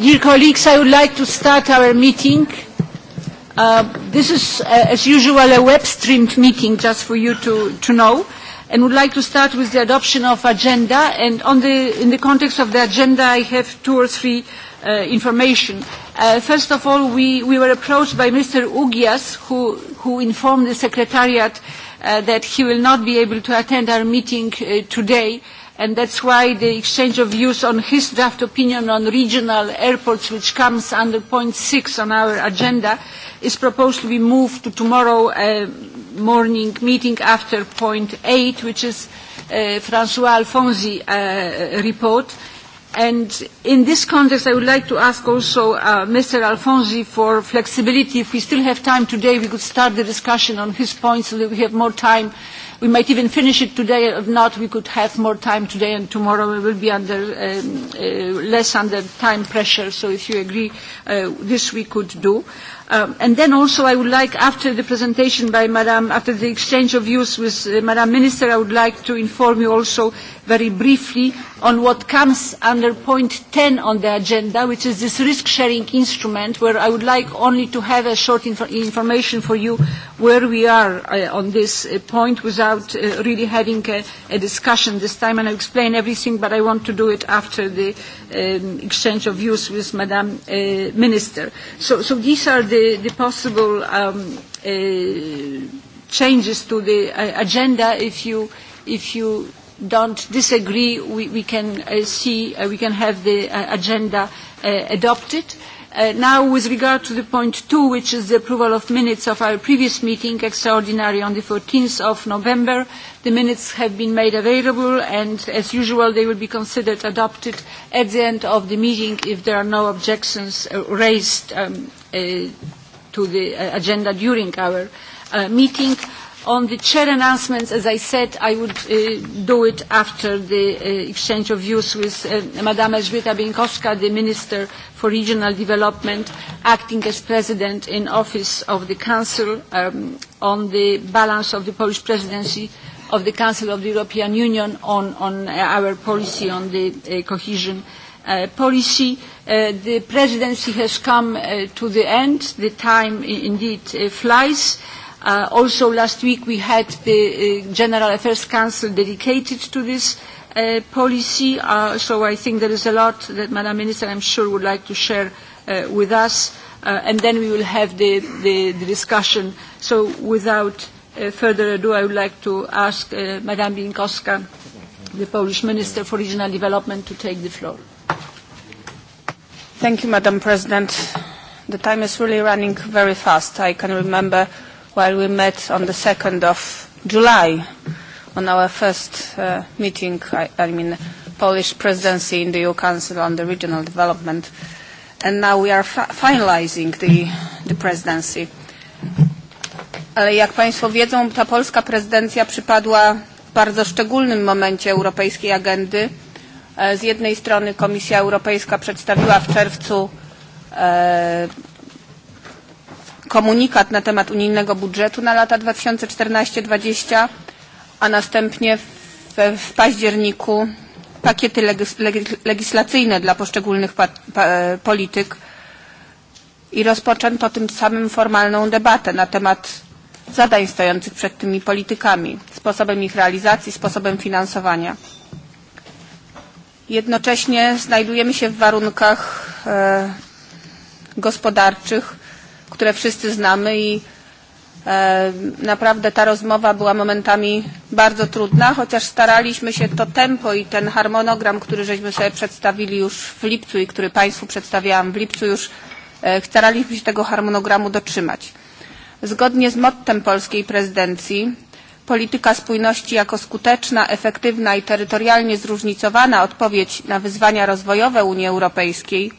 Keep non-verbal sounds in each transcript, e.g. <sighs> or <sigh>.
Dear colleagues, I would like to start our meeting. Uh, this is, uh, as usual, a web-streamed meeting, just for you to, to know, and would like to start with the adoption of agenda. And on the, in the context of the agenda, I have two or three uh, information. Uh, first of all, we, we were approached by Mr. Ugias, who, who informed the Secretariat uh, that he will not be able to attend our meeting uh, today, uh, and that's why the exchange of views on his draft opinion on regional airports, which comes under point six on our agenda, is proposed to be moved to tomorrow uh, morning meeting after point eight, which is uh, François Alfonsi's uh, report. And in this context, I would like to ask also uh, Mr. Alfonsi for flexibility. If we still have time today, we could start the discussion on his points so that we have more time We might even finish it today. If not, we could have more time today and tomorrow. We will be under um, uh, less under time pressure. So if you agree, uh, this we could do. Um, and then also I would like, after the presentation by Madame, after the exchange of views with uh, Madame Minister, I would like to inform you also very briefly on what comes under point 10 on the agenda, which is this risk-sharing instrument, where I would like only to have a short inf information for you where we are uh, on this uh, point without uh, really having a, a discussion this time, and I'll explain everything, but I want to do it after the um, exchange of views with Madam uh, Minister. So, so these are the, the possible um, uh, changes to the uh, agenda if you if you don't disagree, we, we can uh, see, uh, we can have the uh, agenda uh, adopted. Uh, now, with regard to the point two, which is the approval of minutes of our previous meeting, extraordinary, on the 14th of November, the minutes have been made available, and as usual, they will be considered adopted at the end of the meeting if there are no objections uh, raised um, uh, to the uh, agenda during our uh, meeting. On the chair announcements, as I said, I would uh, do it after the uh, exchange of views with uh, Madame Elżbieta Binkowska, the Minister for Regional Development, acting as President in office of the Council um, on the balance of the Polish presidency of the Council of the European Union on, on our policy on the uh, cohesion uh, policy. Uh, the presidency has come uh, to the end. The time indeed uh, flies. Uh, Uh, also last week we had the uh, General Affairs Council dedicated to this uh, policy, uh, so I think there is a lot that Madam Minister I'm sure would like to share uh, with us, uh, and then we will have the, the, the discussion. So without uh, further ado, I would like to ask uh, Madam Binkowska, the Polish Minister for Regional Development, to take the floor. Thank you, Madam President. The time is really running very fast. I can remember while we met on the 2nd of July on our first uh, meeting, I, I mean, Polish presidency in the EU Council on the Regional Development. And now we are fa finalizing the, the presidency. Ale jak Państwo wiedzą, ta polska prezydencja przypadła w bardzo szczególnym momencie europejskiej agendy. Z jednej strony Komisja Europejska przedstawiła w czerwcu komunikat na temat unijnego budżetu na lata 2014-2020, a następnie w, w październiku pakiety legis legislacyjne dla poszczególnych pa, pa, polityk i rozpoczęto tym samym formalną debatę na temat zadań stojących przed tymi politykami, sposobem ich realizacji, sposobem finansowania. Jednocześnie znajdujemy się w warunkach e, gospodarczych, które wszyscy znamy i e, naprawdę ta rozmowa była momentami bardzo trudna, chociaż staraliśmy się to tempo i ten harmonogram, który żeśmy sobie przedstawili już w lipcu i który Państwu przedstawiałam w lipcu już e, staraliśmy się tego harmonogramu dotrzymać. Zgodnie z mottem polskiej prezydencji polityka spójności jako skuteczna, efektywna i terytorialnie zróżnicowana odpowiedź na wyzwania rozwojowe Unii Europejskiej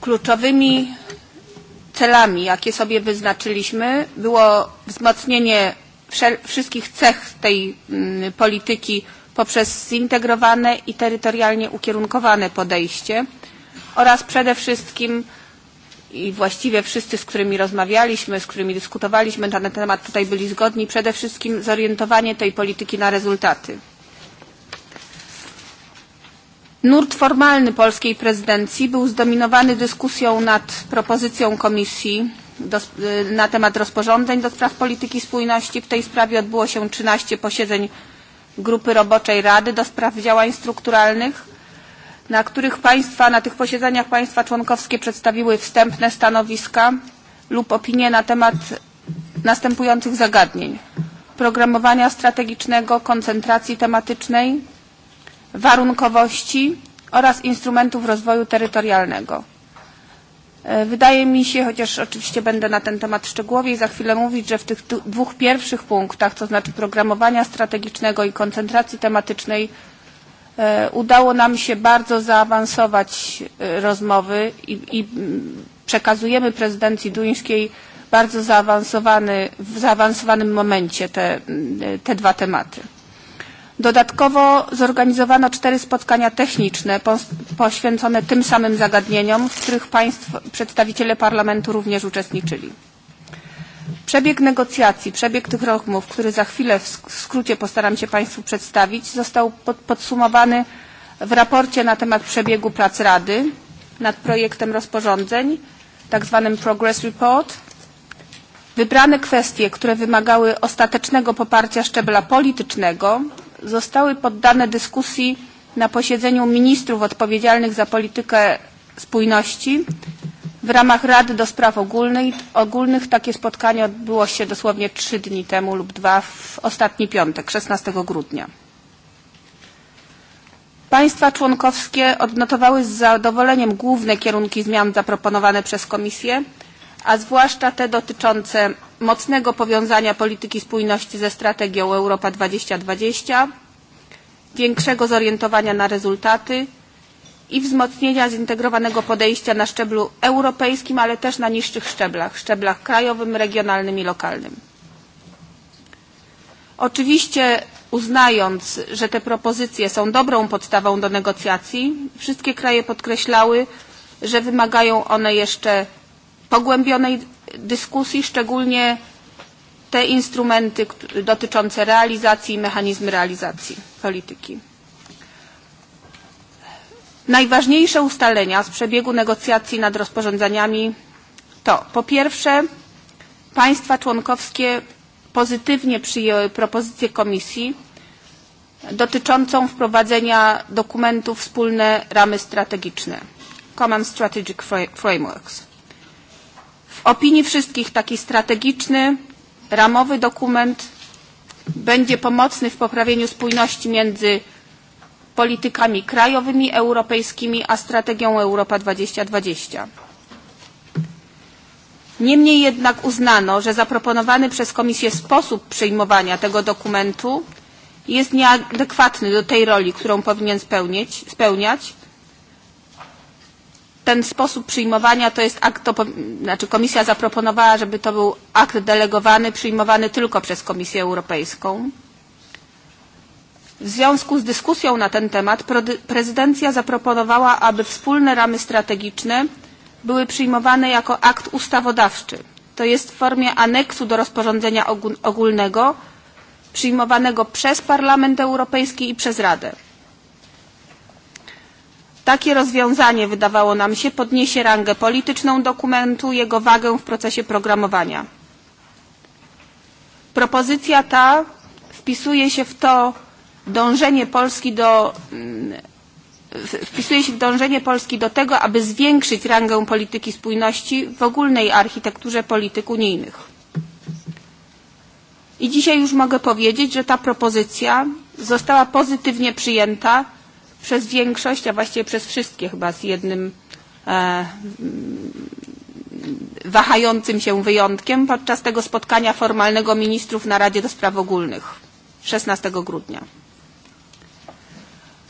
kluczowymi celami, jakie sobie wyznaczyliśmy, było wzmocnienie wszystkich cech tej mm, polityki poprzez zintegrowane i terytorialnie ukierunkowane podejście oraz przede wszystkim i właściwie wszyscy, z którymi rozmawialiśmy, z którymi dyskutowaliśmy na ten temat tutaj byli zgodni, przede wszystkim zorientowanie tej polityki na rezultaty. Nurt formalny polskiej prezydencji był zdominowany dyskusją nad propozycją Komisji do, na temat rozporządzeń do spraw polityki spójności. W tej sprawie odbyło się 13 posiedzeń Grupy Roboczej Rady do spraw działań strukturalnych, na których państwa, na tych posiedzeniach państwa członkowskie przedstawiły wstępne stanowiska lub opinie na temat następujących zagadnień programowania strategicznego, koncentracji tematycznej, warunkowości oraz instrumentów rozwoju terytorialnego. Wydaje mi się, chociaż oczywiście będę na ten temat szczegółowiej za chwilę mówić, że w tych dwóch pierwszych punktach, to znaczy programowania strategicznego i koncentracji tematycznej, udało nam się bardzo zaawansować rozmowy i, i przekazujemy prezydencji duńskiej bardzo zaawansowany, w zaawansowanym momencie te, te dwa tematy. Dodatkowo zorganizowano cztery spotkania techniczne poświęcone tym samym zagadnieniom, w których państw, przedstawiciele parlamentu również uczestniczyli. Przebieg negocjacji, przebieg tych rozmów, który za chwilę w skrócie postaram się Państwu przedstawić, został podsumowany w raporcie na temat przebiegu prac Rady nad projektem rozporządzeń, tak zwanym Progress Report. Wybrane kwestie, które wymagały ostatecznego poparcia szczebla politycznego zostały poddane dyskusji na posiedzeniu ministrów odpowiedzialnych za politykę spójności w ramach Rady do Spraw Ogólnych. Ogólnych takie spotkanie odbyło się dosłownie trzy dni temu lub dwa w ostatni piątek, 16 grudnia. Państwa członkowskie odnotowały z zadowoleniem główne kierunki zmian zaproponowane przez Komisję, a zwłaszcza te dotyczące mocnego powiązania polityki spójności ze strategią Europa 2020, większego zorientowania na rezultaty i wzmocnienia zintegrowanego podejścia na szczeblu europejskim, ale też na niższych szczeblach, szczeblach krajowym, regionalnym i lokalnym. Oczywiście uznając, że te propozycje są dobrą podstawą do negocjacji, wszystkie kraje podkreślały, że wymagają one jeszcze pogłębionej dyskusji, szczególnie te instrumenty dotyczące realizacji i mechanizmy realizacji polityki. Najważniejsze ustalenia z przebiegu negocjacji nad rozporządzeniami to po pierwsze państwa członkowskie pozytywnie przyjęły propozycję Komisji dotyczącą wprowadzenia dokumentów wspólne ramy strategiczne Common Strategic Frameworks opinii wszystkich taki strategiczny, ramowy dokument będzie pomocny w poprawieniu spójności między politykami krajowymi, europejskimi, a strategią Europa 2020. Niemniej jednak uznano, że zaproponowany przez Komisję sposób przyjmowania tego dokumentu jest nieadekwatny do tej roli, którą powinien spełniać, spełniać ten sposób przyjmowania to jest akt, to, znaczy Komisja zaproponowała, żeby to był akt delegowany, przyjmowany tylko przez Komisję Europejską. W związku z dyskusją na ten temat prezydencja zaproponowała, aby wspólne ramy strategiczne były przyjmowane jako akt ustawodawczy, to jest w formie aneksu do rozporządzenia ogólnego przyjmowanego przez Parlament Europejski i przez Radę. Takie rozwiązanie, wydawało nam się, podniesie rangę polityczną dokumentu, jego wagę w procesie programowania. Propozycja ta wpisuje się w to dążenie Polski do mm, wpisuje się w dążenie Polski do tego, aby zwiększyć rangę polityki spójności w ogólnej architekturze polityk unijnych. I dzisiaj już mogę powiedzieć, że ta propozycja została pozytywnie przyjęta przez większość, a właściwie przez wszystkie chyba z jednym e, mm, wahającym się wyjątkiem podczas tego spotkania formalnego ministrów na Radzie do Spraw Ogólnych 16 grudnia.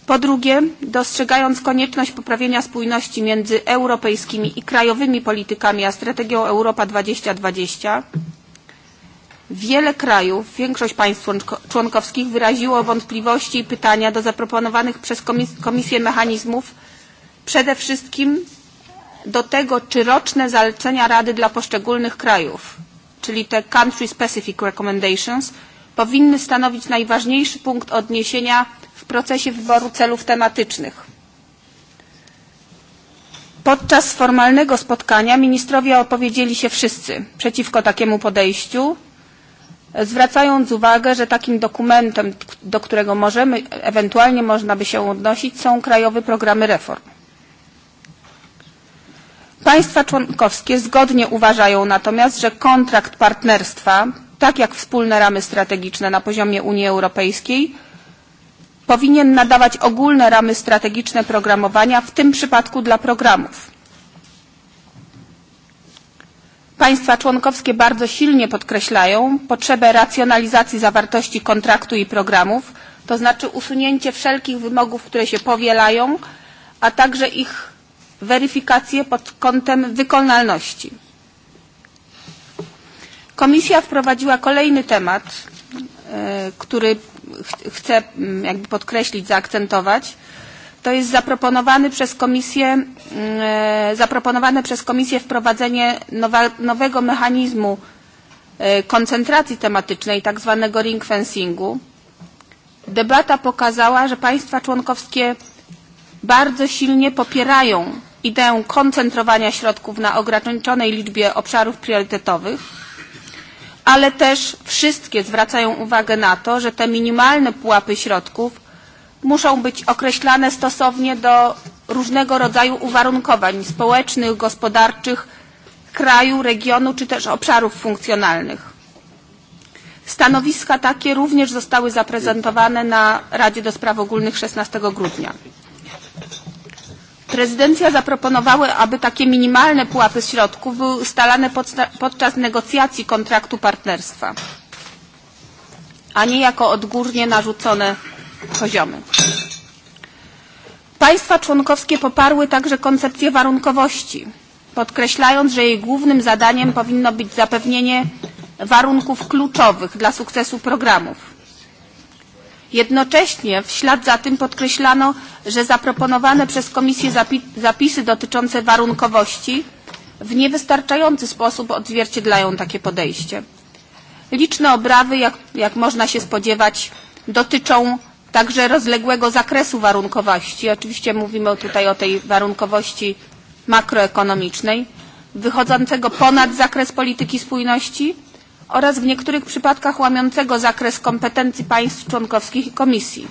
Po drugie, dostrzegając konieczność poprawienia spójności między europejskimi i krajowymi politykami a strategią Europa 2020, Wiele krajów, większość państw członkowskich wyraziło wątpliwości i pytania do zaproponowanych przez Komisję mechanizmów, przede wszystkim do tego, czy roczne zalecenia Rady dla poszczególnych krajów, czyli te Country Specific Recommendations, powinny stanowić najważniejszy punkt odniesienia w procesie wyboru celów tematycznych. Podczas formalnego spotkania ministrowie opowiedzieli się wszyscy przeciwko takiemu podejściu zwracając uwagę, że takim dokumentem, do którego możemy, ewentualnie można by się odnosić, są krajowe programy reform. Państwa członkowskie zgodnie uważają natomiast, że kontrakt partnerstwa, tak jak wspólne ramy strategiczne na poziomie Unii Europejskiej, powinien nadawać ogólne ramy strategiczne programowania, w tym przypadku dla programów. Państwa członkowskie bardzo silnie podkreślają potrzebę racjonalizacji zawartości kontraktu i programów, to znaczy usunięcie wszelkich wymogów, które się powielają, a także ich weryfikację pod kątem wykonalności. Komisja wprowadziła kolejny temat, który chcę mm, jakby podkreślić, zaakcentować, to jest zaproponowany przez komisję, mm, zaproponowane przez Komisję wprowadzenie nowa, nowego mechanizmu koncentracji tematycznej, tak zwanego ring fencingu. Debata pokazała, że państwa członkowskie bardzo silnie popierają ideę koncentrowania środków na ograniczonej liczbie obszarów priorytetowych, ale też wszystkie zwracają uwagę na to, że te minimalne pułapy środków muszą być określane stosownie do różnego rodzaju uwarunkowań społecznych, gospodarczych, kraju, regionu czy też obszarów funkcjonalnych. Stanowiska takie również zostały zaprezentowane na Radzie do Spraw Ogólnych 16 grudnia. Prezydencja zaproponowała, aby takie minimalne pułapy środków były ustalane podczas negocjacji kontraktu partnerstwa, a nie jako odgórnie narzucone poziomy. Państwa członkowskie poparły także koncepcję warunkowości, podkreślając, że jej głównym zadaniem powinno być zapewnienie warunków kluczowych dla sukcesu programów. Jednocześnie w ślad za tym podkreślano, że zaproponowane przez Komisję zapisy dotyczące warunkowości w niewystarczający sposób odzwierciedlają takie podejście. Liczne obrawy, jak, jak można się spodziewać, dotyczą także rozległego zakresu warunkowości. Oczywiście mówimy tutaj o tej warunkowości makroekonomicznej, wychodzącego ponad zakres polityki spójności oraz w niektórych przypadkach łamiącego zakres kompetencji państw członkowskich i Komisji.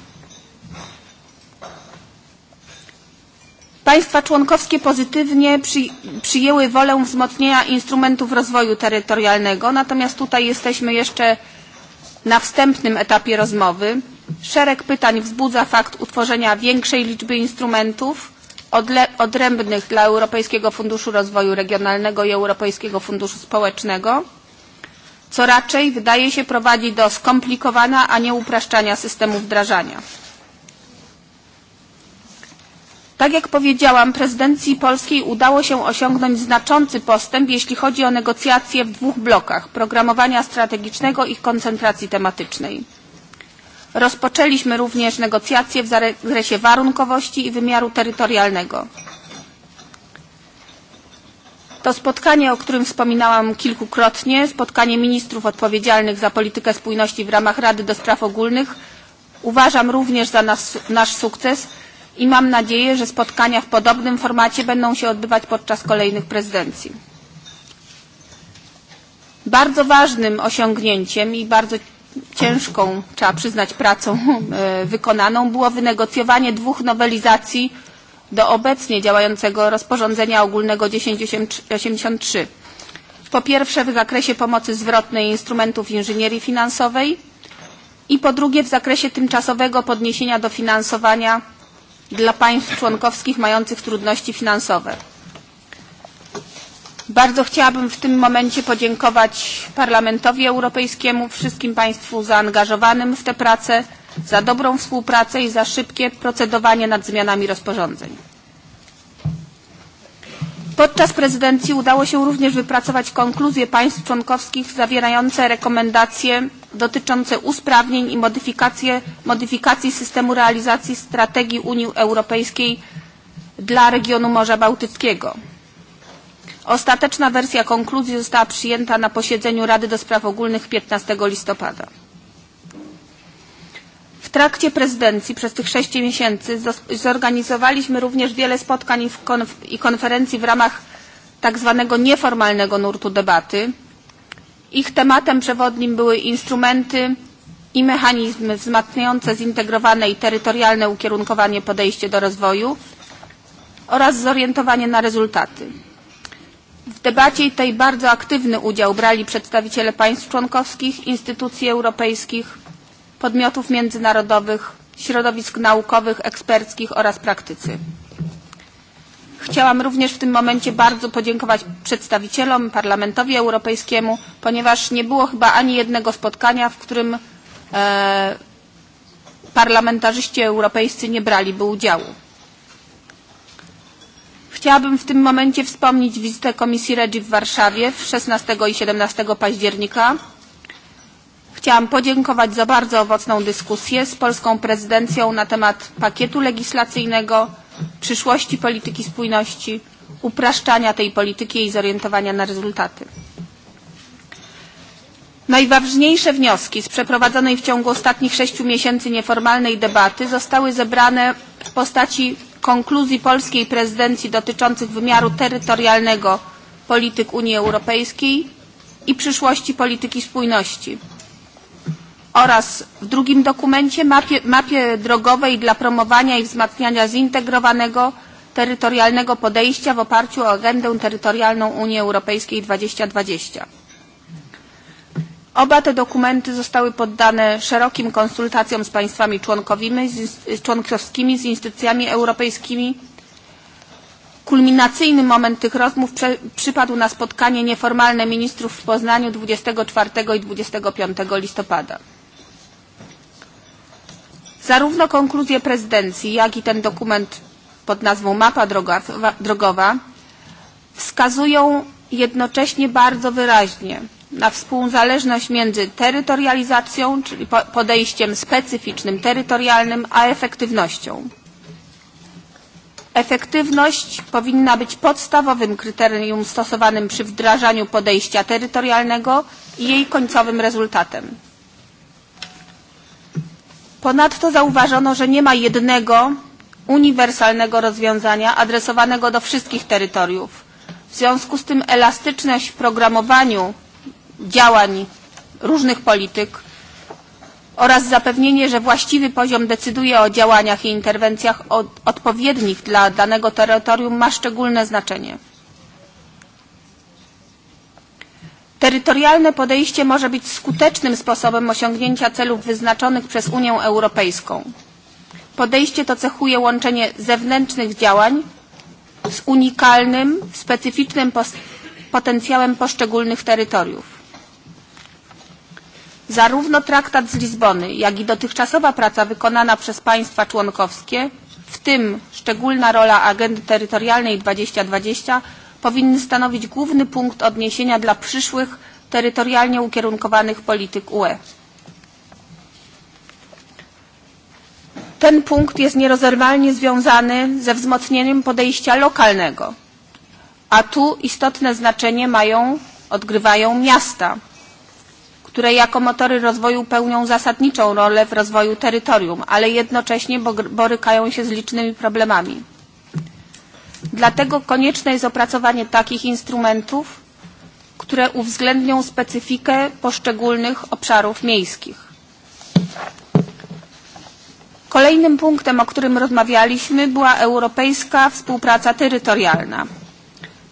Państwa członkowskie pozytywnie przy, przyjęły wolę wzmocnienia instrumentów rozwoju terytorialnego, natomiast tutaj jesteśmy jeszcze na wstępnym etapie rozmowy. Szereg pytań wzbudza fakt utworzenia większej liczby instrumentów odrębnych dla Europejskiego Funduszu Rozwoju Regionalnego i Europejskiego Funduszu Społecznego, co raczej wydaje się prowadzi do skomplikowania, a nie upraszczania systemu wdrażania. Tak jak powiedziałam, prezydencji polskiej udało się osiągnąć znaczący postęp, jeśli chodzi o negocjacje w dwóch blokach programowania strategicznego i koncentracji tematycznej. Rozpoczęliśmy również negocjacje w zakresie warunkowości i wymiaru terytorialnego. To spotkanie, o którym wspominałam kilkukrotnie, spotkanie ministrów odpowiedzialnych za politykę spójności w ramach Rady do Spraw Ogólnych, uważam również za nas, nasz sukces i mam nadzieję, że spotkania w podobnym formacie będą się odbywać podczas kolejnych prezydencji. Bardzo ważnym osiągnięciem i bardzo ciężką, trzeba przyznać, pracą wykonaną było wynegocjowanie dwóch nowelizacji do obecnie działającego rozporządzenia ogólnego 1083. Po pierwsze w zakresie pomocy zwrotnej instrumentów inżynierii finansowej i po drugie w zakresie tymczasowego podniesienia dofinansowania dla państw członkowskich mających trudności finansowe. Bardzo chciałabym w tym momencie podziękować Parlamentowi Europejskiemu, wszystkim Państwu zaangażowanym w te prace, za dobrą współpracę i za szybkie procedowanie nad zmianami rozporządzeń. Podczas prezydencji udało się również wypracować konkluzje państw członkowskich zawierające rekomendacje dotyczące usprawnień i modyfikacji systemu realizacji strategii Unii Europejskiej dla regionu Morza Bałtyckiego. Ostateczna wersja konkluzji została przyjęta na posiedzeniu Rady do Spraw Ogólnych 15 listopada. W trakcie prezydencji przez tych sześć miesięcy zorganizowaliśmy również wiele spotkań i konferencji w ramach tak zwanego nieformalnego nurtu debaty. Ich tematem przewodnim były instrumenty i mechanizmy wzmacniające zintegrowane i terytorialne ukierunkowanie podejście do rozwoju oraz zorientowanie na rezultaty. W debacie tej bardzo aktywny udział brali przedstawiciele państw członkowskich, instytucji europejskich, podmiotów międzynarodowych, środowisk naukowych, eksperckich oraz praktycy. Chciałam również w tym momencie bardzo podziękować przedstawicielom Parlamentowi Europejskiemu, ponieważ nie było chyba ani jednego spotkania, w którym e, parlamentarzyści europejscy nie braliby udziału. Chciałabym w tym momencie wspomnieć wizytę Komisji REGI w Warszawie w 16 i 17 października. Chciałam podziękować za bardzo owocną dyskusję z polską prezydencją na temat pakietu legislacyjnego, przyszłości polityki spójności, upraszczania tej polityki i zorientowania na rezultaty. Najważniejsze wnioski z przeprowadzonej w ciągu ostatnich sześciu miesięcy nieformalnej debaty zostały zebrane w postaci konkluzji polskiej prezydencji dotyczących wymiaru terytorialnego polityk Unii Europejskiej i przyszłości polityki spójności oraz w drugim dokumencie mapie, mapie drogowej dla promowania i wzmacniania zintegrowanego terytorialnego podejścia w oparciu o agendę terytorialną Unii Europejskiej 2020 Oba te dokumenty zostały poddane szerokim konsultacjom z państwami członkowymi, z, członkowskimi, z instytucjami europejskimi. Kulminacyjny moment tych rozmów prze, przypadł na spotkanie nieformalne ministrów w Poznaniu 24 i 25 listopada. Zarówno konkluzje prezydencji, jak i ten dokument pod nazwą Mapa Drogowa wskazują jednocześnie bardzo wyraźnie na współzależność między terytorializacją, czyli podejściem specyficznym, terytorialnym, a efektywnością. Efektywność powinna być podstawowym kryterium stosowanym przy wdrażaniu podejścia terytorialnego i jej końcowym rezultatem. Ponadto zauważono, że nie ma jednego uniwersalnego rozwiązania adresowanego do wszystkich terytoriów W związku z tym elastyczność w programowaniu działań różnych polityk oraz zapewnienie, że właściwy poziom decyduje o działaniach i interwencjach od, odpowiednich dla danego terytorium ma szczególne znaczenie. Terytorialne podejście może być skutecznym sposobem osiągnięcia celów wyznaczonych przez Unię Europejską. Podejście to cechuje łączenie zewnętrznych działań z unikalnym, specyficznym potencjałem poszczególnych terytoriów. Zarówno traktat z Lizbony, jak i dotychczasowa praca wykonana przez państwa członkowskie, w tym szczególna rola Agendy Terytorialnej 2020, powinny stanowić główny punkt odniesienia dla przyszłych terytorialnie ukierunkowanych polityk UE. Ten punkt jest nierozerwalnie związany ze wzmocnieniem podejścia lokalnego, a tu istotne znaczenie mają, odgrywają miasta, które jako motory rozwoju pełnią zasadniczą rolę w rozwoju terytorium, ale jednocześnie borykają się z licznymi problemami. Dlatego konieczne jest opracowanie takich instrumentów, które uwzględnią specyfikę poszczególnych obszarów miejskich. Kolejnym punktem, o którym rozmawialiśmy, była europejska współpraca terytorialna.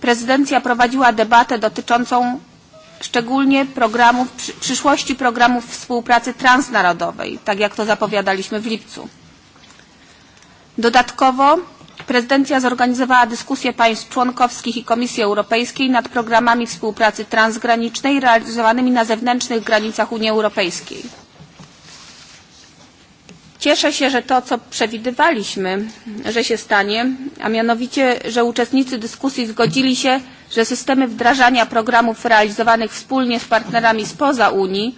Prezydencja prowadziła debatę dotyczącą szczególnie programów, przyszłości programów współpracy transnarodowej, tak jak to zapowiadaliśmy w lipcu. Dodatkowo prezydencja zorganizowała dyskusję państw członkowskich i Komisji Europejskiej nad programami współpracy transgranicznej realizowanymi na zewnętrznych granicach Unii Europejskiej. Cieszę się, że to, co przewidywaliśmy, że się stanie, a mianowicie, że uczestnicy dyskusji zgodzili się, że systemy wdrażania programów realizowanych wspólnie z partnerami spoza Unii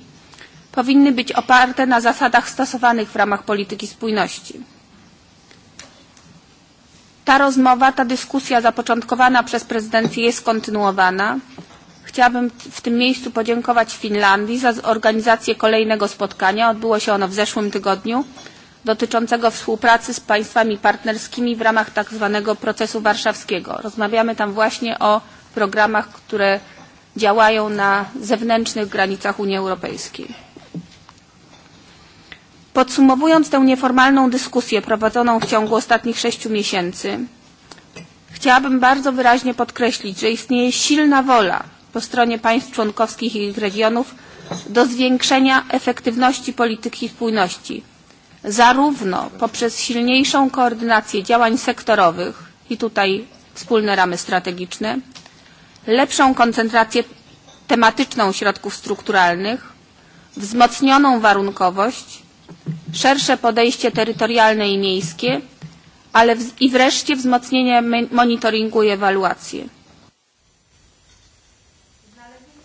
powinny być oparte na zasadach stosowanych w ramach polityki spójności. Ta rozmowa, ta dyskusja zapoczątkowana przez prezydencję jest kontynuowana. Chciałabym w tym miejscu podziękować Finlandii za organizację kolejnego spotkania. Odbyło się ono w zeszłym tygodniu dotyczącego współpracy z państwami partnerskimi w ramach tak zwanego procesu warszawskiego. Rozmawiamy tam właśnie o programach, które działają na zewnętrznych granicach Unii Europejskiej. Podsumowując tę nieformalną dyskusję prowadzoną w ciągu ostatnich sześciu miesięcy, chciałabym bardzo wyraźnie podkreślić, że istnieje silna wola po stronie państw członkowskich i ich regionów do zwiększenia efektywności polityki spójności zarówno poprzez silniejszą koordynację działań sektorowych i tutaj wspólne ramy strategiczne, lepszą koncentrację tematyczną środków strukturalnych, wzmocnioną warunkowość, szersze podejście terytorialne i miejskie, ale i wreszcie wzmocnienie monitoringu i ewaluacji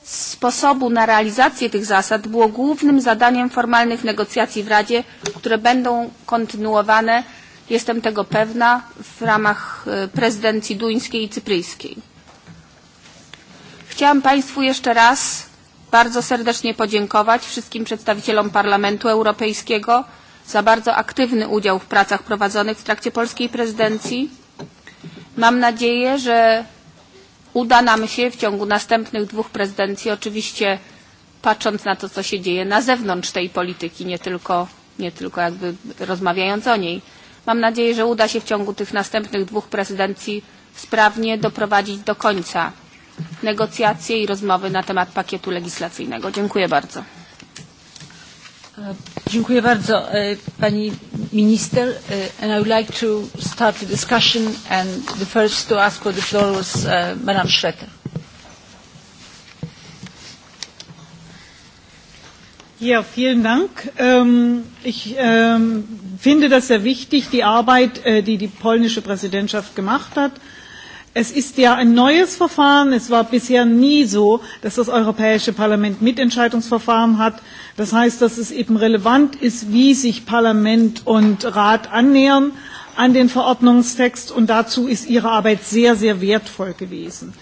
sposobu na realizację tych zasad było głównym zadaniem formalnych negocjacji w Radzie, które będą kontynuowane, jestem tego pewna, w ramach prezydencji duńskiej i cypryjskiej. Chciałam Państwu jeszcze raz bardzo serdecznie podziękować wszystkim przedstawicielom Parlamentu Europejskiego za bardzo aktywny udział w pracach prowadzonych w trakcie polskiej prezydencji. Mam nadzieję, że uda nam się w ciągu następnych dwóch prezydencji, oczywiście patrząc na to, co się dzieje na zewnątrz tej polityki, nie tylko, nie tylko jakby rozmawiając o niej. Mam nadzieję, że uda się w ciągu tych następnych dwóch prezydencji sprawnie doprowadzić do końca negocjacje i rozmowy na temat pakietu legislacyjnego. Dziękuję bardzo. Uh, dziękuję bardzo, Pani Minister. And I would like to start the discussion, and the first to ask for the floor was uh, Madam Schroeter. Ja, vielen Dank. Ähm, ich ähm, finde das sehr wichtig, die Arbeit, äh, die die polnische Präsidentschaft gemacht hat. Es ist ja ein neues Verfahren. Es war bisher nie so, dass das Europäische Parlament Mitentscheidungsverfahren hat. Das heißt, dass es eben relevant ist, wie sich Parlament und Rat annähern an den Verordnungstext. Und dazu ist Ihre Arbeit sehr, sehr wertvoll gewesen.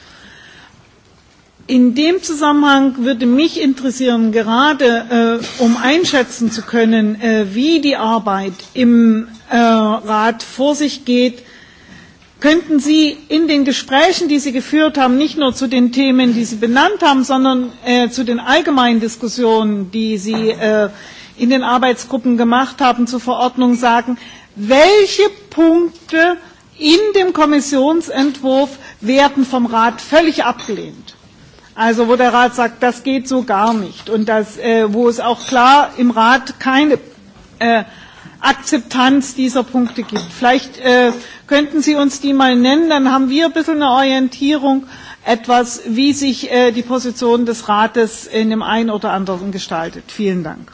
In dem Zusammenhang würde mich interessieren, gerade äh, um einschätzen zu können, äh, wie die Arbeit im äh, Rat vor sich geht, Könnten Sie in den Gesprächen, die Sie geführt haben, nicht nur zu den Themen, die Sie benannt haben, sondern äh, zu den allgemeinen Diskussionen, die Sie äh, in den Arbeitsgruppen gemacht haben zur Verordnung sagen, welche Punkte in dem Kommissionsentwurf werden vom Rat völlig abgelehnt? Also wo der Rat sagt, das geht so gar nicht und das, äh, wo es auch klar im Rat keine äh, Akzeptanz dieser Punkte gibt. Vielleicht äh, könnten Sie uns die mal nennen, dann haben wir ein bisschen eine Orientierung, etwas, wie sich äh, die Position des Rates in dem einen oder anderen gestaltet. Vielen Dank.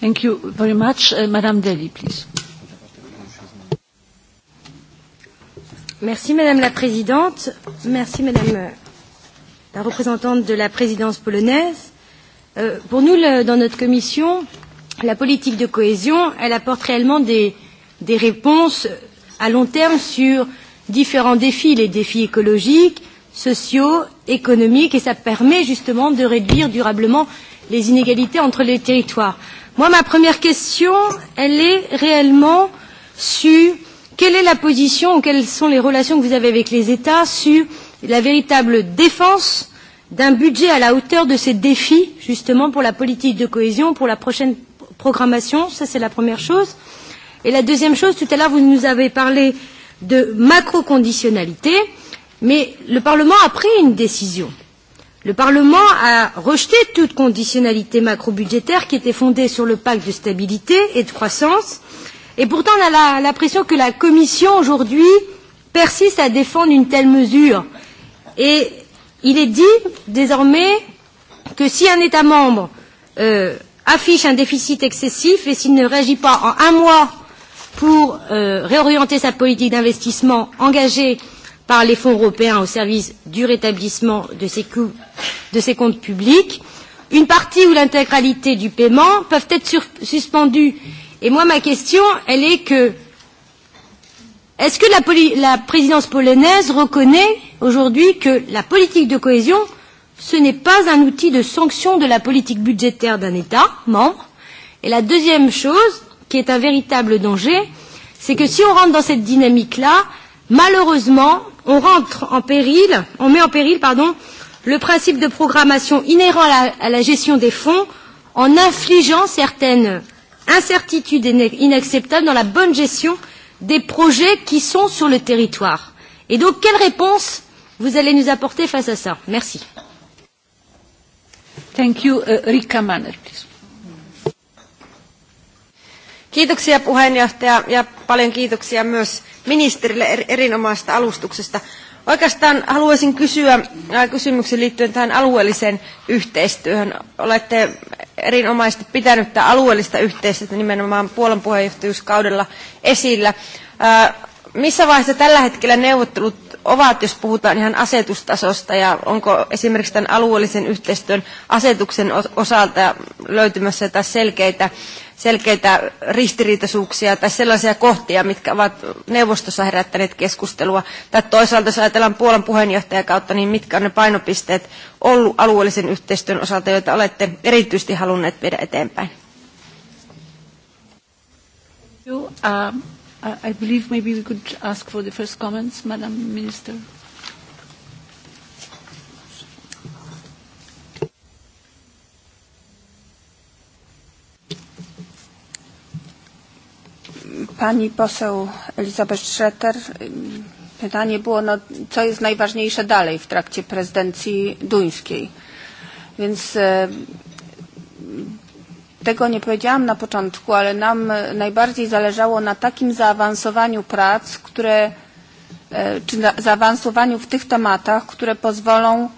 Thank you very much. Uh, Madame Deli, please. Merci Madame la Présidente. Merci Madame euh, la représentante de la présidence polonaise. Euh, pour nous, le, dans notre commission, euh, la politique de cohésion, elle apporte réellement des, des réponses à long terme sur différents défis, les défis écologiques, sociaux, économiques, et ça permet justement de réduire durablement les inégalités entre les territoires. Moi, ma première question, elle est réellement sur quelle est la position ou quelles sont les relations que vous avez avec les États sur la véritable défense d'un budget à la hauteur de ces défis, justement, pour la politique de cohésion, pour la prochaine programmation, ça c'est la première chose. Et la deuxième chose, tout à l'heure vous nous avez parlé de macro-conditionnalité, mais le Parlement a pris une décision. Le Parlement a rejeté toute conditionnalité macro-budgétaire qui était fondée sur le pacte de stabilité et de croissance. Et pourtant, on a l'impression que la Commission aujourd'hui persiste à défendre une telle mesure. Et il est dit désormais que si un État membre euh, affiche un déficit excessif et s'il ne réagit pas en un mois pour euh, réorienter sa politique d'investissement engagée par les fonds européens au service du rétablissement de ses, coûts, de ses comptes publics, une partie ou l'intégralité du paiement peuvent être sur, suspendues. Et moi, ma question, elle est que est-ce que la, la présidence polonaise reconnaît aujourd'hui que la politique de cohésion ce n'est pas un outil de sanction de la politique budgétaire d'un État membre. Et la deuxième chose, qui est un véritable danger, c'est que si on rentre dans cette dynamique-là, malheureusement, on rentre en péril, on met en péril, pardon, le principe de programmation inhérent à la, à la gestion des fonds en infligeant certaines incertitudes inacceptables dans la bonne gestion des projets qui sont sur le territoire. Et donc, quelle réponse vous allez nous apporter face à ça Merci. Thank you. Uh, kiitoksia puheenjohtaja ja paljon kiitoksia myös ministerille er-, erinomaisesta alustuksesta. Oikeastaan haluaisin kysyä kysymyksen liittyen tähän alueelliseen yhteistyöhön. Olette erinomaisesti pitänyt tätä alueellista yhteistyötä nimenomaan Puolan puheenjohtajuuskaudella esillä. Missä vaiheessa tällä hetkellä neuvottelut ovat, jos puhutaan ihan asetustasosta ja onko esimerkiksi tämän alueellisen yhteistyön asetuksen osalta löytymässä jotain selkeitä, selkeitä ristiriitaisuuksia tai sellaisia kohtia, mitkä ovat neuvostossa herättäneet keskustelua. Tai toisaalta, jos ajatellaan Puolan kautta, niin mitkä ovat ne painopisteet ollut alueellisen yhteistyön osalta, joita olette erityisesti halunneet viedä eteenpäin? You, um... I, believe maybe we could ask for the first comments, Madam Minister. Pani poseł Elizabeth Schroeder, pytanie było, no, co jest najważniejsze dalej w trakcie prezydencji duńskiej. Więc e, Tego nie powiedziałam na początku, ale nam najbardziej zależało na takim zaawansowaniu prac, które, czy na zaawansowaniu w tych tematach, które pozwolą,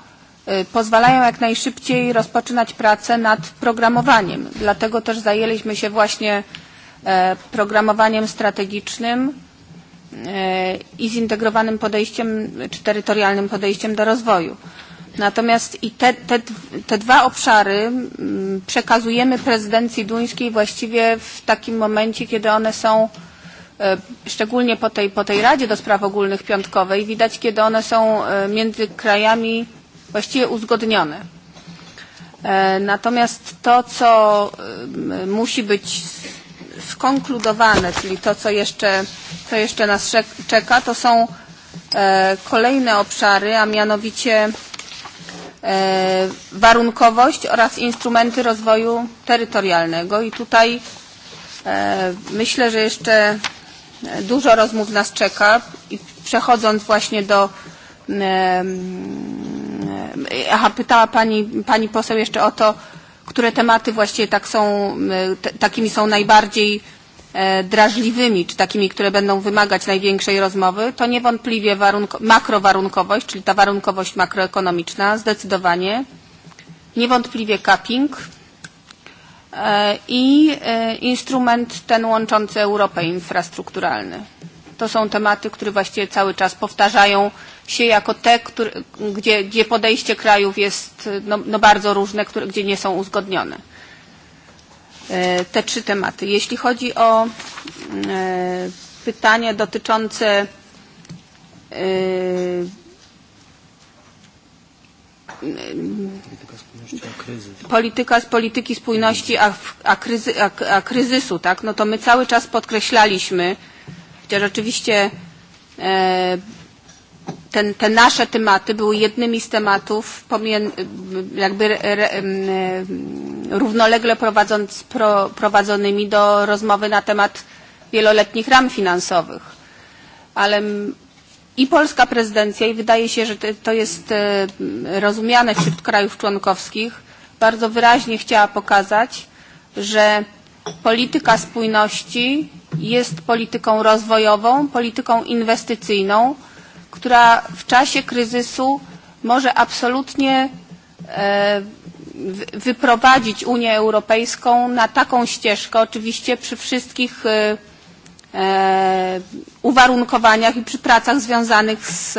pozwalają jak najszybciej rozpoczynać pracę nad programowaniem. Dlatego też zajęliśmy się właśnie programowaniem strategicznym i zintegrowanym podejściem, czy terytorialnym podejściem do rozwoju. Natomiast i te, te, te dwa obszary mm, przekazujemy prezydencji duńskiej właściwie w takim momencie, kiedy one są szczególnie po tej, po tej Radzie do Spraw Ogólnych Piątkowej, widać, kiedy one są między krajami właściwie uzgodnione. Natomiast to, co musi być skonkludowane, czyli to, co jeszcze, co jeszcze nas czeka, to są kolejne obszary, a mianowicie warunkowość oraz instrumenty rozwoju terytorialnego. I tutaj myślę, że jeszcze dużo rozmów nas czeka i przechodząc właśnie do Aha, pytała pani, pani poseł jeszcze o to, które tematy właściwie tak są, takimi są najbardziej drażliwymi, czy takimi, które będą wymagać największej rozmowy, to niewątpliwie makrowarunkowość, czyli ta warunkowość makroekonomiczna, zdecydowanie, niewątpliwie capping i instrument ten łączący Europę infrastrukturalny. To są tematy, które właściwie cały czas powtarzają się jako te, które, gdzie, gdzie podejście krajów jest no, no bardzo różne, które, gdzie nie są uzgodnione te trzy tematy. Jeśli chodzi o pytanie dotyczące polityka z polityki spójności, a, a, kryzy, a, a kryzysu, tak? No to my cały czas podkreślaliśmy, chociaż oczywiście e, ten, te nasze tematy były jednymi z tematów jakby re, re, równolegle prowadząc, pro, prowadzonymi do rozmowy na temat wieloletnich ram finansowych. Ale i polska prezydencja, i wydaje się, że to jest rozumiane wśród krajów członkowskich, bardzo wyraźnie chciała pokazać, że polityka spójności jest polityką rozwojową, polityką inwestycyjną, która w czasie kryzysu może absolutnie wyprowadzić Unię Europejską na taką ścieżkę, oczywiście przy wszystkich uwarunkowaniach i przy pracach związanych z,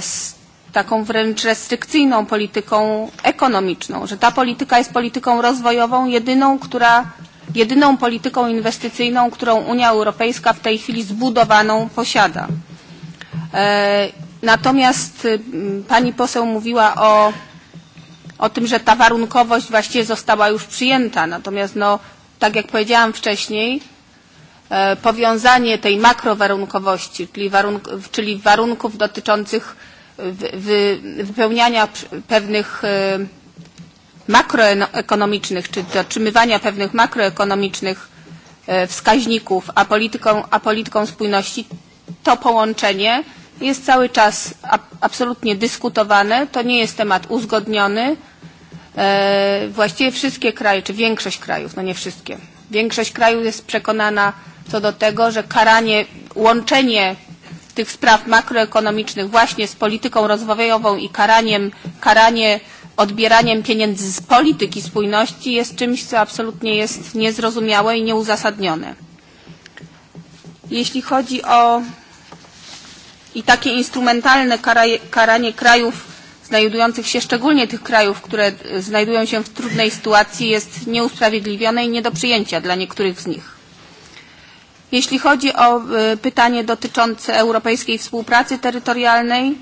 z taką wręcz restrykcyjną polityką ekonomiczną, że ta polityka jest polityką rozwojową jedyną, która, jedyną polityką inwestycyjną, którą Unia Europejska w tej chwili zbudowaną posiada. Natomiast pani poseł mówiła o, o tym, że ta warunkowość właściwie została już przyjęta. Natomiast no, tak jak powiedziałam wcześniej, powiązanie tej makrowarunkowości, czyli, warunk czyli warunków dotyczących wy wypełniania pewnych makroekonomicznych, czy dotrzymywania pewnych makroekonomicznych wskaźników, a polityką, a polityką spójności to połączenie jest cały czas absolutnie dyskutowane. To nie jest temat uzgodniony. właściwie wszystkie kraje, czy większość krajów, no nie wszystkie, większość krajów jest przekonana co do tego, że karanie, łączenie tych spraw makroekonomicznych właśnie z polityką rozwojową i karaniem, karanie odbieraniem pieniędzy z polityki spójności jest czymś, co absolutnie jest niezrozumiałe i nieuzasadnione. Jeśli chodzi o i takie instrumentalne karanie krajów znajdujących się, szczególnie tych krajów, które znajdują się w trudnej sytuacji, jest nieusprawiedliwione i nie do przyjęcia dla niektórych z nich. Jeśli chodzi o pytanie dotyczące europejskiej współpracy terytorialnej,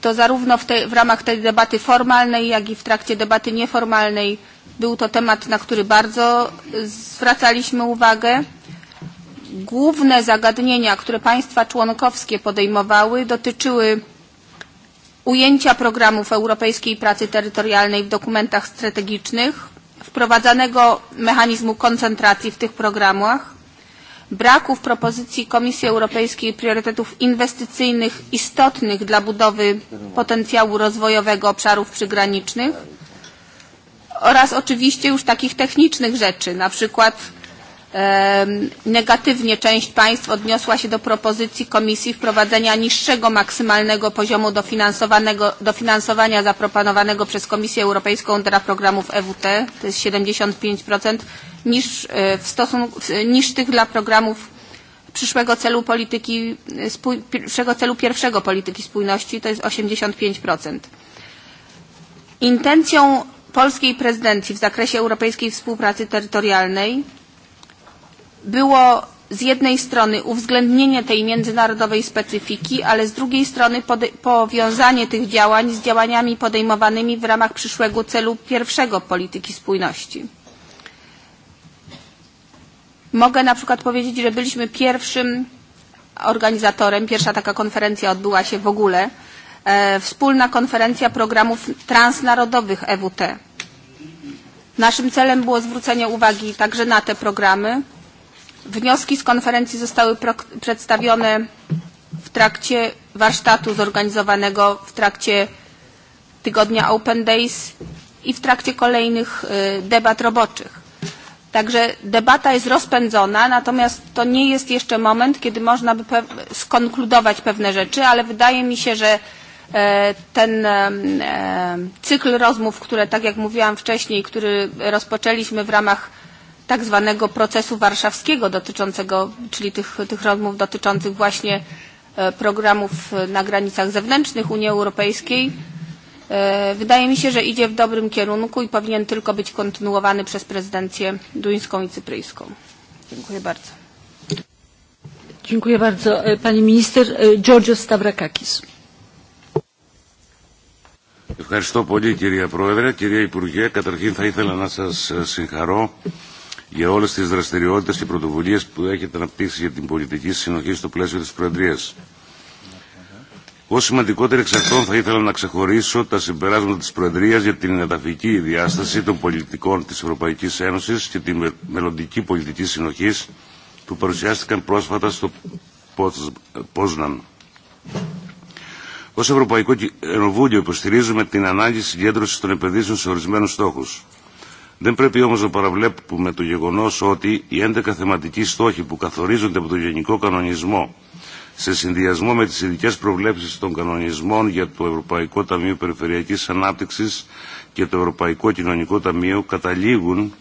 to zarówno w, te, w ramach tej debaty formalnej, jak i w trakcie debaty nieformalnej był to temat, na który bardzo zwracaliśmy uwagę. Główne zagadnienia, które państwa członkowskie podejmowały, dotyczyły ujęcia programów europejskiej pracy terytorialnej w dokumentach strategicznych, wprowadzanego mechanizmu koncentracji w tych programach, braku w propozycji Komisji Europejskiej priorytetów inwestycyjnych istotnych dla budowy potencjału rozwojowego obszarów przygranicznych oraz oczywiście już takich technicznych rzeczy, na przykład Negatywnie część państw odniosła się do propozycji Komisji wprowadzenia niższego maksymalnego poziomu dofinansowania zaproponowanego przez Komisję Europejską dla programów EWT, to jest 75%, niż, w stosunku, niż tych dla programów przyszłego celu polityki, spój, przyszłego celu pierwszego polityki spójności, to jest 85%. Intencją polskiej prezydencji w zakresie europejskiej współpracy terytorialnej było z jednej strony uwzględnienie tej międzynarodowej specyfiki, ale z drugiej strony powiązanie tych działań z działaniami podejmowanymi w ramach przyszłego celu pierwszego polityki spójności. Mogę na przykład powiedzieć, że byliśmy pierwszym organizatorem, pierwsza taka konferencja odbyła się w ogóle, e, wspólna konferencja programów transnarodowych EWT. Naszym celem było zwrócenie uwagi także na te programy, Wnioski z konferencji zostały przedstawione w trakcie warsztatu zorganizowanego w trakcie tygodnia Open Days i w trakcie kolejnych debat roboczych. Także debata jest rozpędzona, natomiast to nie jest jeszcze moment, kiedy można by pe skonkludować pewne rzeczy, ale wydaje mi się, że e, ten e, cykl rozmów, które, tak jak mówiłam wcześniej, który rozpoczęliśmy w ramach tak zwanego procesu warszawskiego dotyczącego, czyli tych, tych rozmów dotyczących właśnie programów na granicach zewnętrznych Unii Europejskiej. Wydaje mi się, że idzie w dobrym kierunku i powinien tylko być kontynuowany przez prezydencję duńską i cypryjską. Dziękuję bardzo. Dziękuję bardzo. Pani minister Georgios Stavrakakis. Ευχαριστώ πολύ κυρία Πρόεδρε. Κυρία Υπουργέ, καταρχήν θα ήθελα να σας συγχαρώ για όλες τις δραστηριότητες και πρωτοβουλίες που έχετε αναπτύξει για την πολιτική συνοχή στο πλαίσιο της Προεδρίας. Ως σημαντικότερη εξ αυτών θα ήθελα να ξεχωρίσω τα συμπεράσματα της Προεδρίας για την εδαφική διάσταση των πολιτικών της Ευρωπαϊκής Ένωσης και τη μελλοντική πολιτική συνοχή που παρουσιάστηκαν πρόσφατα στο Πόσναν. Ως Ευρωπαϊκό Κοινοβούλιο υποστηρίζουμε την ανάγκη συγκέντρωσης των επενδύσεων σε ορισμένους στόχους. Δεν πρέπει όμως να παραβλέπουμε το γεγονός ότι οι 11 θεματικοί στόχοι που καθορίζονται από το Γενικό Κανονισμό σε συνδυασμό με τις ειδικές προβλέψεις των κανονισμών για το Ευρωπαϊκό Ταμείο Περιφερειακής Ανάπτυξης και το Ευρωπαϊκό Κοινωνικό Ταμείο καταλήγουν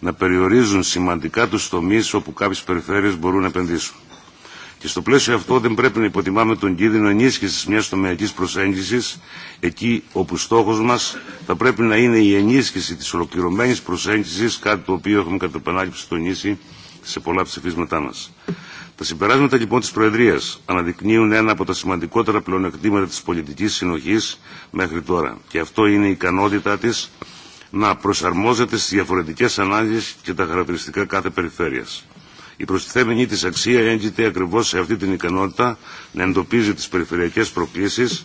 να περιορίζουν σημαντικά τους τομείς όπου κάποιες περιφέρειες μπορούν να επενδύσουν. Και στο πλαίσιο αυτό δεν πρέπει να υποτιμάμε τον κίνδυνο ενίσχυσης μιας τομεακής προσέγγισης εκεί όπου στόχος μας θα πρέπει να είναι η ενίσχυση της ολοκληρωμένης προσέγγισης κάτι το οποίο έχουμε κατ' επανάληψη τονίσει σε πολλά ψηφίσματά μας. Τα συμπεράσματα λοιπόν της Προεδρίας αναδεικνύουν ένα από τα σημαντικότερα πλεονεκτήματα της πολιτικής συνοχής μέχρι τώρα και αυτό είναι η ικανότητά της να προσαρμόζεται στις διαφορετικές ανάγκες και τα χαρακτηριστικά κάθε περιφέρειας. Η προστιθέμενη της αξία έγκυται ακριβώς σε αυτή την ικανότητα να εντοπίζει τις περιφερειακές προκλήσεις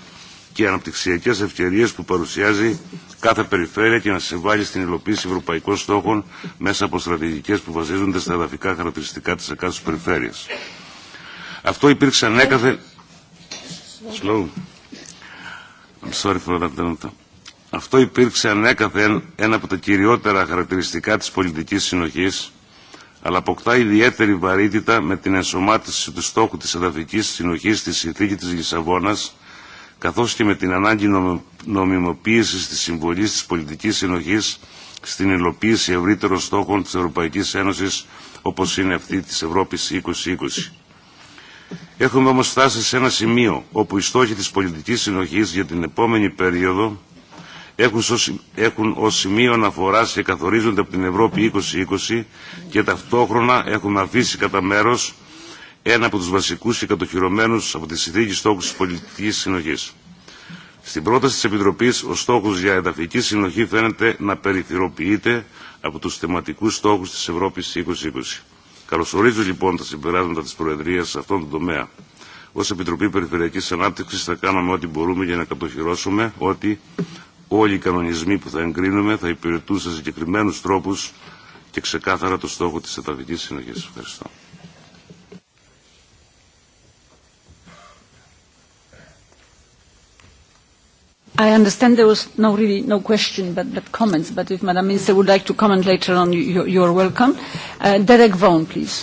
και αναπτυξιακές ευκαιρίες που παρουσιάζει κάθε περιφέρεια και να συμβάλλει στην υλοποίηση ευρωπαϊκών στόχων μέσα από στρατηγικές που βασίζονται στα εδαφικά χαρακτηριστικά της εκάστος περιφέρειας. Αυτό υπήρξε ανέκαθεν... Slow. I'm sorry for that. Αυτό υπήρξε ανέκαθεν ένα από τα κυριότερα χαρακτηριστικά της πολιτικής συνοχής αλλά αποκτά ιδιαίτερη βαρύτητα με την ενσωμάτιση του στόχου της εδαφικής συνοχής στη συνθήκη της Λισαβόνας, καθώς και με την ανάγκη νομιμοποίησης της συμβολής της πολιτικής συνοχής στην υλοποίηση ευρύτερων στόχων της Ευρωπαϊκής Ένωσης, όπως είναι αυτή της Ευρώπης 2020. Έχουμε όμως φτάσει σε ένα σημείο όπου οι στόχοι της πολιτικής συνοχής για την επόμενη περίοδο έχουν, ως σημείο αναφοράς και καθορίζονται από την Ευρώπη 2020 και ταυτόχρονα έχουν αφήσει κατά μέρος ένα από τους βασικούς και κατοχυρωμένους από τη συνθήκη στόχους της πολιτικής συνοχής. Στην πρόταση της Επιτροπής, ο στόχος για εδαφική συνοχή φαίνεται να περιθυροποιείται από τους θεματικούς στόχους της Ευρώπης 2020. Καλωσορίζω λοιπόν τα συμπεράσματα της Προεδρίας σε αυτόν τον τομέα. Ως Επιτροπή Περιφερειακής Ανάπτυξης θα κάνουμε ό,τι μπορούμε για να κατοχυρώσουμε ότι όλοι οι κανονισμοί που θα εγκρίνουμε θα υπηρετούν σε συγκεκριμένους τρόπους και ξεκάθαρα το στόχο της Εταβικής Συνοχής. Ευχαριστώ. I understand there was no really no question but, but comments, but if Madam Minister would like to comment later on, you, you're welcome. Uh, Derek Vaughan, please.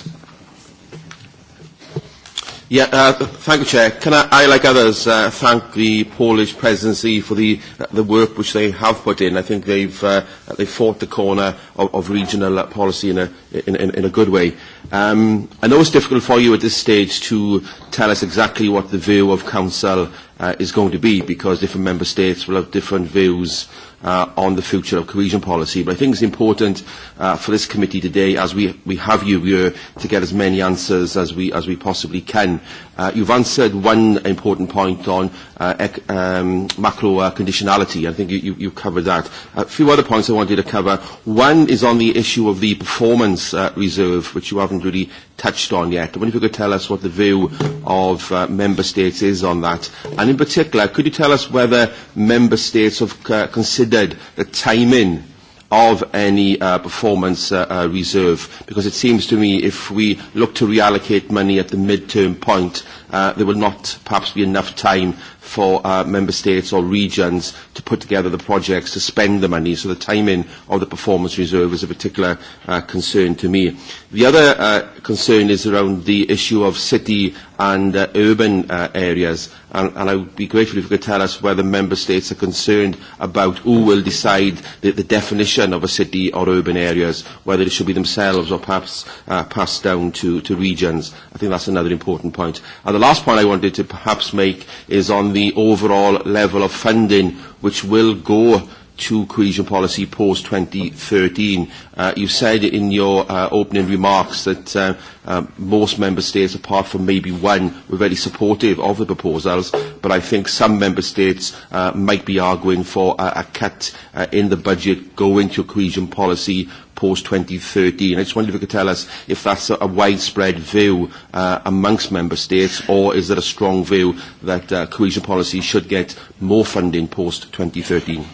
Yeah, uh, thank you, Chair. Can I, I like others, uh, thank the Polish presidency for the, uh, the work which they have put in. I think they've, uh, they've fought the corner of, of regional uh, policy in a, in, in, in a good way. Um, I know it's difficult for you at this stage to tell us exactly what the view of Council uh, is going to be because different Member States will have different views uh, on the future of cohesion policy. But I think it's important uh, for this committee today, as we, we have you here, to get as many answers as we, as we possibly can. Uh, you've answered one important point on uh, ec- um, macro uh, conditionality. I think you, you, you've covered that. A few other points I wanted to cover. One is on the issue of the performance uh, reserve, which you haven't really touched on yet. I wonder if you could tell us what the view of uh, member states is on that. And in particular, could you tell us whether member states have uh, considered considered the timing of any uh, performance uh, uh, reserve because it seems to me if we look to reallocate money at the mid-term point uh, there will not perhaps be enough time for uh, member states or regions to put together the projects to spend the money. So the timing of the performance reserve is a particular uh, concern to me. The other uh, concern is around the issue of city and uh, urban uh, areas. And, and I would be grateful if you could tell us whether member states are concerned about who will decide the, the definition of a city or urban areas, whether it should be themselves or perhaps uh, passed down to, to regions. I think that's another important point. And the last point I wanted to perhaps make is on the overall level of funding which will go to cohesion policy post 2013. Uh, you said in your uh, opening remarks that uh, uh, most member states, apart from maybe one, were very supportive of the proposals, but I think some member states uh, might be arguing for a, a cut uh, in the budget going to cohesion policy post 2013. I just wonder if you could tell us if that's a, a widespread view uh, amongst member states, or is there a strong view that uh, cohesion policy should get more funding post 2013?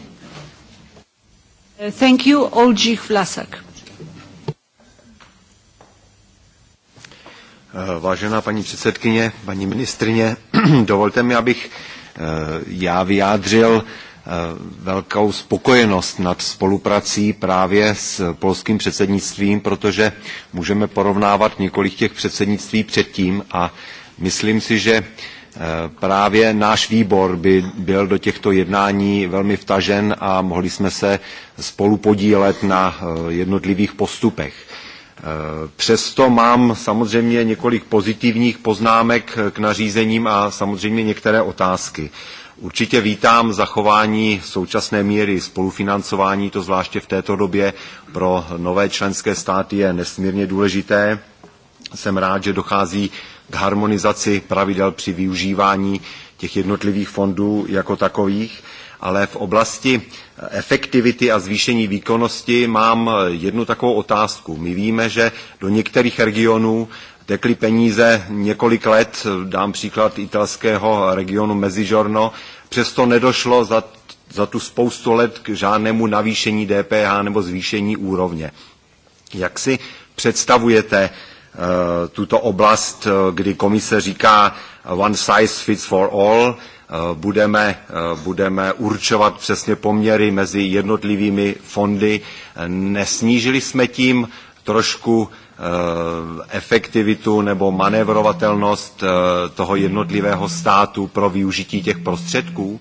Eh, vážená paní předsedkyně, paní ministrině, <clears throat> dovolte mi, abych eh, já vyjádřil eh, velkou spokojenost nad spoluprací právě s polským předsednictvím, protože můžeme porovnávat několik těch předsednictví předtím a myslím si, že Eh, právě náš výbor by byl do těchto jednání velmi vtažen a mohli jsme se spolu podílet na eh, jednotlivých postupech. Eh, přesto mám samozřejmě několik pozitivních poznámek k nařízením a samozřejmě některé otázky. Určitě vítám zachování současné míry spolufinancování, to zvláště v této době pro nové členské státy je nesmírně důležité. Jsem rád, že dochází k harmonizaci pravidel při využívání těch jednotlivých fondů jako takových, ale v oblasti efektivity a zvýšení výkonnosti mám jednu takovou otázku. My víme, že do některých regionů tekly peníze několik let, dám příklad italského regionu Mezižorno, přesto nedošlo za, za tu spoustu let k žádnému navýšení DPH nebo zvýšení úrovně. Jak si představujete uh, Eh, tuto oblast, eh, kdy komise říká eh, one size fits for all, budeme, budeme určovat přesně poměry mezi jednotlivými fondy. Nesnížili jsme tím trošku efektivitu nebo manévrovatelnost toho jednotlivého státu pro využití těch prostředků.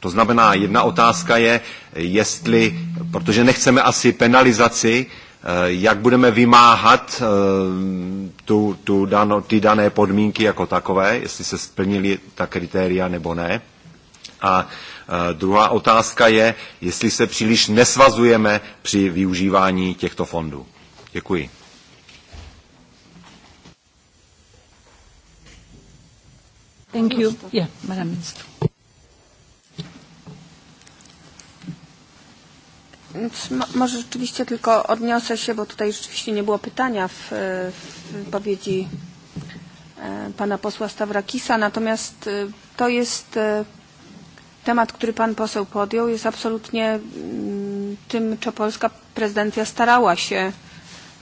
To znamená, jedna otázka je, jestli, protože nechceme asi penalizaci, Eh, jak budeme vymáhat eh, tu, tu dano, ty dané podmínky jako takové, jestli se splnili ta kritéria nebo ne. A eh, druhá otázka je, jestli se příliš nesvazujeme při využívání těchto fondů. Děkuji. Thank you. Yeah, Madam Minister. Może rzeczywiście tylko odniosę się, bo tutaj rzeczywiście nie było pytania w, w wypowiedzi pana posła Stawrakisa. Natomiast to jest temat, który pan poseł podjął, jest absolutnie tym, co polska prezydencja starała się,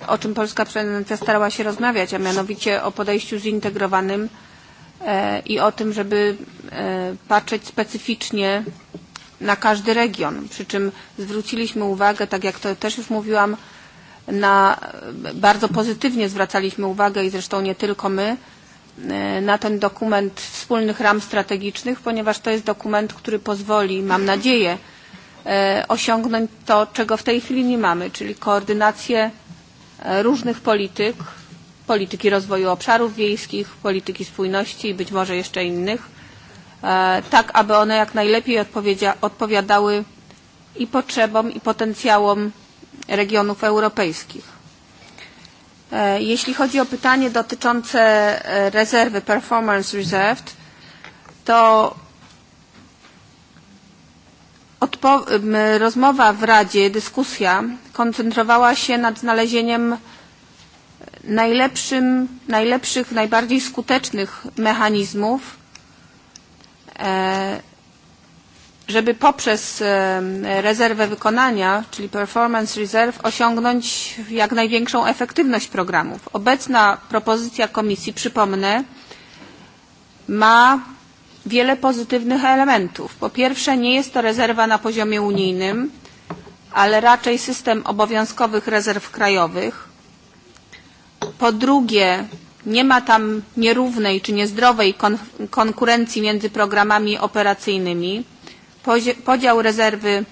o czym polska prezydencja starała się rozmawiać, a mianowicie o podejściu zintegrowanym i o tym, żeby patrzeć specyficznie na każdy region. Przy czym zwróciliśmy uwagę, tak jak to też już mówiłam, na, bardzo pozytywnie zwracaliśmy uwagę i zresztą nie tylko my, na ten dokument wspólnych ram strategicznych, ponieważ to jest dokument, który pozwoli, mam nadzieję, osiągnąć to, czego w tej chwili nie mamy, czyli koordynację różnych polityk, polityki rozwoju obszarów wiejskich, polityki spójności i być może jeszcze innych, tak aby one jak najlepiej odpowiadały i potrzebom, i potencjałom regionów europejskich. Jeśli chodzi o pytanie dotyczące rezerwy Performance Reserved, to rozmowa w Radzie, dyskusja koncentrowała się nad znalezieniem najlepszym, najlepszych, najbardziej skutecznych mechanizmów żeby poprzez rezerwę wykonania, czyli performance reserve, osiągnąć jak największą efektywność programów. Obecna propozycja Komisji, przypomnę, ma wiele pozytywnych elementów. Po pierwsze, nie jest to rezerwa na poziomie unijnym, ale raczej system obowiązkowych rezerw krajowych. Po drugie, Nie ma tam nierównej czy niezdrowej kon konkurencji między programami operacyjnymi. Pozi podział rezerwy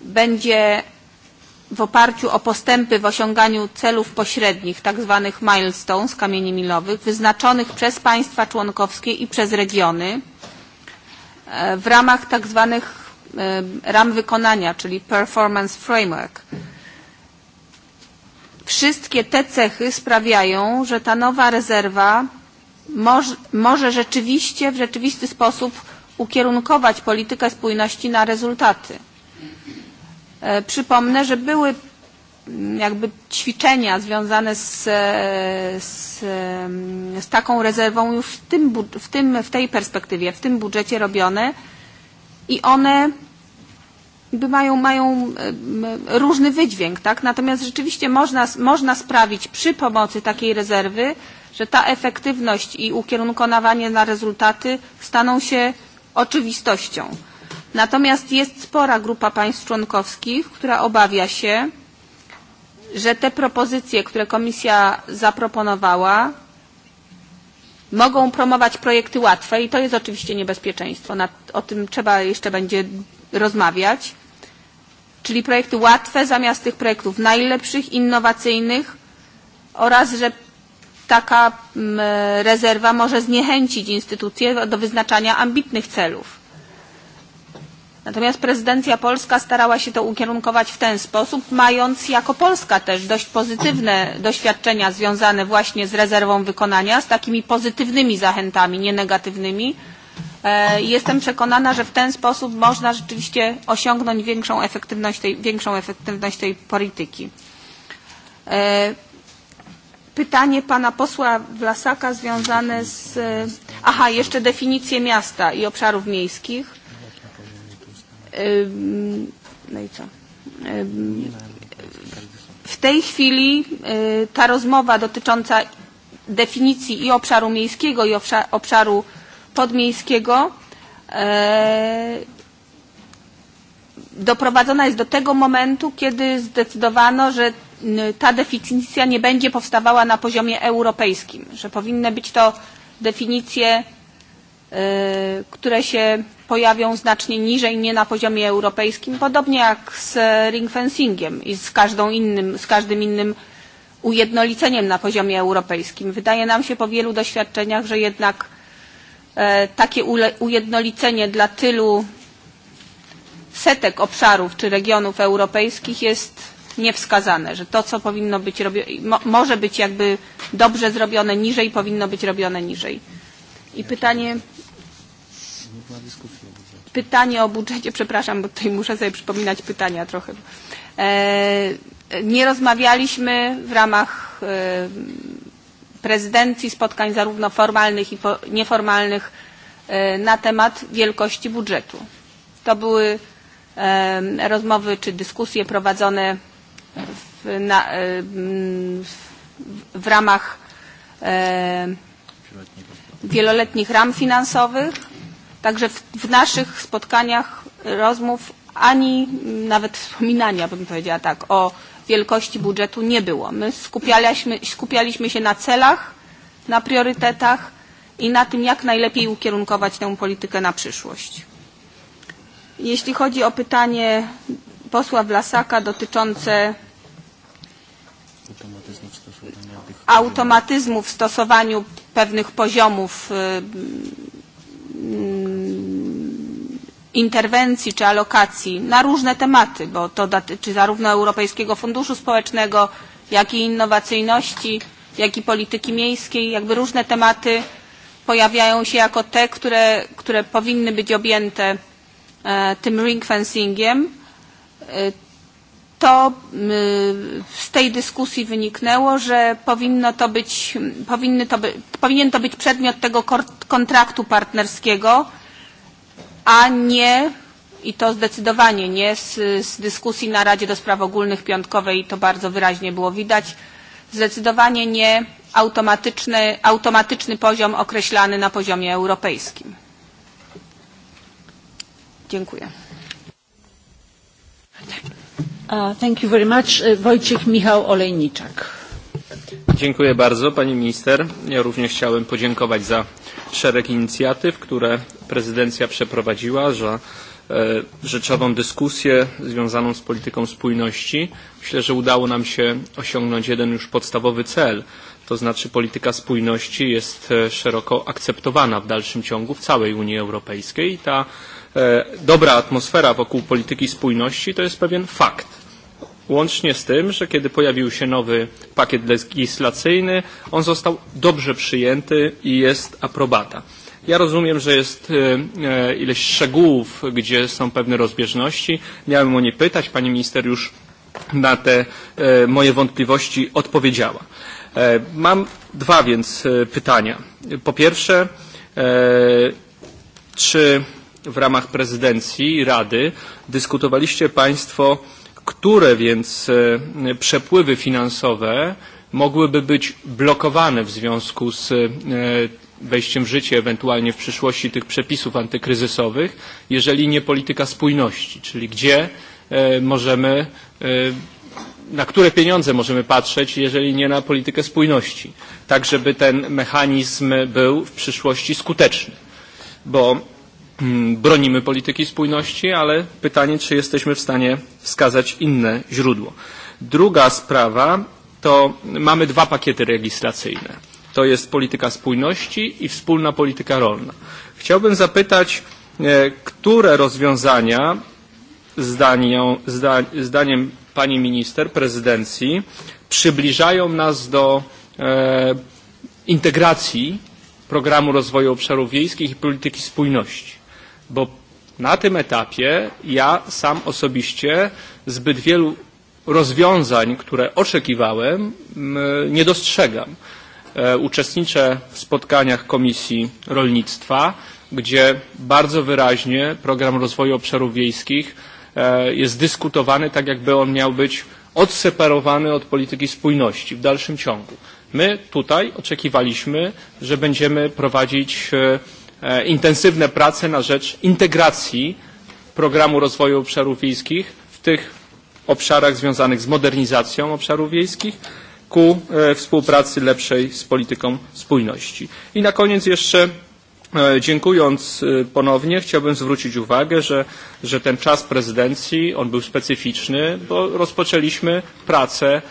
będzie w oparciu o postępy w osiąganiu celów pośrednich, tzw. milestones, kamieni milowych, wyznaczonych przez państwa członkowskie i przez regiony w ramach tzw. ram wykonania, czyli performance framework Wszystkie te cechy sprawiają, że ta nowa rezerwa może, może rzeczywiście w rzeczywisty sposób ukierunkować politykę spójności na rezultaty. przypomnę, że były mm, jakby ćwiczenia związane z, z, z taką rezerwą już w, tym, w, tym, w tej perspektywie, w tym budżecie robione i one mają, mają różny wydźwięk, tak? Natomiast rzeczywiście można, można sprawić przy pomocy takiej rezerwy, że ta efektywność i ukierunkowanie na rezultaty staną się oczywistością. Natomiast jest spora grupa państw członkowskich, która obawia się, że te propozycje, które Komisja zaproponowała, mogą promować projekty łatwe i to jest oczywiście niebezpieczeństwo. Na, o tym trzeba jeszcze będzie rozmawiać, czyli projekty łatwe zamiast tych projektów najlepszych, innowacyjnych oraz, że taka mm, rezerwa może zniechęcić instytucje do wyznaczania ambitnych celów. Natomiast prezydencja polska starała się to ukierunkować w ten sposób, mając jako Polska też dość pozytywne doświadczenia związane właśnie z rezerwą wykonania, z takimi pozytywnymi zachętami, nie negatywnymi, Jestem przekonana, że w ten sposób można rzeczywiście osiągnąć większą efektywność tej, większą efektywność tej polityki. Pytanie pana posła Wlasaka związane z... Aha, jeszcze definicje miasta i obszarów miejskich. No i co? W tej chwili ta rozmowa dotycząca definicji i obszaru miejskiego, i obszaru podmiejskiego doprowadzona jest do tego momentu, kiedy zdecydowano, że ta definicja nie będzie powstawała na poziomie europejskim, że powinny być to definicje, które się pojawią znacznie niżej, nie na poziomie europejskim, podobnie jak z ring fencingiem i z, każdą innym, z każdym innym ujednoliceniem na poziomie europejskim. Wydaje nam się po wielu doświadczeniach, że jednak y, takie ujednolicenie dla tylu setek obszarów czy regionów europejskich jest niewskazane, że to, co powinno być robione, może być jakby dobrze zrobione niżej, powinno być robione niżej. I pytanie, pytanie o budżecie, przepraszam, bo tutaj muszę sobie przypominać pytania trochę. nie rozmawialiśmy w ramach prezydencji spotkań zarówno formalnych i nieformalnych na temat wielkości budżetu. To były rozmowy czy dyskusje prowadzone w, na, w ramach wieloletnich ram finansowych. Także w, w naszych spotkaniach rozmów ani nawet wspominania, bym powiedziała tak, o wielkości budżetu nie było. My skupialiśmy, skupialiśmy się na celach, na priorytetach i na tym, jak najlepiej ukierunkować tę politykę na przyszłość. Jeśli chodzi o pytanie posła Wlasaka dotyczące automatyzmu w stosowaniu pewnych poziomów mm, interwencji czy alokacji na różne tematy, bo to dotyczy zarówno Europejskiego Funduszu Społecznego, jak i innowacyjności, jak i polityki miejskiej. Jakby różne tematy pojawiają się jako te, które, które powinny być objęte e, tym ring fencingiem. E, to e, z tej dyskusji wyniknęło, że powinno to być, powinny to by, powinien to być przedmiot tego kontraktu partnerskiego, a nie i to zdecydowanie nie z, z dyskusji na Radzie do Spraw Ogólnych piątkowej to bardzo wyraźnie było widać zdecydowanie nie automatyczny, automatyczny poziom określany na poziomie europejskim. Dziękuję. Uh, thank you very much. Wojciech Michał Olejniczak. Dziękuję bardzo pani minister. Ja również chciałem podziękować za szereg inicjatyw, które prezydencja przeprowadziła, że rzeczową dyskusję związaną z polityką spójności. Myślę, że udało nam się osiągnąć jeden już podstawowy cel, to znaczy polityka spójności jest szeroko akceptowana w dalszym ciągu w całej Unii Europejskiej. Ta dobra atmosfera wokół polityki spójności to jest pewien fakt Łącznie z tym, że kiedy pojawił się nowy pakiet legislacyjny, on został dobrze przyjęty i jest aprobata. Ja rozumiem, że jest ileś szczegółów, gdzie są pewne rozbieżności. Miałem o nie pytać, pani minister już na te moje wątpliwości odpowiedziała. Mam dwa więc pytania. Po pierwsze, czy w ramach prezydencji Rady dyskutowaliście Państwo które więc przepływy finansowe mogłyby być blokowane w związku z wejściem w życie ewentualnie w przyszłości tych przepisów antykryzysowych, jeżeli nie polityka spójności, czyli gdzie możemy, na które pieniądze możemy patrzeć, jeżeli nie na politykę spójności, tak żeby ten mechanizm był w przyszłości skuteczny. Bo Mm, bronimy polityki spójności, ale pytanie, czy jesteśmy w stanie wskazać inne źródło. Druga sprawa to mamy dwa pakiety legislacyjne. To jest polityka spójności i wspólna polityka rolna. Chciałbym zapytać, które rozwiązania zdanią, zda, zdaniem pani minister prezydencji przybliżają nas do e, integracji programu rozwoju obszarów wiejskich i polityki spójności bo na tym etapie ja sam osobiście zbyt wielu rozwiązań, które oczekiwałem, nie dostrzegam. Uczestniczę w spotkaniach Komisji Rolnictwa, gdzie bardzo wyraźnie program rozwoju obszarów wiejskich jest dyskutowany tak, jakby on miał być odseparowany od polityki spójności w dalszym ciągu. My tutaj oczekiwaliśmy, że będziemy prowadzić intensywne prace na rzecz integracji programu rozwoju obszarów wiejskich w tych obszarach związanych z modernizacją obszarów wiejskich ku współpracy lepszej z polityką spójności. I na koniec jeszcze Dziękując ponownie, chciałbym zwrócić uwagę, że, że ten czas prezydencji, on był specyficzny, bo rozpoczęliśmy pracę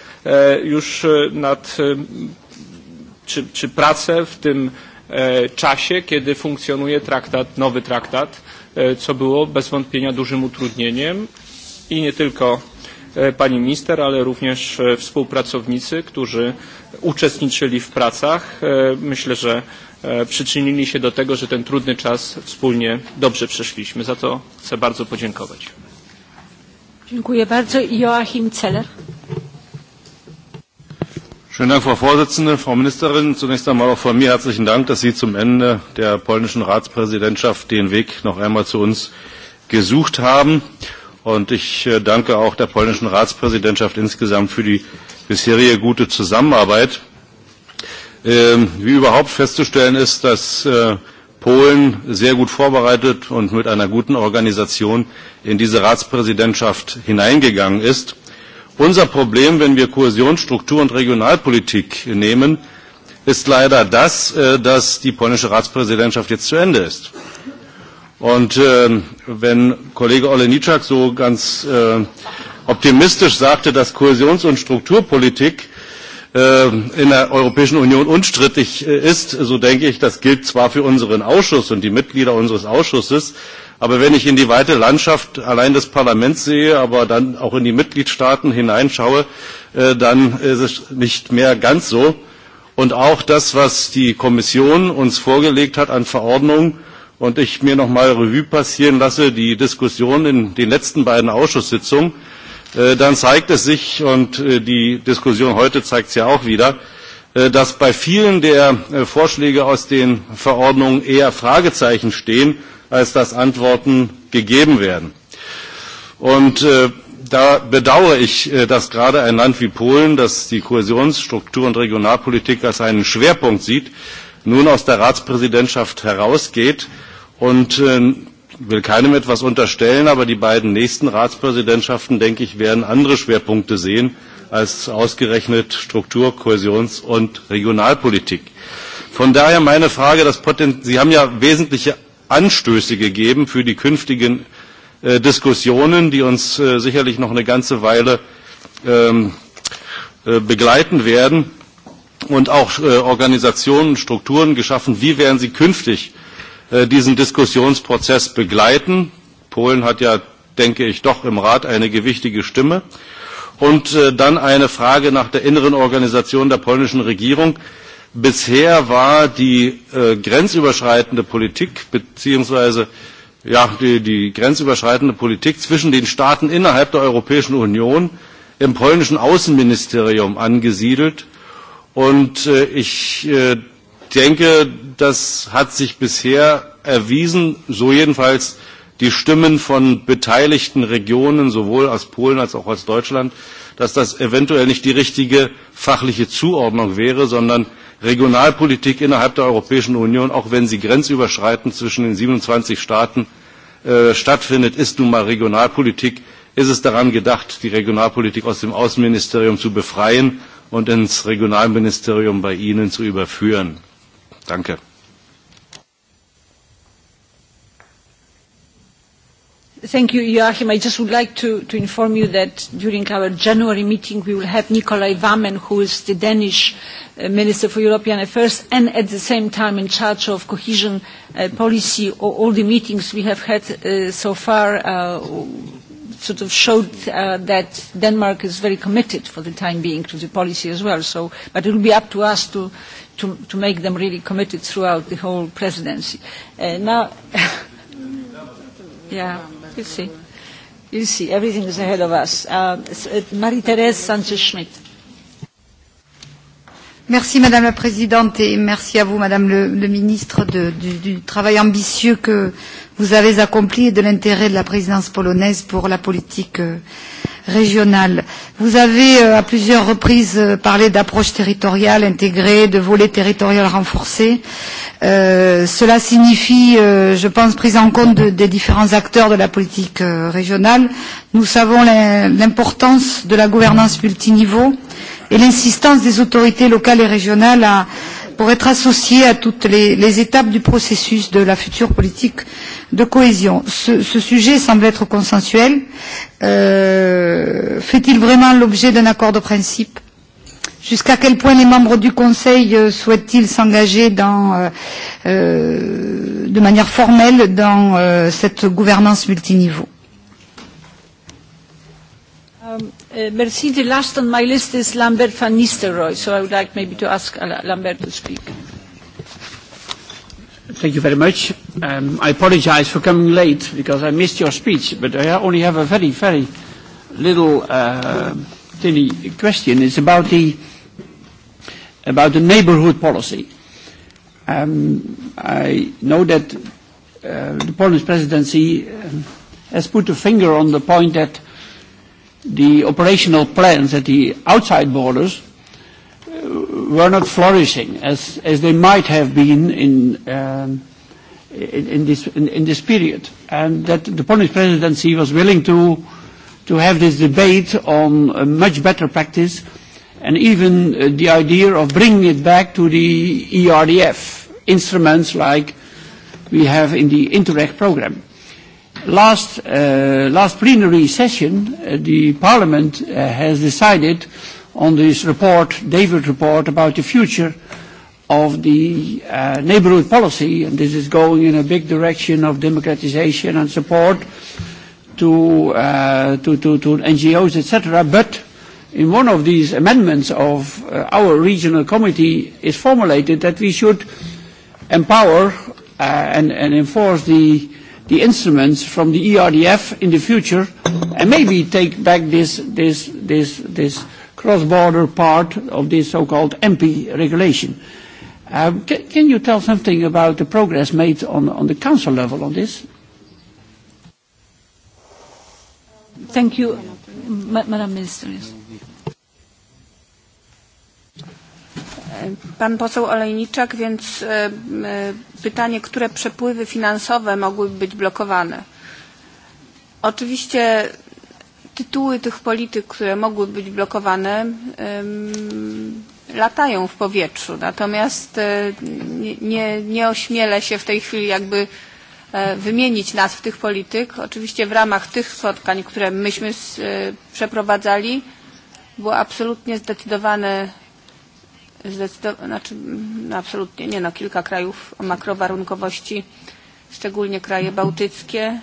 już nad, czy, czy pracę w tym czasie, kiedy funkcjonuje traktat, nowy traktat, co było bez wątpienia dużym utrudnieniem i nie tylko pani minister, ale również współpracownicy, którzy uczestniczyli w pracach. Myślę, że przyczynili się do tego, że ten trudny czas wspólnie dobrze przeszliśmy. Za to chcę bardzo podziękować. Dziękuję bardzo. Joachim Celer. Vielen Dank, Frau Vorsitzende. Frau Ministerin, zunächst einmal auch von mir herzlichen Dank, dass Sie zum Ende der polnischen Ratspräsidentschaft den Weg noch einmal zu uns gesucht haben. Und ich äh, danke auch der polnischen Ratspräsidentschaft insgesamt für die bisherige gute Zusammenarbeit. Ähm, wie überhaupt festzustellen ist, dass äh, Polen sehr gut vorbereitet und mit einer guten Organisation in diese Ratspräsidentschaft hineingegangen ist. Unser Problem, wenn wir Kohäsion, Struktur und Regionalpolitik nehmen, ist leider das, äh, dass die polnische Ratspräsidentschaft jetzt zu Ende ist. Und äh, wenn Kollege Oleniczak so ganz äh, optimistisch sagte, dass Kohäsions- und Strukturpolitik äh, in der Europäischen Union unstrittig äh, ist, so denke ich, das gilt zwar für unseren Ausschuss und die Mitglieder unseres Ausschusses, Aber wenn ich in die weite Landschaft allein des Parlaments sehe, aber dann auch in die Mitgliedstaaten hineinschaue, äh, dann ist es nicht mehr ganz so. Und auch das, was die Kommission uns vorgelegt hat an Verordnungen, und ich mir noch mal Revue passieren lasse, die Diskussion in den letzten beiden Ausschusssitzungen, äh, dann zeigt es sich, und äh, die Diskussion heute zeigt es ja auch wieder, dass bei vielen der Vorschläge aus den Verordnungen eher Fragezeichen stehen als dass Antworten gegeben werden. Und äh, da bedauere ich, äh, dass gerade ein Land wie Polen, das die Kohäsionsstruktur und Regionalpolitik als einen Schwerpunkt sieht, nun aus der Ratspräsidentschaft herausgeht und äh, will keinem etwas unterstellen, aber die beiden nächsten Ratspräsidentschaften, denke ich, werden andere Schwerpunkte sehen als ausgerechnet Struktur, Kohäsions- und Regionalpolitik. Von daher meine Frage, das Sie haben ja wesentliche Anstöße gegeben für die künftigen äh, Diskussionen, die uns äh, sicherlich noch eine ganze Weile ähm, äh, begleiten werden und auch äh, Organisationen und Strukturen geschaffen. Wie werden sie künftig äh, diesen Diskussionsprozess begleiten? Polen hat ja, denke ich, doch im Rat eine gewichtige Stimme. Und äh, dann eine Frage nach der inneren Organisation der polnischen Regierung. Äh, Bisher war die äh, grenzüberschreitende Politik beziehungsweise ja, die, die grenzüberschreitende Politik zwischen den Staaten innerhalb der Europäischen Union im polnischen Außenministerium angesiedelt. Und äh, ich äh, denke, das hat sich bisher erwiesen, so jedenfalls die Stimmen von beteiligten Regionen, sowohl aus Polen als auch aus Deutschland, dass das eventuell nicht die richtige fachliche Zuordnung wäre, sondern Regionalpolitik innerhalb der Europäischen Union, auch wenn sie grenzüberschreitend zwischen den 27 Staaten äh, stattfindet, ist nun mal Regionalpolitik. Ist es daran gedacht, die Regionalpolitik aus dem Außenministerium zu befreien und ins Regionalministerium bei Ihnen zu überführen? Danke. Thank you, Joachim. I just would like to, to inform you that during our January meeting we will have Nikolai Vammen, who is the Danish uh, Minister for European Affairs and at the same time in charge of cohesion uh, policy. All, all the meetings we have had uh, so far uh, sort of showed uh, that Denmark is very committed for the time being to the policy as well. So, but it will be up to us to, to, to make them really committed throughout the whole presidency. Uh, now, <laughs> yeah. You see. You see, everything is ahead of us. Uh, uh, Marie-Thérèse Sanchez-Schmidt. Merci Madame la Présidente et merci à vous Madame le, le Ministre de, du, du travail ambitieux que vous avez accompli de l'intérêt de la présidence polonaise pour la politique euh, régionale. Vous avez euh, à plusieurs reprises euh, parlé d'approche territoriale intégrée, de volet territorial renforcé. Euh, cela signifie, euh, je pense, prise en compte de, des différents acteurs de la politique euh, régionale. Nous savons l'importance de la gouvernance multiniveau et l'insistance des autorités locales et régionales à pour être associé à toutes les, les étapes du processus de la future politique de cohésion. Ce, ce sujet semble être consensuel. Euh, Fait-il vraiment l'objet d'un accord de principe Jusqu'à quel point les membres du Conseil euh, souhaitent-ils s'engager dans, euh, euh, de manière formelle dans euh, cette gouvernance multiniveau Uh, merci. The last on my list is Lambert van Nistelrooy, so I would like maybe to ask uh, Lambert to speak. Thank you very much. Um, I apologize for coming late because I missed your speech, but I only have a very, very little uh, tiny question. It's about the about the neighborhood policy. Um, I know that uh, the Polish presidency um, has put a finger on the point that the operational plans at the outside borders uh, were not flourishing as, as they might have been in, um, in, in, this, in, in this period. And that the Polish presidency was willing to, to have this debate on a much better practice and even uh, the idea of bringing it back to the ERDF instruments like we have in the Interreg program last, uh, last plenary session, uh, the Parliament uh, has decided on this report, David report, about the future of the uh, neighborhood policy, and this is going in a big direction of democratization and support to, uh, to, to, to NGOs, etc. But in one of these amendments of uh, our regional committee is formulated that we should empower uh, and, and enforce the uh, the instruments from the ERDF in the future and maybe take back this, this, this, this cross-border part of this so-called MP regulation. Um, can, can you tell something about the progress made on, on the council level on this? Thank you, Ma Madam Minister. Yes. Pan poseł Olejniczak, więc pytanie, które przepływy finansowe mogłyby być blokowane? Oczywiście tytuły tych polityk, które mogły być blokowane, latają w powietrzu. Natomiast nie, nie ośmielę się w tej chwili jakby wymienić nazw tych polityk. Oczywiście w ramach tych spotkań, które myśmy przeprowadzali, było absolutnie zdecydowane zdecydowanie, znaczy mm, absolutnie nie, no kilka krajów o makrowarunkowości, szczególnie kraje bałtyckie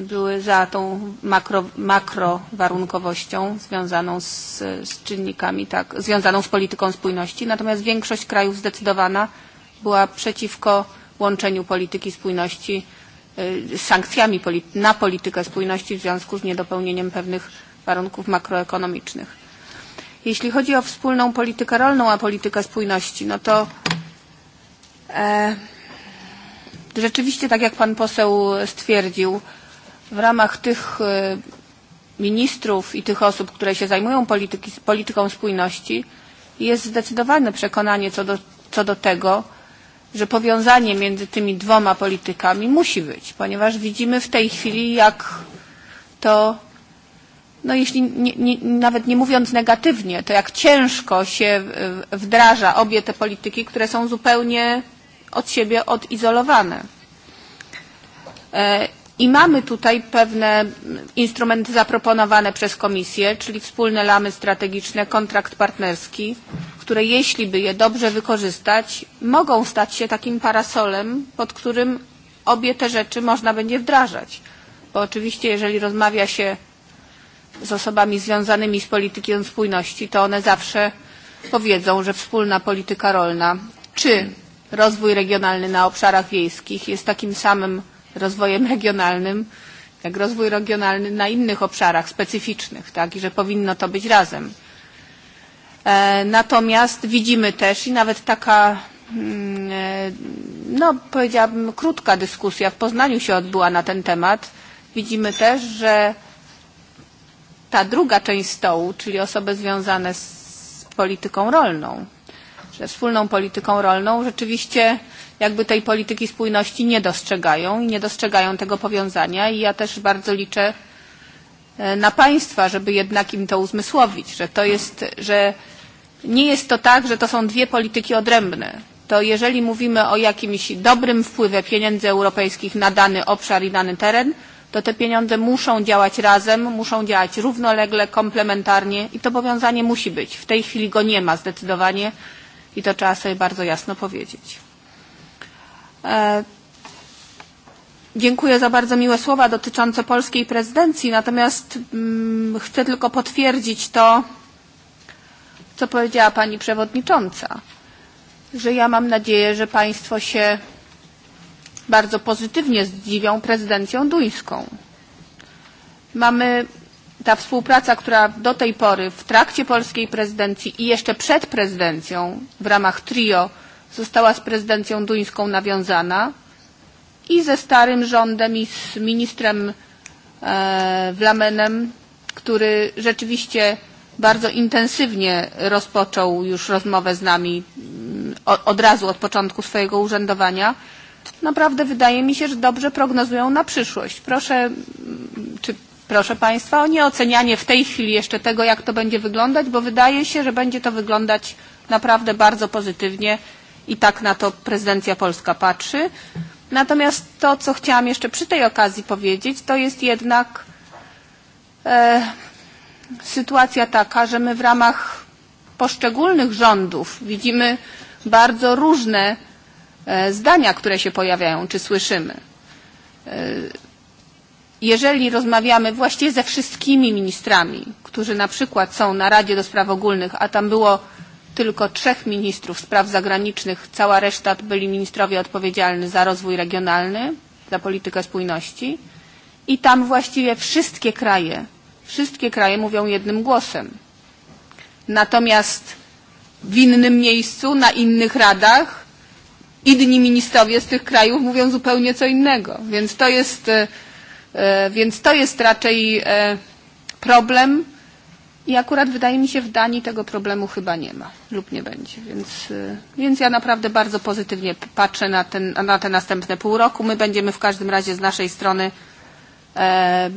były za tą makro, makrowarunkowością związaną z, z czynnikami, tak, związaną z polityką spójności, natomiast większość krajów zdecydowana była przeciwko łączeniu polityki spójności z sankcjami polity na politykę spójności w związku z niedopełnieniem pewnych warunków makroekonomicznych. Jeśli chodzi o wspólną politykę rolną, a politykę spójności, no to e, rzeczywiście, tak jak pan poseł stwierdził, w ramach tych e, ministrów i tych osób, które się zajmują polityki, polityką spójności, jest zdecydowane przekonanie co do, co do tego, że powiązanie między tymi dwoma politykami musi być, ponieważ widzimy w tej chwili, jak to no jeśli nie, nie, nawet nie mówiąc negatywnie, to jak ciężko się wdraża obie te polityki, które są zupełnie od siebie odizolowane. I mamy tutaj pewne instrumenty zaproponowane przez Komisję, czyli wspólne lamy strategiczne, kontrakt partnerski, które jeśli by je dobrze wykorzystać, mogą stać się takim parasolem, pod którym obie te rzeczy można będzie wdrażać. Bo oczywiście, jeżeli rozmawia się z osobami związanymi z polityką spójności, to one zawsze powiedzą, że wspólna polityka rolna czy rozwój regionalny na obszarach wiejskich jest takim samym rozwojem regionalnym, jak rozwój regionalny na innych obszarach specyficznych, tak, i że powinno to być razem. E, natomiast widzimy też i nawet taka, mm, no powiedziałabym, krótka dyskusja w Poznaniu się odbyła na ten temat. Widzimy też, że ta druga część stołu, czyli osoby związane z polityką rolną, ze wspólną polityką rolną, rzeczywiście jakby tej polityki spójności nie dostrzegają i nie dostrzegają tego powiązania i ja też bardzo liczę na państwa, żeby jednak im to uzmysłowić, że to jest, że nie jest to tak, że to są dwie polityki odrębne. To jeżeli mówimy o jakimś dobrym wpływie pieniędzy europejskich na dany obszar i dany teren, to te pieniądze muszą działać razem, muszą działać równolegle, komplementarnie i to powiązanie musi być. W tej chwili go nie ma zdecydowanie i to trzeba sobie bardzo jasno powiedzieć. E, dziękuję za bardzo miłe słowa dotyczące polskiej prezydencji, natomiast mm, chcę tylko potwierdzić to, co powiedziała Pani Przewodnicząca, że ja mam nadzieję, że Państwo się bardzo pozytywnie zdziwią prezydencją duńską. Mamy ta współpraca, która do tej pory w trakcie polskiej prezydencji i jeszcze przed prezydencją w ramach trio została z prezydencją duńską nawiązana i ze starym rządem i z ministrem e, Vlamenem, który rzeczywiście bardzo intensywnie rozpoczął już rozmowę z nami mm, od razu od początku swojego urzędowania naprawdę wydaje mi się, że dobrze prognozują na przyszłość. Proszę, mm, czy proszę Państwa o nieocenianie w tej chwili jeszcze tego, jak to będzie wyglądać, bo wydaje się, że będzie to wyglądać naprawdę bardzo pozytywnie i tak na to prezydencja polska patrzy. Natomiast to, co chciałam jeszcze przy tej okazji powiedzieć, to jest jednak e, sytuacja taka, że my w ramach poszczególnych rządów widzimy bardzo różne zdania, które się pojawiają, czy słyszymy. Jeżeli rozmawiamy właściwie ze wszystkimi ministrami, którzy na przykład są na Radzie do Spraw Ogólnych, a tam było tylko trzech ministrów spraw zagranicznych, cała reszta byli ministrowie odpowiedzialni za rozwój regionalny, za politykę spójności i tam właściwie wszystkie kraje, wszystkie kraje mówią jednym głosem. Natomiast w innym miejscu, na innych radach inni ministrowie z tych krajów mówią zupełnie co innego. Więc to jest, więc to jest raczej problem i akurat wydaje mi się w Danii tego problemu chyba nie ma lub nie będzie. Więc, więc ja naprawdę bardzo pozytywnie patrzę na, ten, na te następne pół roku. My będziemy w każdym razie z naszej strony e,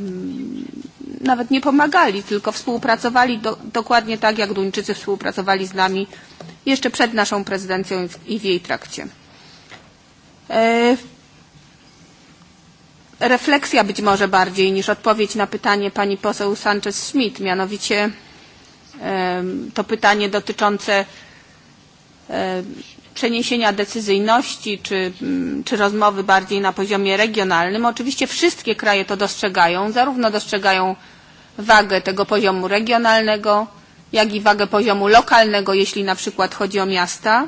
nawet nie pomagali, tylko współpracowali do, dokładnie tak, jak Duńczycy współpracowali z nami jeszcze przed naszą prezydencją i w, i w jej trakcie refleksja być może bardziej niż odpowiedź na pytanie pani poseł Sanchez-Schmidt, mianowicie to pytanie dotyczące przeniesienia decyzyjności czy, mm, czy rozmowy bardziej na poziomie regionalnym. Oczywiście wszystkie kraje to dostrzegają, zarówno dostrzegają wagę tego poziomu regionalnego, jak i wagę poziomu lokalnego, jeśli na przykład chodzi o miasta.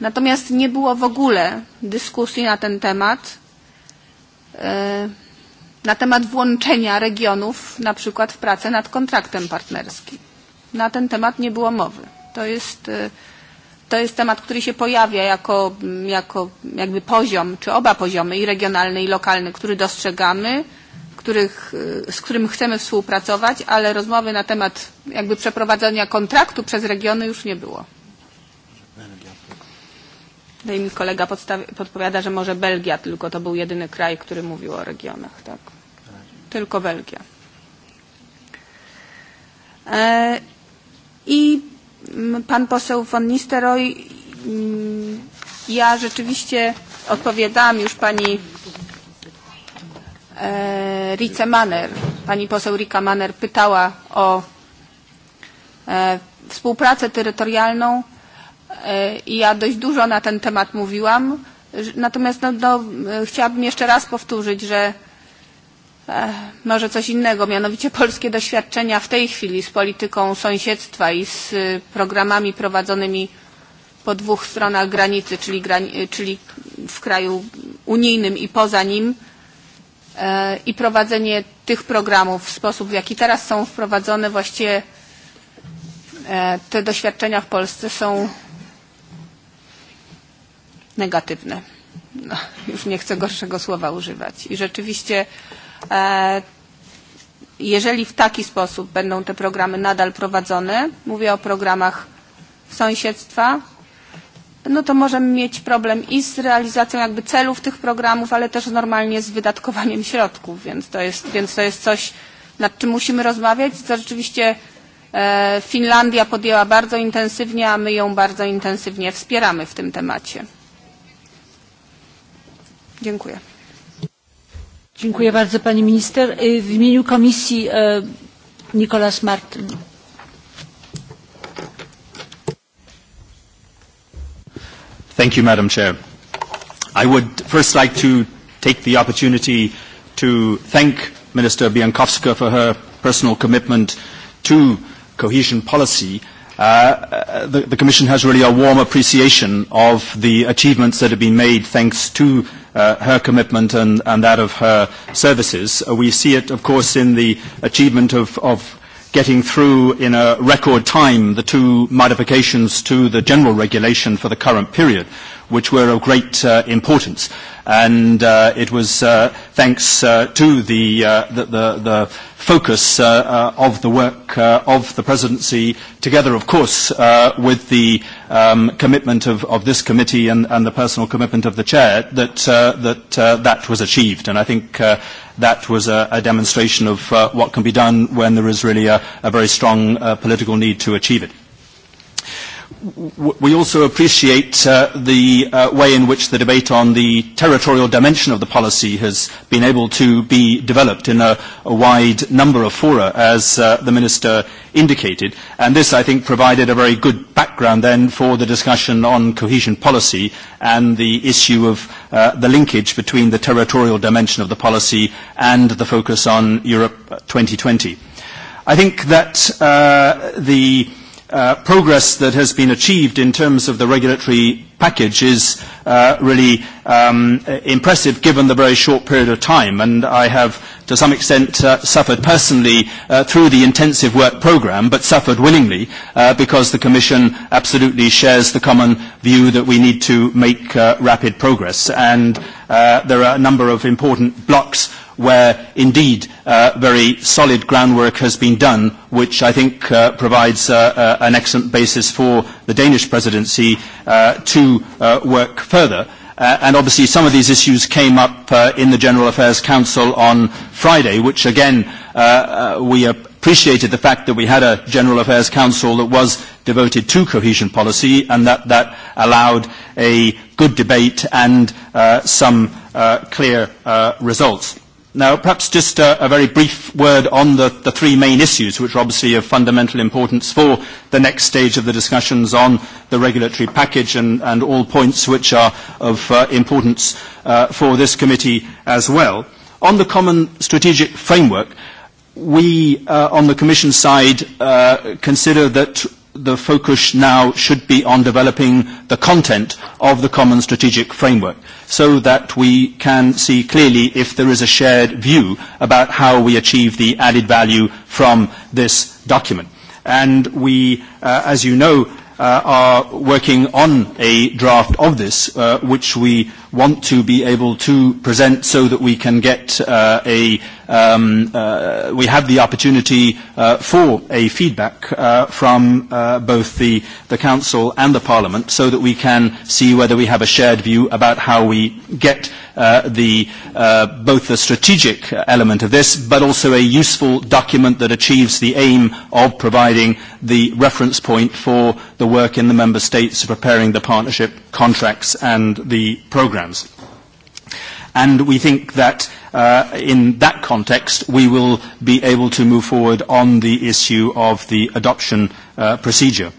Natomiast nie było w ogóle dyskusji na ten temat, na temat włączenia regionów na przykład w pracę nad kontraktem partnerskim. Na ten temat nie było mowy. To jest, to jest temat, który się pojawia jako, jako jakby poziom, czy oba poziomy, i regionalny, i lokalny, który dostrzegamy, których, z którym chcemy współpracować, ale rozmowy na temat jakby przeprowadzenia kontraktu przez regiony już nie było. Tutaj mi kolega podpowiada, że może Belgia, tylko to był jedyny kraj, który mówił o regionach. Tak? Tylko Belgia. I pan poseł von Nisteroy, mm, ja rzeczywiście odpowiadałam już pani Rice Manner. Pani poseł Rika Manner pytała o współpracę terytorialną i Ja dość dużo na ten temat mówiłam, natomiast no, no, chciałabym jeszcze raz powtórzyć, że może coś innego, mianowicie polskie doświadczenia w tej chwili z polityką sąsiedztwa i z programami prowadzonymi po dwóch stronach granicy, czyli, grani czyli w kraju unijnym i poza nim e, i prowadzenie tych programów w sposób, w jaki teraz są wprowadzone, właściwie e, te doświadczenia w Polsce są negatywne. No, już nie chcę gorszego słowa używać. I rzeczywiście, e, jeżeli w taki sposób będą te programy nadal prowadzone, mówię o programach sąsiedztwa, no to możemy mieć problem i z realizacją jakby celów tych programów, ale też normalnie z wydatkowaniem środków, więc to jest, więc to jest coś, nad czym musimy rozmawiać, co rzeczywiście e, Finlandia podjęła bardzo intensywnie, a my ją bardzo intensywnie wspieramy w tym temacie. Dziękuję. Dziękuję bardzo pani minister. W imieniu komisji Nicolas Martin. Thank you, Madam Chair. I would first like to take the opportunity to thank Minister Biankowska for her personal commitment to cohesion policy Uh, uh, the, the Commission has really a warm appreciation of the achievements that have been made thanks to uh, her commitment and, and that of her services. Uh, we see it, of course, in the achievement of, of getting through in a record time the two modifications to the general regulation for the current period, which were of great uh, importance and uh, it was uh, thanks uh, to the, uh, the, the, the focus uh, uh, of the work uh, of the presidency, together, of course, uh, with the um, commitment of, of this committee and, and the personal commitment of the chair, that uh, that, uh, that was achieved. And I think uh, that was a, a demonstration of uh, what can be done when there is really a, a very strong uh, political need to achieve it. We also appreciate uh, the uh, way in which the debate on the territorial dimension of the policy has been able to be developed in a, a wide number of fora, as uh, the Minister indicated. And this, I think, provided a very good background then for the discussion on cohesion policy and the issue of uh, the linkage between the territorial dimension of the policy and the focus on Europe 2020. I think that uh, the Uh, progress that has been achieved in terms of the regulatory package is uh, really um, impressive given the very short period of time and I have to some extent uh, suffered personally uh, through the intensive work programme but suffered willingly uh, because the Commission absolutely shares the common view that we need to make uh, rapid progress and uh, there are a number of important blocks where indeed uh, very solid groundwork has been done, which I think uh, provides uh, uh, an excellent basis for the Danish presidency uh, to uh, work further. Uh, and obviously some of these issues came up uh, in the General Affairs Council on Friday, which again uh, uh, we appreciated the fact that we had a General Affairs Council that was devoted to cohesion policy and that that allowed a good debate and uh, some uh, clear uh, results. Now, perhaps just a, a very brief word on the, the three main issues, which are obviously of fundamental importance for the next stage of the discussions on the regulatory package and, and all points which are of uh, importance uh, for this committee as well. On the common strategic framework, we uh, on the Commission side uh, consider that the focus now should be on developing the content of the common strategic framework so that we can see clearly if there is a shared view about how we achieve the added value from this document. And we, uh, as you know, uh, are working on a draft of this, uh, which we want to be able to present so that we can get uh, a, um, uh, we have the opportunity uh, for a feedback uh, from uh, both the, the Council and the Parliament so that we can see whether we have a shared view about how we get uh, the, uh, both the strategic element of this, but also a useful document that achieves the aim of providing the reference point for the work in the member states preparing the partnership contracts and the programs. And we think that uh, in that context, we will be able to move forward on the issue of the adoption uh, procedure.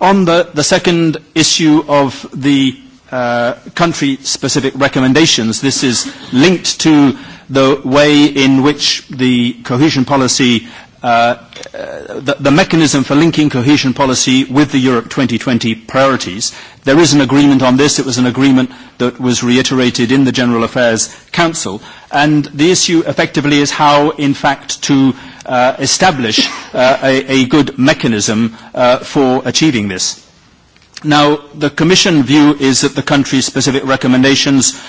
On the, the second issue of the uh, country-specific recommendations. This is linked to the way in which the cohesion policy uh, uh the, the mechanism for linking cohesion policy with the Europe 2020 priorities. There is an agreement on this. It was an agreement that was reiterated in the General Affairs Council. And the issue effectively is how, in fact, to uh, establish uh, a, a good mechanism uh, for achieving this. Now, the Commission view is that the country-specific recommendations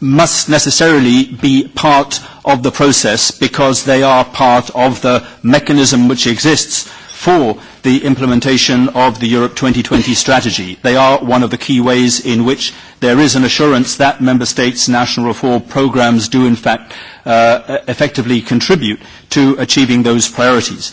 must necessarily be part of the process because they are part of the mechanism which exists for the implementation of the Europe 2020 strategy. They are one of the key ways in which there is an assurance that Member States' national reform programs do in fact uh, effectively contribute to achieving those priorities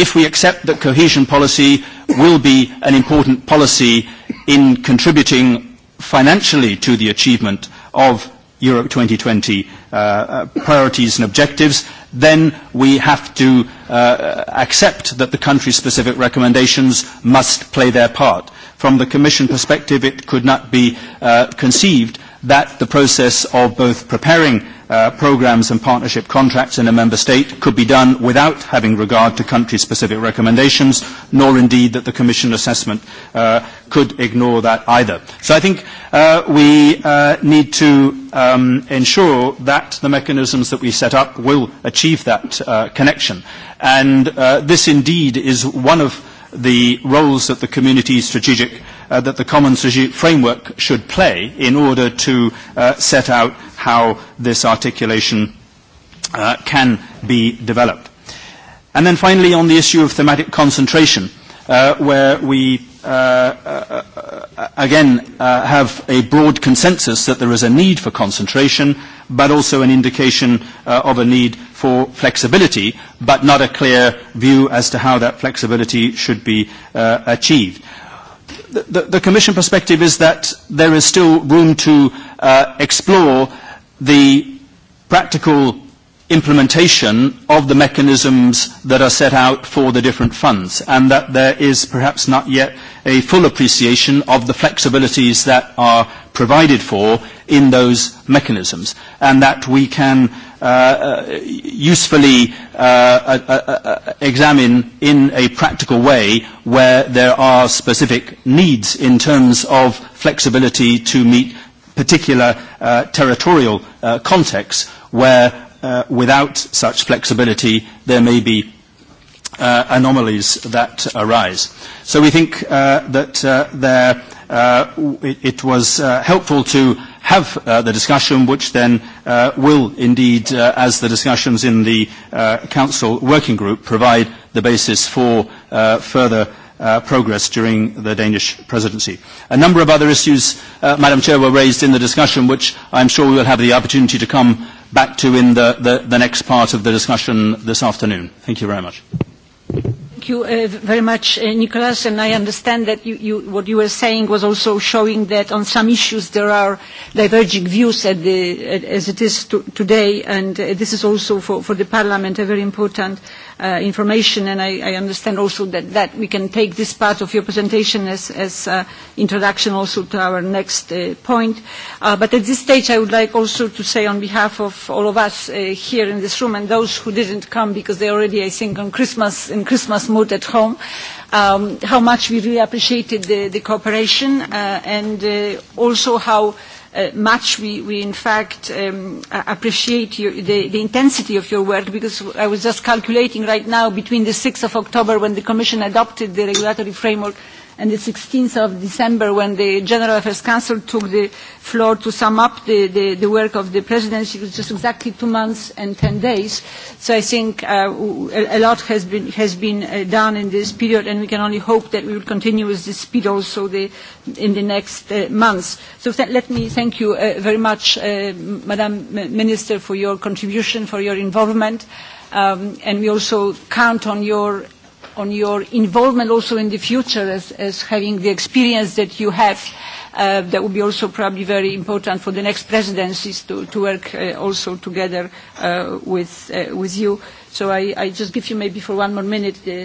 if we accept that cohesion policy will be an important policy in contributing financially to the achievement of Europe 2020 uh, uh, priorities and objectives, then we have to uh, accept that the country-specific recommendations must play their part. From the Commission perspective, it could not be uh, conceived that the process of both preparing Uh, programs and partnership contracts in a member state could be done without having regard to country-specific recommendations, nor indeed that the Commission assessment uh, could ignore that either. So I think uh, we uh, need to um, ensure that the mechanisms that we set up will achieve that uh, connection. And uh, this indeed is one of the roles that the community strategic uh, uh, that the common framework should play in order to uh, set out how this articulation uh, can be developed. And then finally on the issue of thematic concentration, uh, where we uh, uh, again uh, have a broad consensus that there is a need for concentration, but also an indication uh, of a need for flexibility, but not a clear view as to how that flexibility should be uh, achieved the, the Commission perspective is that there is still room to uh, explore the practical implementation of the mechanisms that are set out for the different funds and that there is perhaps not yet a full appreciation of the flexibilities that are provided for in those mechanisms and that we can Uh, uh, usefully uh, uh, uh, uh, examine in a practical way where there are specific needs in terms of flexibility to meet particular uh, territorial uh, contexts where uh, without such flexibility there may be uh, anomalies that arise. So we think uh, that uh, there, uh, it, it was uh, helpful to have uh, the discussion, which then uh, will indeed, uh, as the discussions in the uh, Council Working Group, provide the basis for uh, further Uh, progress during the Danish presidency. A number of other issues, uh, Madam Chair, were raised in the discussion, which I'm sure we will have the opportunity to come back to in the, the, the next part of the discussion this afternoon. Thank you very much. Thank you uh, very much, uh, Nicholas. And I understand that you, you, what you were saying was also showing that on some issues there are diverging views at the, at, as it is to, today. And uh, this is also for, for the Parliament a very important uh, information. And I, I understand also that, that we can take this part of your presentation as, as uh, introduction also to our next uh, point. Uh, but at this stage, I would like also to say on behalf of all of us uh, here in this room and those who didn't come because they already, I think, on Christmas, in Christmas smooth at home, um, how much we really appreciated the, the cooperation uh, and uh, also how uh, much we, we in fact um, appreciate your, the, the intensity of your work because I was just calculating right now between the 6th of October when the Commission adopted the regulatory framework and the 16th of December when the General Affairs Council took the floor to sum up the, the, the work of the presidency. It was just exactly two months and 10 days. So I think uh, a, a lot has been, has been uh, done in this period and we can only hope that we will continue with this speed also the, in the next uh, months. So th let me thank you uh, very much, uh, Madam Minister, for your contribution, for your involvement. Um, and we also count on your on your involvement also in the future as, as having the experience that you have. Uh, that would be also probably very important for the next presidencies to, to work uh, also together uh, with, uh, with you. So I, I just give you maybe for one more minute the,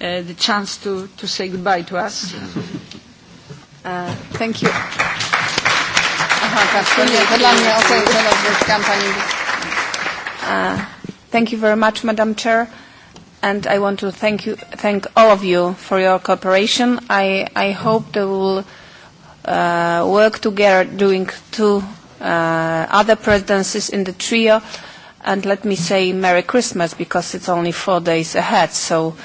uh, the chance to, to say goodbye to us. <laughs> Uh, thank you. Uh-huh, <laughs> uh, thank you very much, Madam Chair and I want to thank you, thank all of you for your cooperation. I, I hope that we will uh, work together during two uh, other presidencies in the trio. And let me say Merry Christmas because it's only four days ahead. So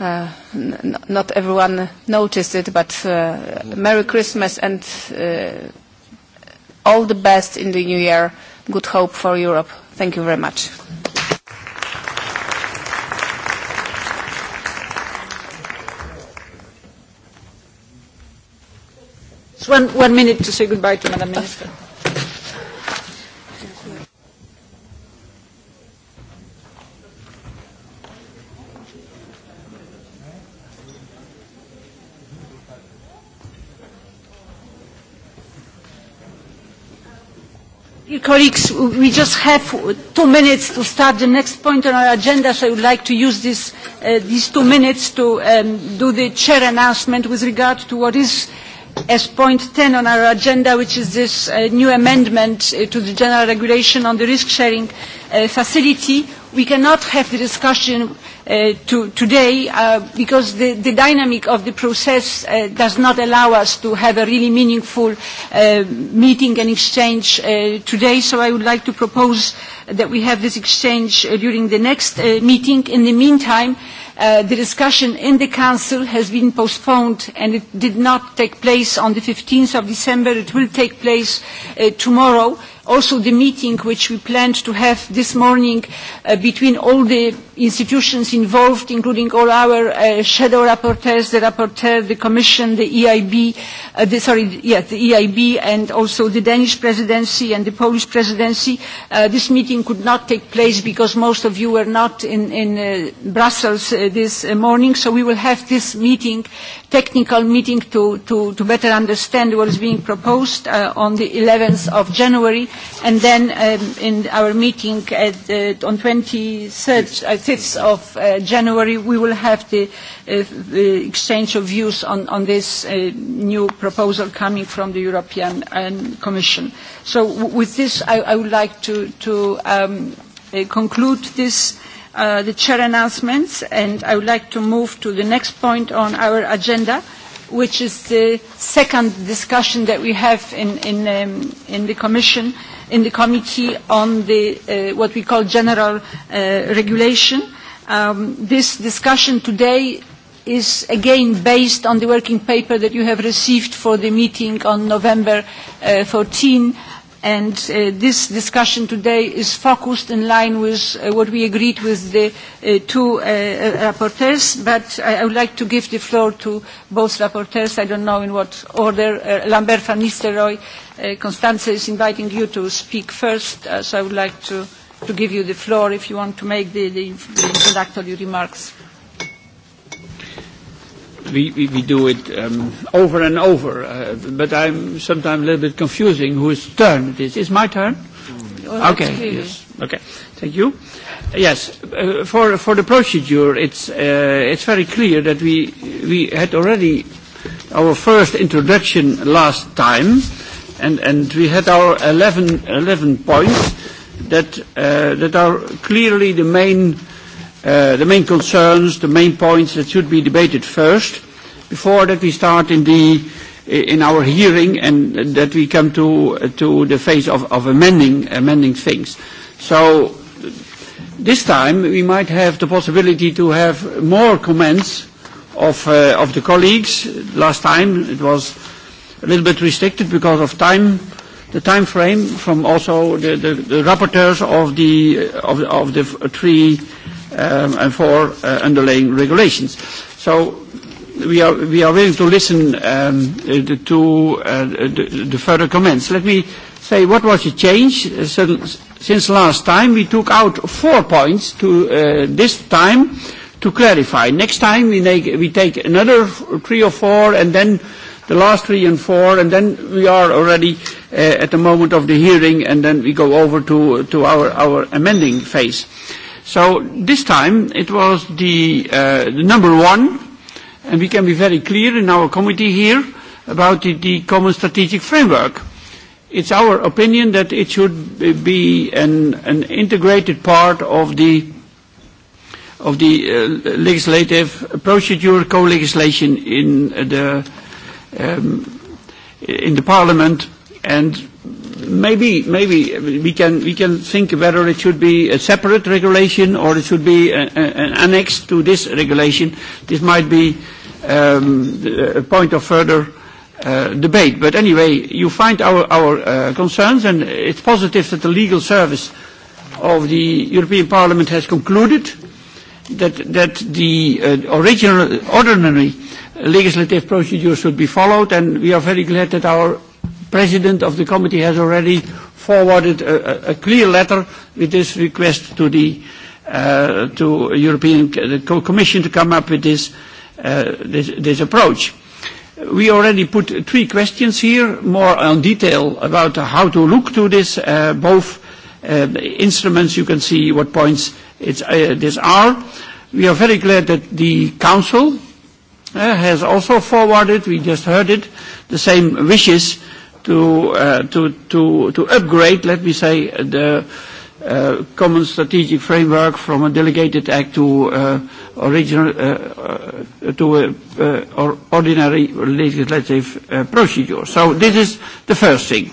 uh, n not everyone noticed it, but uh, Merry Christmas and uh, all the best in the new year. Good hope for Europe. Thank you very much. It's one, one minute to say goodbye to Madam Minister. colleagues, we just have two minutes to start the next point on our agenda, so I would like to use this, uh, these two minutes to um, do the chair announcement with regard to what is as point 10 on our agenda, which is this uh, new amendment uh, to the general regulation on the risk-sharing uh, facility. We cannot have the discussion uh, to, today uh, because the, the dynamic of the process uh, does not allow us to have a really meaningful uh, meeting and exchange uh, today. So I would like to propose that we have this exchange uh, during the next uh, meeting. In the meantime, uh, Uh, the discussion in the Council has been postponed and it did not take place on the 15th of December. It will take place uh, tomorrow. Also the meeting which we planned to have this morning uh, between all the institutions involved, including all our uh, shadow rapporteurs, the rapporteur, the Commission, the EIB, uh, the, sorry, yeah, the EIB, and also the Danish presidency and the Polish presidency. Uh, this meeting could not take place because most of you were not in, in uh, Brussels uh, this uh, morning, so we will have this meeting, technical meeting, to, to, to better understand what is being proposed uh, on the 11th of January, and then um, in our meeting at, uh, on 23rd, I 5th of uh, January, we will have the uh, exchange of views on, on this uh, new proposal coming from the European um, Commission. So with this, I, I would like to, to um, uh, conclude this, uh, the chair announcements, and I would like to move to the next point on our agenda, which is the second discussion that we have in, in, um, in the Commission uh, in the committee on the, uh, what we call general uh, regulation. Um, this discussion today is again based on the working paper that you have received for the meeting on November uh, 14 and uh, this discussion today is focused in line with uh, what we agreed with the uh, two uh, uh, rapporteurs, but I, I, would like to give the floor to both rapporteurs. I don't know in what order. Uh, Lambert van Nistelrooy, Constance is inviting you to speak first, so I would like to, to, give you the floor if you want to make the, the introductory remarks we, we, we do it um, over and over, uh, but I'm sometimes a little bit confusing whose turn it is. Is my turn? Well, okay. Yes. Okay. Thank you. Yes. Uh, for for the procedure, it's uh, it's very clear that we we had already our first introduction last time, and and we had our 11, 11 points that uh, that are clearly the main Uh, the main concerns, the main points that should be debated first, before that we start in, the, in our hearing and that we come to, to the phase of, of amending, amending things. So this time we might have the possibility to have more comments of, uh, of the colleagues. Last time it was a little bit restricted because of time, the time frame from also the, the, the rapporteurs of the, of, of the three um, and for uh, underlying regulations. So we are, we are willing to listen um, uh, to uh, the, the further comments. Let me say what was the change. Uh, since, since last time we took out four points to uh, this time to clarify. Next time we, make, we take another three or four and then the last three and four and then we are already uh, at the moment of the hearing and then we go over to, to our, our amending phase. Uh, So this time it was the, uh, the number one, and we can be very clear in our committee here about the, the common strategic framework. It's our opinion that it should be an, an integrated part of the of the uh, legislative procedure, co-legislation in the um, in the parliament, and maybe maybe we can we can think whether it should be a separate regulation or it should be a, a, an annex to this regulation. This might be um, a point of further uh, debate. But anyway, you find our our uh, concerns, and it's positive that the legal service of the European Parliament has concluded that that the uh, original ordinary legislative procedure should be followed, and we are very glad that our president of the committee has already forwarded a, a, clear letter with this request to the uh, to European the Commission to come up with this, uh, this this approach. We already put three questions here, more on detail about how to look to this. Uh, both uh, instruments, you can see what points it's, uh, these are. We are very glad that the Council uh, has also forwarded, we just heard it, the same wishes uh, to, uh, to, to, to upgrade, let me say, the uh, common strategic framework from a delegated act to uh, original uh, uh, to a, uh, or ordinary legislative uh, procedure. So this is the first thing.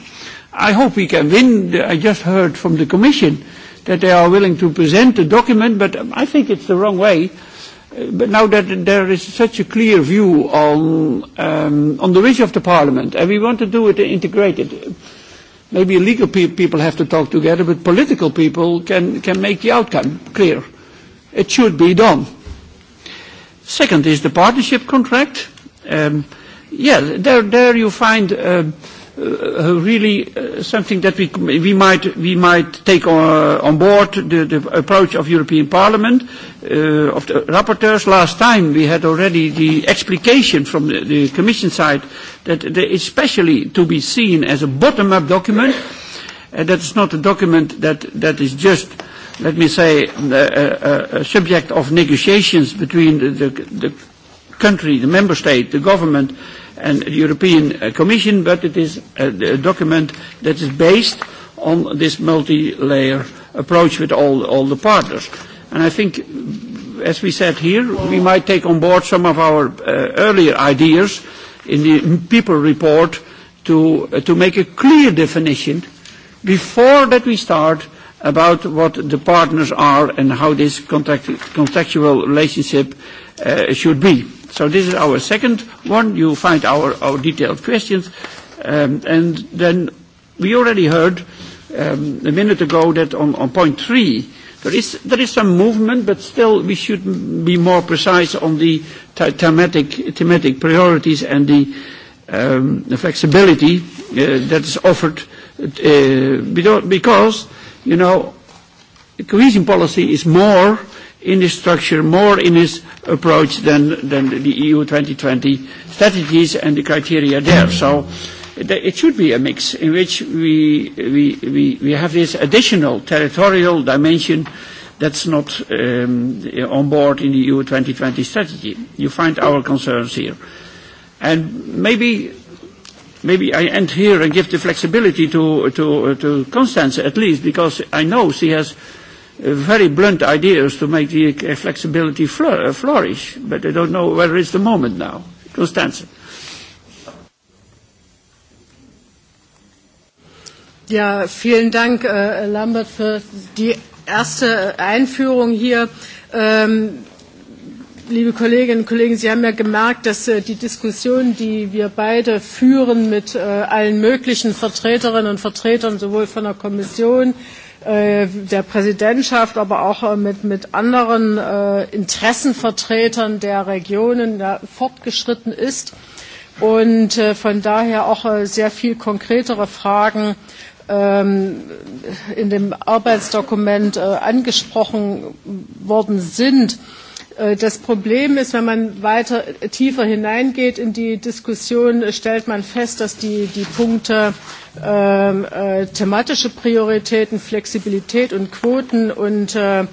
I hope we can win. I just heard from the Commission that they are willing to present the document, but I think it's the wrong way but now that there is such a clear view on um, on the wish of the parliament, and we want to do it integrated. Maybe legal pe people have to talk together, but political people can can make the outcome clear. It should be done. Second is the partnership contract. Um, yeah, there there you find. Uh, Uh, uh, really uh, something that we, we, might, we might take on, uh, on board the, the approach of European Parliament, uh, of the rapporteurs. Last time we had already the explication from the, the Commission side that they especially to be seen as a bottom-up document. Uh, that is not a document that, that is just let me say, a, a, a subject of negotiations between the, the, the country, the member state, the government, and European uh, Commission, but it is a, a document that is based on this multi-layer approach with all, all the partners. And I think, as we said here, we might take on board some of our uh, earlier ideas in the people report to, uh, to make a clear definition before that we start about what the partners are and how this contract, contractual relationship uh, should be. So this is our second one. You find our, our detailed questions. Um, and then we already heard um, a minute ago that on, on point three, there is, there is some movement, but still we should be more precise on the thematic, thematic priorities and the, um, the flexibility uh, that is offered uh, because, you know, cohesion policy is more in its structure, more in its approach than, than the EU 2020 strategies and the criteria there. So it should be a mix in which we, we, we, we have this additional territorial dimension that's not um, on board in the EU 2020 strategy. You find our concerns here. And maybe maybe I end here and give the flexibility to, to, to Constance at least, because I know she has very blunt ideas to make the uh, flexibility uh, flourish, but I don't know whether it's the moment now. Constanze. Ja, vielen Dank, äh, Lambert, für die erste Einführung hier. Ähm, liebe Kolleginnen und Kollegen, Sie haben ja gemerkt, dass äh, die Diskussion, die wir beide führen mit äh, allen möglichen Vertreterinnen und Vertretern, sowohl von der Kommission, äh, Äh, der Präsidentschaft, aber auch äh, mit, mit anderen äh, Interessenvertretern der Regionen ja, fortgeschritten ist und äh, von daher auch äh, sehr viel konkretere Fragen ähm, in dem Arbeitsdokument äh, angesprochen worden sind. Äh, Äh, das Problem ist, wenn man weiter äh, tiefer hineingeht in die Diskussion, stellt man fest, dass die, die Punkte äh, äh, thematische Prioritäten, Flexibilität und Quoten und äh, äh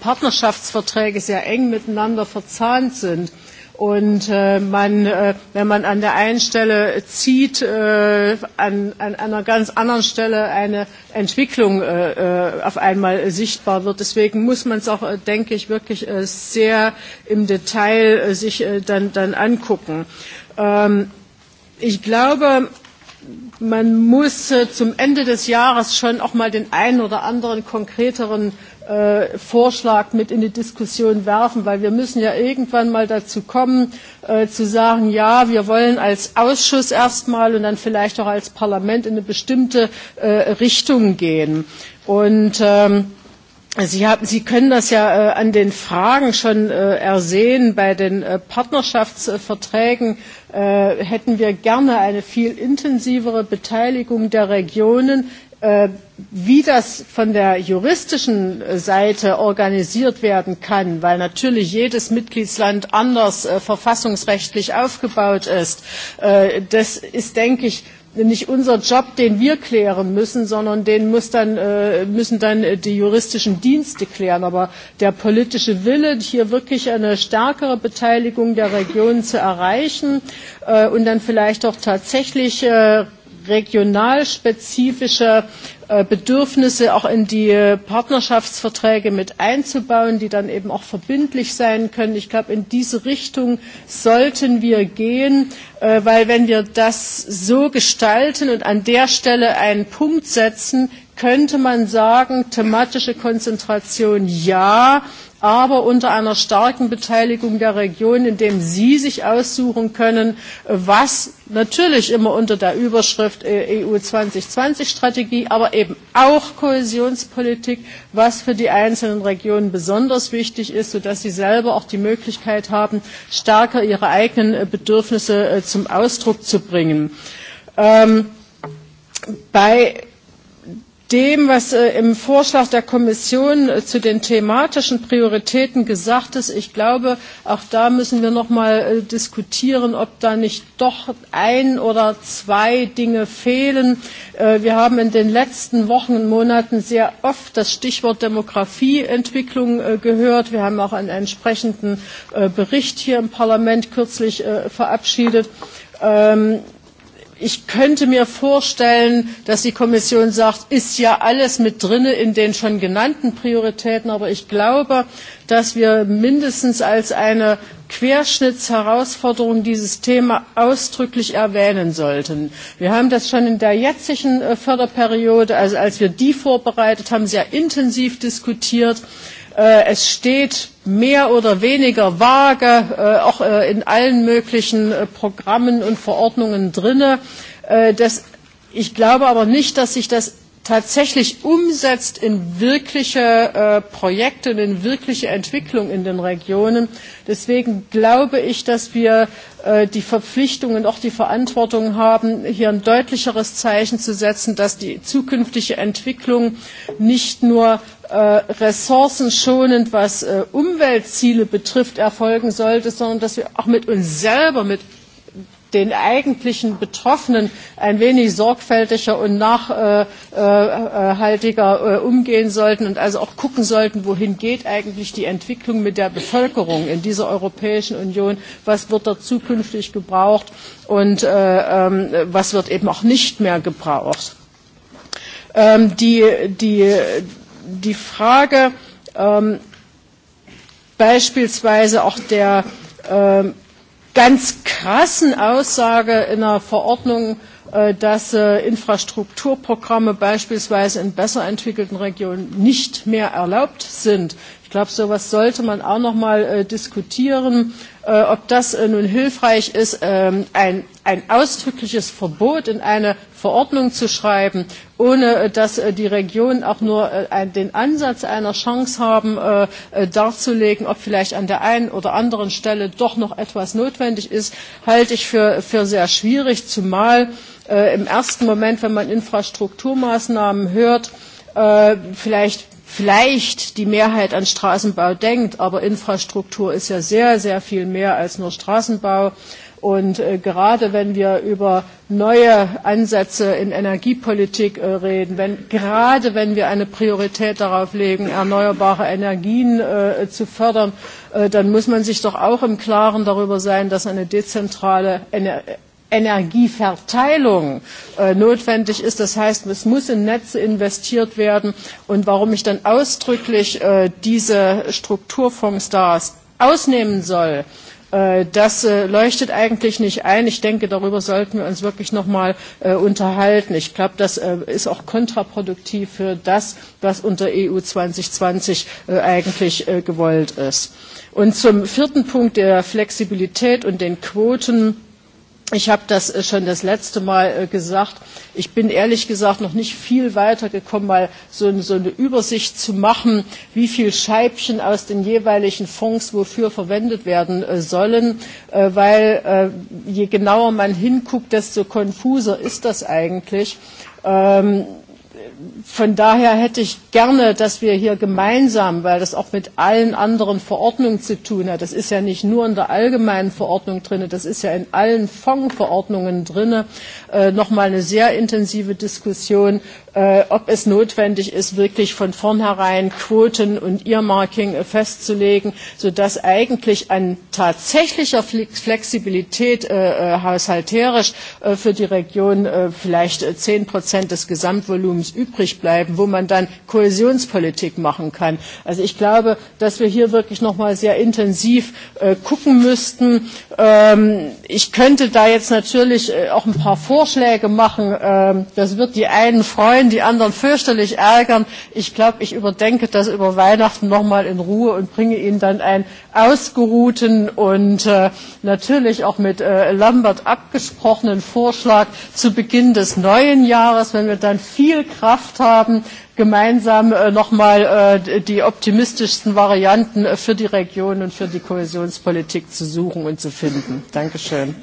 Partnerschaftsverträge sehr eng miteinander verzahnt sind. Und äh, man, äh, wenn man an der einen Stelle zieht, äh, an, an einer ganz anderen Stelle eine Entwicklung äh, äh auf einmal sichtbar wird. Deswegen muss man es auch, äh, denke ich, wirklich äh, sehr im Detail äh, sich äh, dann, dann angucken. Ähm, ich glaube, man muss äh, zum Ende des Jahres schon auch mal den einen oder anderen konkreteren äh, äh, Vorschlag mit in die Diskussion werfen, weil wir müssen ja irgendwann mal dazu kommen, äh, zu sagen, ja, wir wollen als Ausschuss erstmal und dann vielleicht auch als Parlament in eine bestimmte äh, Richtung gehen. Und ähm, Sie, haben, Sie können das ja äh, an den Fragen schon äh, ersehen. Bei den äh, Partnerschaftsverträgen äh, hätten wir gerne eine viel intensivere Beteiligung der Regionen Äh, wie das von der juristischen Seite organisiert werden kann, weil natürlich jedes Mitgliedsland anders äh, verfassungsrechtlich aufgebaut ist, äh, das ist, denke ich, nicht unser Job, den wir klären müssen, sondern den muss dann, äh, müssen dann äh, die juristischen Dienste klären. Aber der politische Wille, hier wirklich eine stärkere Beteiligung der Regionen zu erreichen äh, und dann vielleicht auch tatsächlich äh, regionalspezifische äh, Bedürfnisse auch in die äh, Partnerschaftsverträge mit einzubauen, die dann eben auch verbindlich sein können. Ich glaube, in diese Richtung sollten wir gehen, äh, weil wenn wir das so gestalten und an der Stelle einen Punkt setzen, könnte man sagen, thematische Konzentration ja, aber unter einer starken Beteiligung der Region, in dem sie sich aussuchen können, was natürlich immer unter der Überschrift EU 2020 Strategie, aber eben auch Kohäsionspolitik, was für die einzelnen Regionen besonders wichtig ist, sodass sie selber auch die Möglichkeit haben, stärker ihre eigenen äh, Bedürfnisse äh, zum Ausdruck zu bringen. Ähm, bei dem, was äh, im Vorschlag der Kommission äh, zu den thematischen Prioritäten gesagt ist, ich glaube, auch da müssen wir noch mal äh, diskutieren, ob da nicht doch ein oder zwei Dinge fehlen. wir haben in den letzten Wochen und Monaten sehr oft das Stichwort Demografieentwicklung gehört. Wir haben auch einen entsprechenden Bericht hier im Parlament kürzlich verabschiedet. Ähm, ich könnte mir vorstellen, dass die Kommission sagt, ist ja alles mit drinne in den schon genannten Prioritäten, aber ich glaube, dass wir mindestens als eine Querschnittsherausforderung dieses Thema ausdrücklich erwähnen sollten. Wir haben das schon in der jetzigen äh, Förderperiode, also als wir die vorbereitet haben, sehr intensiv diskutiert. Äh, es steht mehr oder weniger vage äh, auch äh, in allen möglichen Programmen und Verordnungen drin. ich glaube aber nicht, dass sich das tatsächlich umsetzt in wirkliche Projekte und in wirkliche Entwicklung in den Regionen. Deswegen glaube ich, dass wir die Verpflichtung und auch die Verantwortung haben, hier ein deutlicheres Zeichen zu setzen, dass die zukünftige Entwicklung nicht nur Äh, ressourcenschonend, was äh, Umweltziele betrifft, erfolgen sollte, sondern dass wir auch mit uns selber, mit den eigentlichen Betroffenen ein wenig sorgfältiger und nachhaltiger äh, umgehen sollten und also auch gucken sollten, wohin geht eigentlich die Entwicklung mit der Bevölkerung in dieser Europäischen Union, was wird da zukünftig gebraucht und ähm, was wird eben auch nicht mehr gebraucht. Ähm, die, die, die Frage ähm, beispielsweise auch der ähm, ganz krassen Aussage in der Verordnung, äh, dass äh, Infrastrukturprogramme beispielsweise in besser entwickelten Regionen nicht mehr erlaubt sind. Ich glaube, so etwas sollte man auch noch mal äh, diskutieren, äh, ob das äh, nun hilfreich ist, ähm, ein, ein ausdrückliches Verbot in eine Verordnung zu schreiben, ohne äh, dass äh, die Regionen auch nur äh, den Ansatz einer Chance haben, darzulegen, ob vielleicht an der einen oder anderen Stelle doch noch etwas notwendig ist, halte ich für, für sehr schwierig, zumal im ersten Moment, wenn man Infrastrukturmaßnahmen hört, vielleicht vielleicht die Mehrheit an Straßenbau denkt, aber Infrastruktur ist ja sehr, sehr viel mehr als nur Straßenbau. Äh, Und äh, gerade wenn wir über neue Ansätze in Energiepolitik äh, reden, wenn, gerade wenn wir eine Priorität darauf legen, erneuerbare Energien äh, zu fördern, äh, dann muss man sich doch auch im Klaren darüber sein, dass eine dezentrale Ener Energieverteilung äh, notwendig ist. Das heißt, es muss in Netze investiert werden. Und warum ich dann ausdrücklich äh, diese Strukturfonds da ausnehmen soll, äh, Äh, das äh, leuchtet eigentlich nicht ein. Ich denke, darüber sollten wir uns wirklich noch mal äh, unterhalten. Ich glaube, das ist auch kontraproduktiv für das, was unter EU 2020 eigentlich gewollt ist. Und zum vierten Punkt der Flexibilität und den Quoten Ich habe das äh, schon das letzte Mal äh, gesagt. Ich bin ehrlich gesagt noch nicht viel weiter gekommen, mal so eine Übersicht zu machen, wie viele Scheibchen aus den jeweiligen Fonds wofür verwendet werden äh, sollen, weil je genauer man hinguckt, desto konfuser ist das eigentlich. Ähm, von daher hätte ich gerne, dass wir hier gemeinsam, weil das auch mit allen anderen Verordnungen zu tun hat, das ist ja nicht nur in der allgemeinen Verordnung drin, das ist ja in allen Fondsverordnungen drin, äh, nochmal eine sehr intensive Diskussion äh, ob es notwendig ist, wirklich von vornherein Quoten und Earmarking äh, festzulegen, sodass eigentlich an tatsächlicher Flexibilität äh, äh, haushalterisch äh, für die Region äh, vielleicht äh, zehn äh, Prozent des Gesamtvolumens übrig bleiben, wo man dann Kohäsionspolitik machen kann. Also ich glaube, dass wir hier wirklich noch mal sehr intensiv äh, gucken müssten. Ähm, ich könnte da jetzt natürlich äh, auch ein paar Vorschläge machen. Ähm, das wird die einen freuen, wenn die anderen fürchterlich ärgern. Ich glaube, ich überdenke das über Weihnachten nochmal in Ruhe und bringe Ihnen dann einen ausgeruhten und äh, natürlich auch mit äh, Lambert abgesprochenen Vorschlag zu Beginn des neuen Jahres, wenn wir dann viel Kraft haben, gemeinsam äh, nochmal äh, die optimistischsten Varianten äh, für die Region und für die Kohäsionspolitik zu suchen und zu finden. Dankeschön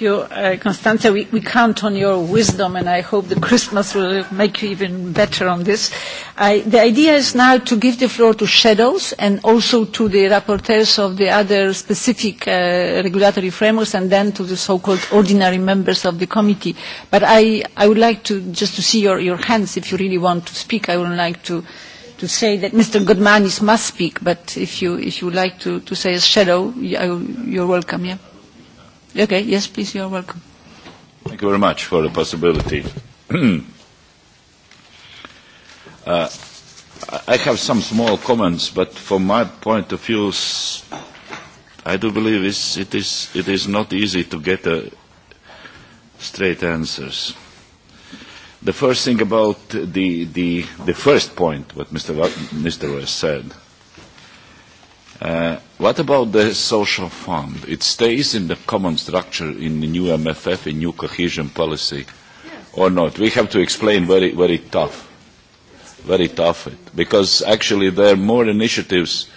you, uh, Constanze. We, we count on your wisdom, and I hope the Christmas will make you even better on this. I, the idea is now to give the floor to shadows and also to the rapporteurs of the other specific uh, regulatory frameworks, and then to the so-called ordinary members of the committee. But I, I would like to just to see your, your hands if you really want to speak. I would like to to say that Mr. Godmanis must speak, but if you if you would like to, to say a shadow, you, you're welcome. Yeah. Okay, yes, please, you are welcome. Thank you very much for the possibility. <clears throat> uh, I have some small comments, but from my point of view, I do believe it's, it, is, it is not easy to get a uh, straight answers. The first thing about the, the, the first point, what Mr. Mr. West said, uh, What about the social fund? It stays in the common structure in the new MFF, in new cohesion policy, yes. or not? We have to explain very, very tough, very tough it, because actually there are more initiatives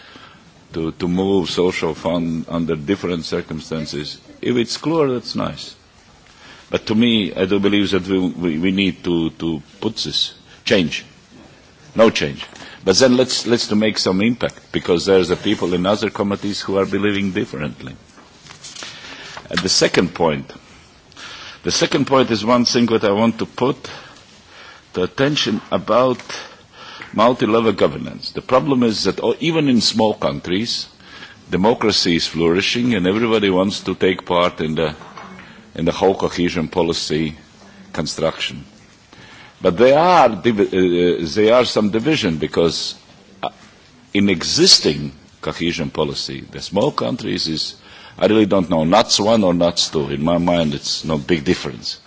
to, to move social fund under different circumstances. If it's clear, that's nice. But to me, I do believe that we, we, we need to, to put this change, no change. But then let's, let's to make some impact, because there's the people in other committees who are believing differently. And the second point, the second point is one thing that I want to put the attention about multi-level governance. The problem is that even in small countries, democracy is flourishing and everybody wants to take part in the, in the whole cohesion policy construction. But there are, uh, uh, there are some division because uh, in existing cohesion policy, the small countries is, I really don't know, nuts one or nuts two. In my mind, it's no big difference.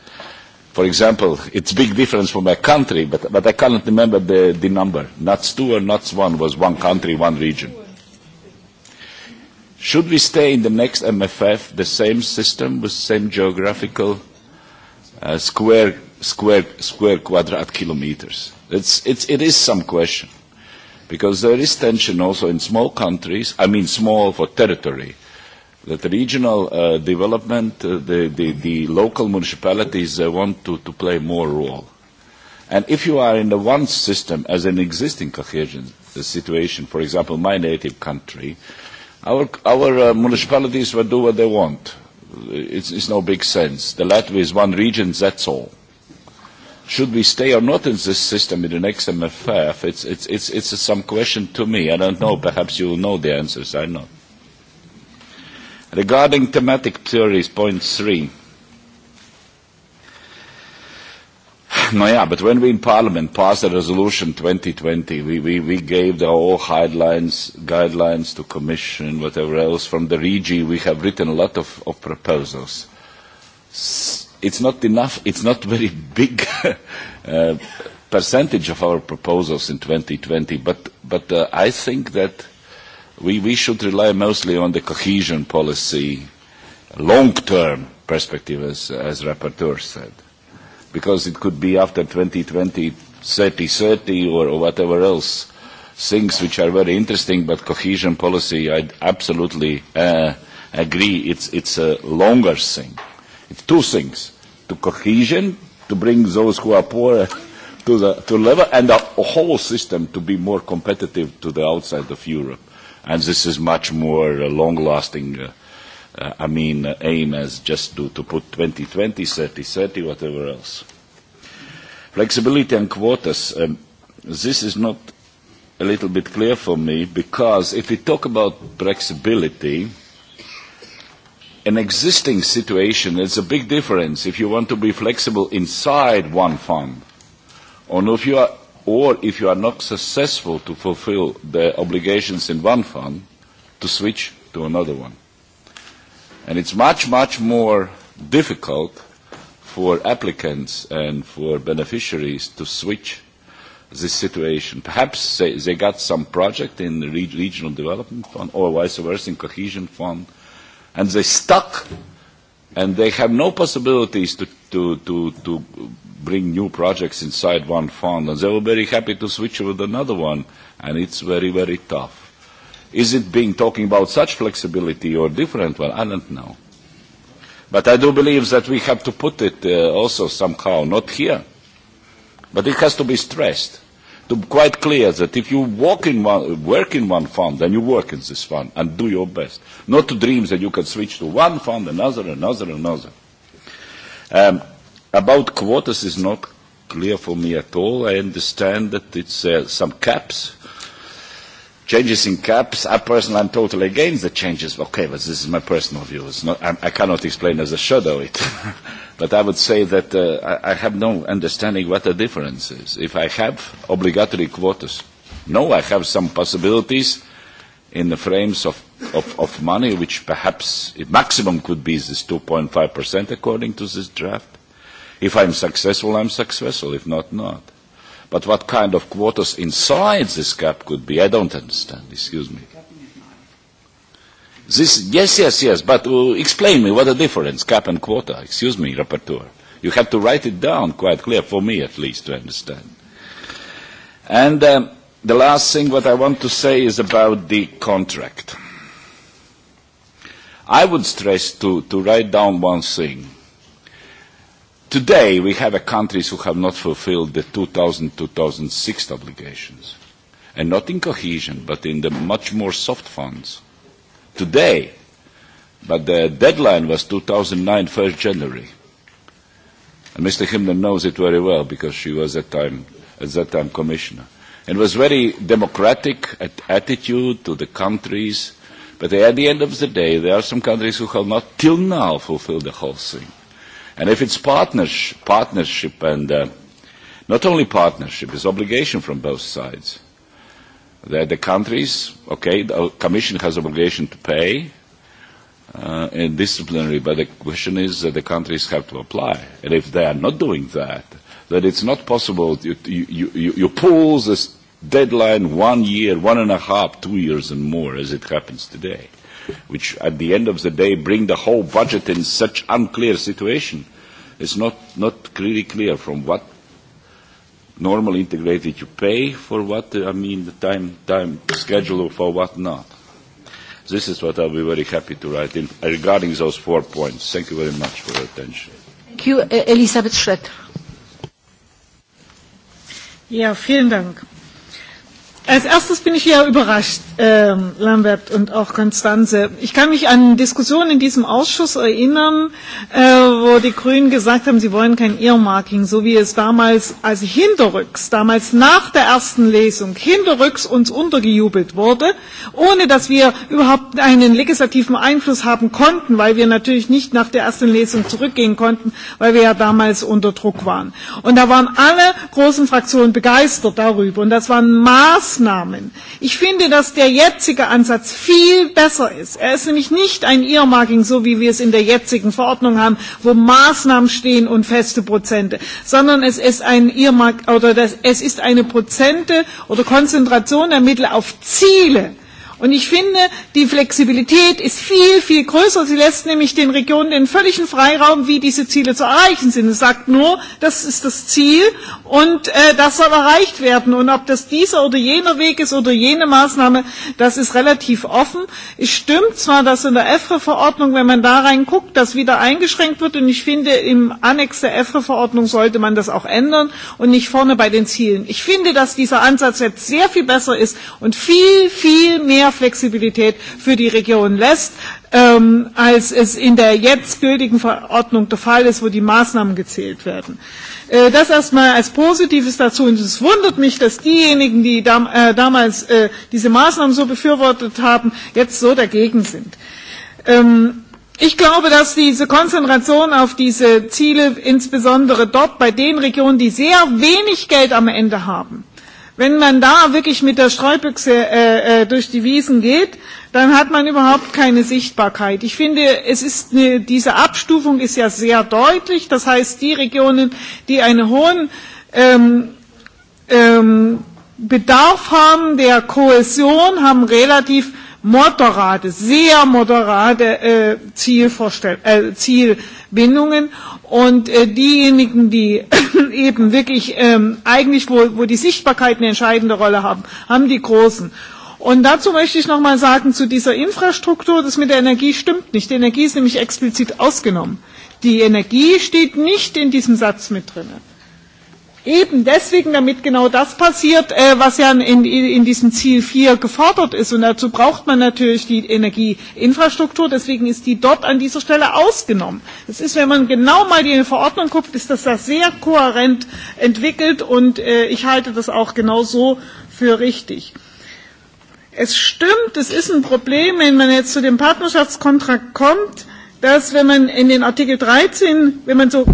For example, it's big difference for my country, but, but I cannot remember the, the number. Nuts two or nuts one was one country, one region. Should we stay in the next MFF the same system with same geographical uh, square square, square quadrat kilometers. It's, it's, it is some question because there is tension also in small countries, I mean small for territory, that regional uh, development, uh, the, the, the local municipalities uh, want to, to play more role. And if you are in the one system as an existing cohesion uh, situation, for example, my native country, our, our uh, municipalities will do what they want. It's, it's no big sense. The Latvia is one region, that's all should we stay or not in this system in the next MFF? It's, it's, it's, it's some question to me. I don't know. Perhaps you know the answers. I know. Regarding thematic theories, point three. <sighs> No, yeah, but when we in Parliament passed the resolution 2020, we, we, we gave the whole guidelines, guidelines to Commission, whatever else. From the REGI, we have written a lot of, of proposals. S it's not enough, it's not very big <laughs> uh, percentage of our proposals in 2020, but, but uh, I think that we, we should rely mostly on the cohesion policy long-term perspective, as, as rapporteur said, because it could be after 2020, 30-30 or, or whatever else, things which are very interesting, but cohesion policy, I absolutely uh, agree, it's, it's a longer thing. It's two things to cohesion, to bring those who are poor to the to level, and the whole system to be more competitive to the outside of Europe. And this is much more uh, long-lasting, uh, uh, I mean, uh, aim as just to, to put 2020, 30, 30, whatever else. Flexibility and quotas. Um, this is not a little bit clear for me because if we talk about flexibility, an existing situation, it's a big difference if you want to be flexible inside one fund, or if you are, or if you are not successful to fulfill the obligations in one fund, to switch to another one. And it's much, much more difficult for applicants and for beneficiaries to switch this situation. Perhaps they, they got some project in the regional development fund or vice versa in cohesion fund and they stuck and they have no possibilities to, to, to, to bring new projects inside one fund and they were very happy to switch with another one and it's very, very tough. Is it being talking about such flexibility or different one? I don't know. But I do believe that we have to put it uh, also somehow, not here. But it has to be stressed to be quite clear that if you walk in one, work in one fund, then you work in this fund and do your best. Not to dream that you can switch to one fund, another, another, another. Um, about quotas is not clear for me at all. I understand that it's uh, some caps changes in caps. I personally am totally against the changes. Okay, but this is my personal view. It's not, I, I cannot explain as a shadow it. <laughs> but I would say that uh, I, I have no understanding what the difference is. If I have obligatory quotas, no, I have some possibilities in the frames of, of, of money, which perhaps maximum could be this 2.5% according to this draft. If I'm successful, I'm successful. If not, not. But what kind of quotas inside this cap could be, I don't understand. Excuse me. This, yes, yes, yes, but uh, explain me what the difference, cap and quota. Excuse me, rapporteur. You have to write it down quite clear, for me at least, to understand. And um, the last thing what I want to say is about the contract. I would stress to, to write down one thing Today, we have countries who have not fulfilled the 2000-2006 obligations, and not in cohesion, but in the much more soft funds. Today, but the deadline was 2009, 1 January. And Mr. Himmler knows it very well because she was at, time, at that time commissioner. And was very democratic at attitude to the countries. But at the end of the day, there are some countries who have not till now fulfilled the whole thing. And if it's partners, partnership and uh, not only partnership, it's obligation from both sides. That the countries, okay, the Commission has obligation to pay uh, in disciplinary, but the question is that the countries have to apply. And if they are not doing that, that it's not possible, you, you, you, you pull this deadline one year, one and a half, two years and more, as it happens today which at the end of the day bring the whole budget in such unclear situation, It's not, not really clear from what normal integrated you pay for what, I mean, the time, time schedule for what not. This is what I'll be very happy to write in regarding those four points. Thank you very much for your attention. Thank you, Elisabeth Schroeder. Ja, vielen Dank. Als erstes bin ich ja überrascht, äh, Lambert und auch Konstanze. Ich kann mich an Diskussionen in diesem Ausschuss erinnern, äh, wo die Grünen gesagt haben, sie wollen kein Earmarking, so wie es damals, als hinterrücks, damals nach der ersten Lesung, hinterrücks uns untergejubelt wurde, ohne dass wir überhaupt einen legislativen Einfluss haben konnten, weil wir natürlich nicht nach der ersten Lesung zurückgehen konnten, weil wir ja damals unter Druck waren. Und da waren alle großen Fraktionen begeistert darüber. Und das war ein Maß, Maßnahmen. Ich finde, dass der jetzige Ansatz viel besser ist. Er ist nämlich nicht ein Earmarking, so wie wir es in der jetzigen Verordnung haben, wo Maßnahmen stehen und feste Prozente, sondern es ist ein Earmark oder das, es ist eine Prozente oder Konzentration der Mittel auf Ziele Und ich finde, die Flexibilität ist viel, viel größer. Sie lässt nämlich den Regionen den völligen Freiraum, wie diese Ziele zu erreichen sind. Es sagt nur, das ist das Ziel und äh, das soll erreicht werden. Und ob das dieser oder jener Weg ist oder jene Maßnahme, das ist relativ offen. Es stimmt zwar, dass in der EFRE-Verordnung, wenn man da reinguckt, das wieder eingeschränkt wird. Und ich finde, im Annex der EFRE-Verordnung sollte man das auch ändern und nicht vorne bei den Zielen. Ich finde, dass dieser Ansatz jetzt sehr viel besser ist und viel, viel mehr mehr Flexibilität für die Region lässt, ähm, als es in der jetzt gültigen Verordnung der Fall ist, wo die Maßnahmen gezählt werden. Äh, das erstmal als Positives dazu. Und es wundert mich, dass diejenigen, die dam äh, damals äh, diese Maßnahmen so befürwortet haben, jetzt so dagegen sind. Ähm, Ich glaube, dass diese Konzentration auf diese Ziele, insbesondere dort bei den Regionen, die sehr wenig Geld am Ende haben, Wenn man da wirklich mit der Streubüchse äh, äh, durch die Wiesen geht, dann hat man überhaupt keine Sichtbarkeit. Ich finde, es ist eine, diese Abstufung ist ja sehr deutlich. Das heißt, die Regionen, die einen hohen ähm, ähm, Bedarf haben der Kohäsion, haben relativ äh, moderate, sehr moderate äh, Zielvorstell äh, Zielbindungen. Und äh, diejenigen, die <coughs> eben wirklich ähm, eigentlich, wo, wo die Sichtbarkeit eine entscheidende Rolle haben, haben die großen. Und dazu möchte ich nochmal sagen, zu dieser Infrastruktur, das mit der Energie stimmt nicht. Die Energie ist nämlich explizit ausgenommen. Die Energie steht nicht in diesem Satz mit drinnen eben deswegen, damit genau das passiert, äh, was ja in, in in diesem Ziel 4 gefordert ist. Und dazu braucht man natürlich die Energieinfrastruktur. Deswegen ist die dort an dieser Stelle ausgenommen. Das ist, wenn man genau mal die Verordnung guckt, ist das da sehr kohärent entwickelt. Und äh, ich halte das auch genau so für richtig. Es stimmt, es ist ein Problem, wenn man jetzt zu dem Partnerschaftskontrakt kommt, dass wenn man in den Artikel 13, wenn man so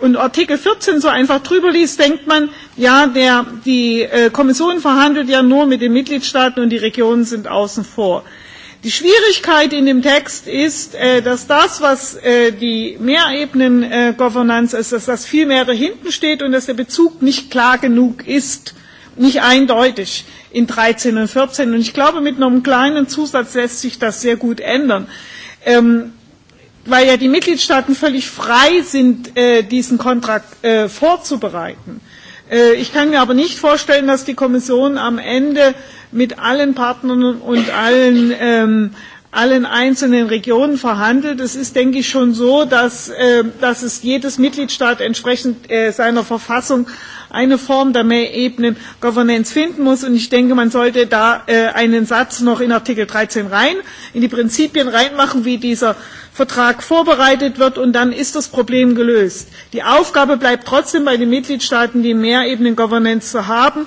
und Artikel 14 so einfach drüber liest, denkt man, ja, der, die äh, Kommission verhandelt ja nur mit den Mitgliedstaaten und die Regionen sind außen vor. Die Schwierigkeit in dem Text ist, äh, dass das, was äh, die Mehrebenen-Governance ist, dass das viel mehr dahinten steht und dass der Bezug nicht klar genug ist, nicht eindeutig in 13 und 14. Und ich glaube, mit einem kleinen Zusatz lässt sich das sehr gut ändern. Ähm, weil ja die Mitgliedstaaten völlig frei sind, äh, diesen Kontrakt äh, vorzubereiten. Äh, ich kann mir aber nicht vorstellen, dass die Kommission am Ende mit allen Partnern und allen, ähm, allen einzelnen Regionen verhandelt. Es ist, denke ich, schon so, dass, äh, dass es jedes Mitgliedstaat entsprechend äh, seiner Verfassung eine Form der Mehrebenen Governance finden muss. Und ich denke, man sollte da äh, einen Satz noch in Artikel 13 rein, in die Prinzipien reinmachen, wie dieser Vertrag vorbereitet wird und dann ist das Problem gelöst. Die Aufgabe bleibt trotzdem bei den Mitgliedstaaten, die Mehrebenen Governance zu haben.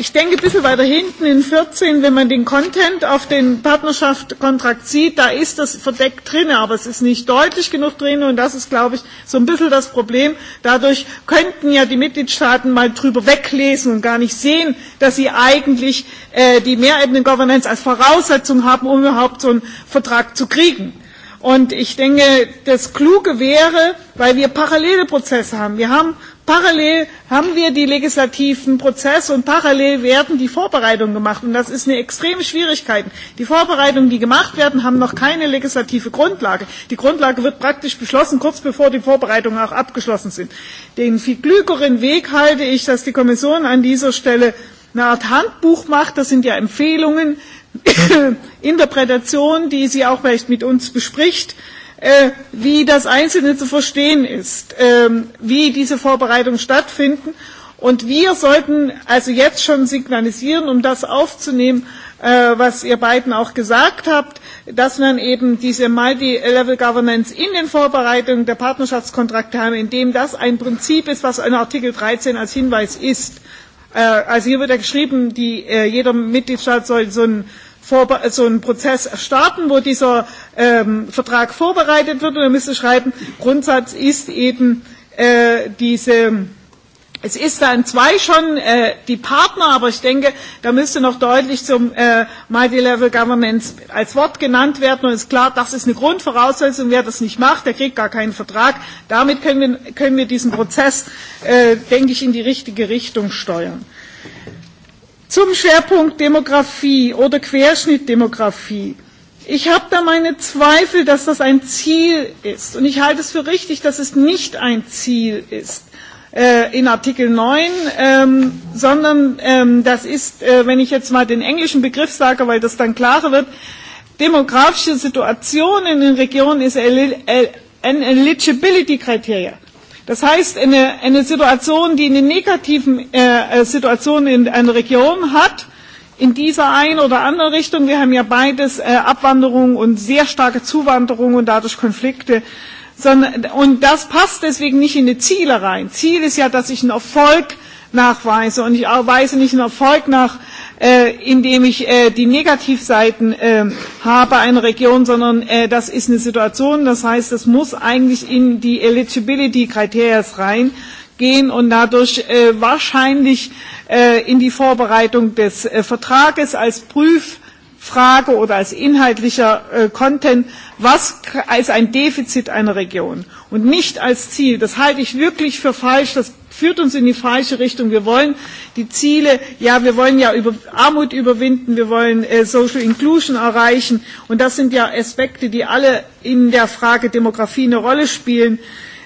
Ich denke, ein bisschen weiter hinten in 14, wenn man den Content auf den Partnerschaftskontrakt sieht, da ist das verdeckt drin, aber es ist nicht deutlich genug drin und das ist, glaube ich, so ein bisschen das Problem. Dadurch könnten ja die Mitgliedstaaten mal drüber weglesen und gar nicht sehen, dass sie eigentlich äh, die mehrebenen Governance als Voraussetzung haben, um überhaupt so einen Vertrag zu kriegen. Und ich denke, das Kluge wäre, weil wir parallele Prozesse haben. Wir haben Parallel haben wir die legislativen Prozesse und parallel werden die Vorbereitungen gemacht. Und das ist eine extreme Schwierigkeit. Die Vorbereitungen, die gemacht werden, haben noch keine legislative Grundlage. Die Grundlage wird praktisch beschlossen, kurz bevor die Vorbereitungen auch abgeschlossen sind. Den viel klügeren Weg halte ich, dass die Kommission an dieser Stelle eine Art Handbuch macht. Das sind ja Empfehlungen, <coughs> Interpretationen, die sie auch vielleicht mit uns bespricht Äh, wie das Einzelne zu verstehen ist, ähm, wie diese Vorbereitungen stattfinden. Und wir sollten also jetzt schon signalisieren, um das aufzunehmen, äh, was ihr beiden auch gesagt habt, dass man eben diese Multi-Level Governance in den Vorbereitungen der Partnerschaftskontrakte haben, indem das ein Prinzip ist, was in Artikel 13 als Hinweis ist. Äh, also hier wird ja geschrieben, die, äh, jeder Mitgliedstaat soll so einen Äh, so einen Prozess starten, wo dieser ähm, Vertrag vorbereitet wird. Und dann müsste schreiben, Grundsatz ist eben äh, diese es ist dann zwei schon äh, die Partner, aber ich denke, da müsste noch deutlich zum äh, Multi-Level Governments als Wort genannt werden. Und es ist klar, das ist eine Grundvoraussetzung. Wer das nicht macht, der kriegt gar keinen Vertrag. Damit können wir, können wir diesen Prozess, äh, denke ich, in die richtige Richtung steuern. Äh, Zum Schwerpunkt Demografie oder Querschnittdemografie. Ich habe da meine Zweifel, dass das ein Ziel ist. Und ich halte es für richtig, dass es nicht ein Ziel ist äh, in Artikel 9, ähm, sondern ähm, das ist, äh, wenn ich jetzt mal den englischen Begriff sage, weil das dann klarer wird, demografische Situation in den Regionen ist an eligibility kriterium Das heißt, eine, eine Situation, die eine negativen äh, äh Situation in einer Region hat, in dieser einen oder anderen Richtung, wir haben ja beides äh, Abwanderung und sehr starke Zuwanderung und dadurch Konflikte, sondern, und das passt deswegen nicht in die Ziele rein. Ziel ist ja, dass ich einen Erfolg nachweise. Und ich weise nicht einen Erfolg nach, äh, indem ich äh, die Negativseiten äh, habe einer Region, sondern äh, das ist eine Situation. Das heißt, es muss eigentlich in die Eligibility-Kriterien rein gehen und dadurch äh, wahrscheinlich äh, in die Vorbereitung des äh, Vertrages als Prüffrage oder als inhaltlicher äh, Content, was als ein Defizit einer Region und nicht als Ziel. Das halte ich wirklich für falsch. Das führt uns in die falsche Richtung. Wir wollen die Ziele, ja, wir wollen ja über Armut überwinden, wir wollen äh, Social Inclusion erreichen. Und das sind ja Aspekte, die alle in der Frage Demografie eine Rolle spielen. Äh,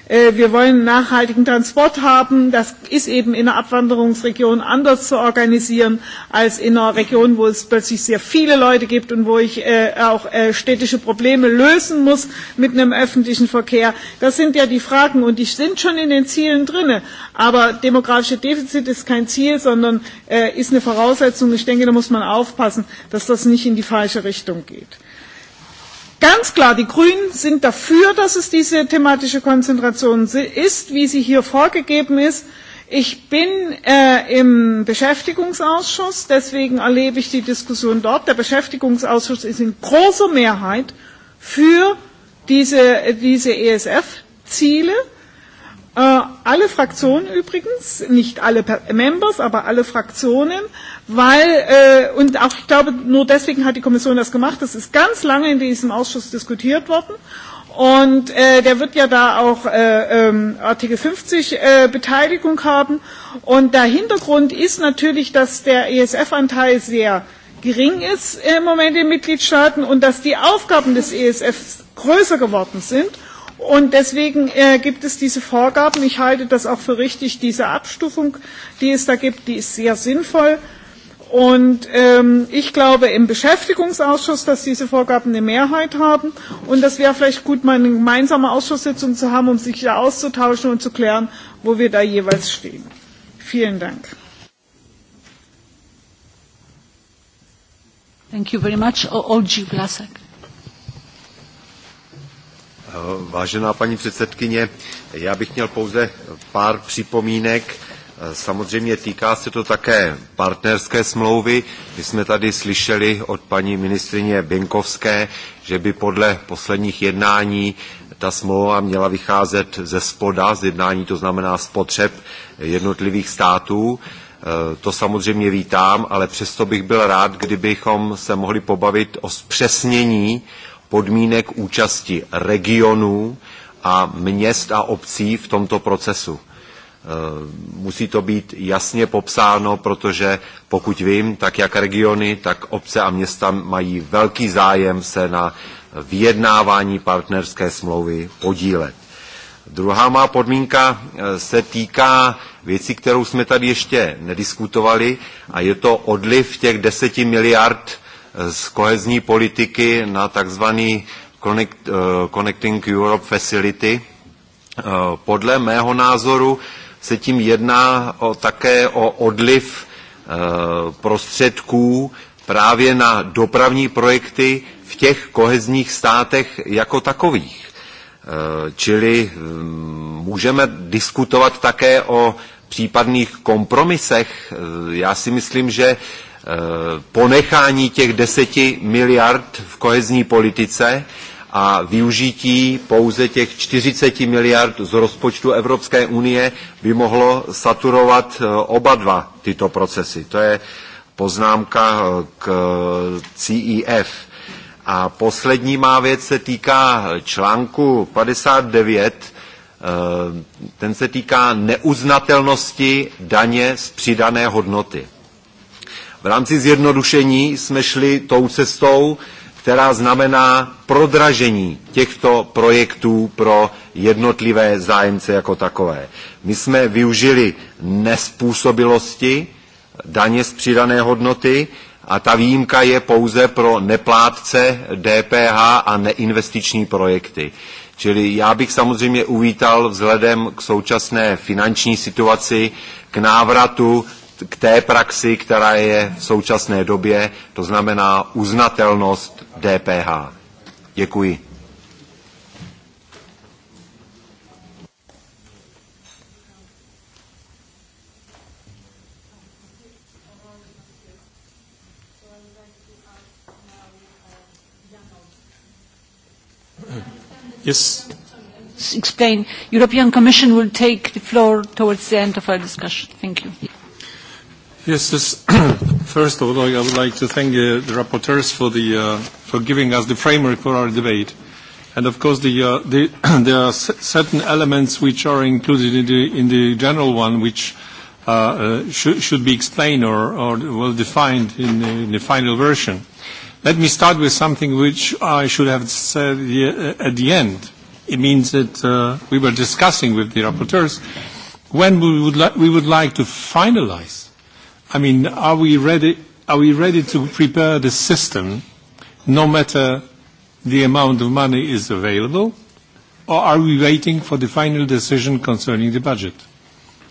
Äh, wir wollen nachhaltigen Transport haben. Das ist eben in einer Abwanderungsregion anders zu organisieren als in einer Region, wo es plötzlich sehr viele Leute gibt und wo ich äh, auch äh, städtische Probleme lösen muss mit einem öffentlichen Verkehr. Das sind ja die Fragen und die sind schon in den Zielen drin. Aber demografische Defizit ist kein Ziel, sondern ist eine Voraussetzung. Ich denke, da muss man aufpassen, dass das nicht in die falsche Richtung geht. Ganz klar, die Grünen sind dafür, dass es diese thematische Konzentration ist, wie sie hier vorgegeben ist. Ich bin äh, im Beschäftigungsausschuss, deswegen erlebe ich die Diskussion dort. Der Beschäftigungsausschuss ist in großer Mehrheit für diese, diese ESF-Ziele. Äh, alle Fraktionen übrigens, nicht alle Members, aber alle Fraktionen, weil, äh, und auch ich glaube, nur deswegen hat die Kommission das gemacht, das ist ganz lange in diesem Ausschuss diskutiert worden. Und äh, der wird ja da auch äh, ähm, Artikel 50 äh, Beteiligung haben. Und der Hintergrund ist natürlich, dass der ESF-Anteil sehr gering ist im Moment in den Mitgliedstaaten und dass die Aufgaben des ESF größer geworden sind Und deswegen äh, gibt es diese Vorgaben. Ich halte das auch für richtig, diese Abstufung, die es da gibt, die ist sehr sinnvoll. Und ähm, ich glaube im Beschäftigungsausschuss, dass diese Vorgaben eine Mehrheit haben. Und das wäre vielleicht gut, mal eine gemeinsame Ausschusssitzung zu haben, um sich da auszutauschen und zu klären, wo wir da jeweils stehen. Vielen Dank. Thank you very much. O Olgi Vlasek. Vážená paní předsedkyně, já bych měl pouze pár připomínek. Samozřejmě týká se to také partnerské smlouvy. My jsme tady slyšeli od paní ministrině Binkovské, že by podle posledních jednání ta smlouva měla vycházet ze spoda, z jednání to znamená z potřeb jednotlivých států. To samozřejmě vítám, ale přesto bych byl rád, kdybychom se mohli pobavit o zpřesnění podmínek účasti regionů a měst a obcí v tomto procesu. Musí to být jasně popsáno, protože pokud vím, tak jak regiony, tak obce a města mají velký zájem se na vyjednávání partnerské smlouvy podílet. Druhá má podmínka se týká věcí, kterou jsme tady ještě nediskutovali a je to odliv těch 10 miliard z kohezní politiky na tzv. Connect, uh, Connecting Europe Facility. Uh, podle mého názoru se tím jedná o, také o odliv uh, prostředků právě na dopravní projekty v těch kohezních státech jako takových. Čili hm, můžeme diskutovat také o případných kompromisech. Já si myslím, že Eh, ponechání těch deseti miliard v kohezní politice a využití pouze těch 40 miliard z rozpočtu Evropské unie by mohlo saturovat eh, oba dva tyto procesy. To je poznámka eh, k CIF. A poslední má věc se týká článku 59, ten se týká neuznatelnosti daně z přidané hodnoty. V rámci zjednodušení jsme šli tou cestou, která znamená prodražení těchto projektů pro jednotlivé zájemce jako takové. My jsme využili nespůsobilosti daně z přidané hodnoty a ta výjimka je pouze pro neplátce DPH a neinvestiční projekty. Čili já bych samozřejmě uvítal vzhledem k současné finanční situaci k návratu k té praxi, která je v současné době, to znamená uznatelnost DPH. Děkuji. Yes. Explain. European Commission will take the floor towards the end of our discussion. Thank you. Yes, <clears throat> first of all, I would like to thank uh, the rapporteurs for, the, uh, for giving us the framework for our debate. And of course, the, uh, the, <clears throat> there are certain elements which are included in the, in the general one, which uh, uh, should, should be explained or, or well defined in the, in the final version. Let me start with something which I should have said uh, at the end. It means that uh, we were discussing with the rapporteurs when we would, we would like to finalise. I mean, are we ready, are we ready to prepare the system no matter the amount of money is available, or are we waiting for the final decision concerning the budget?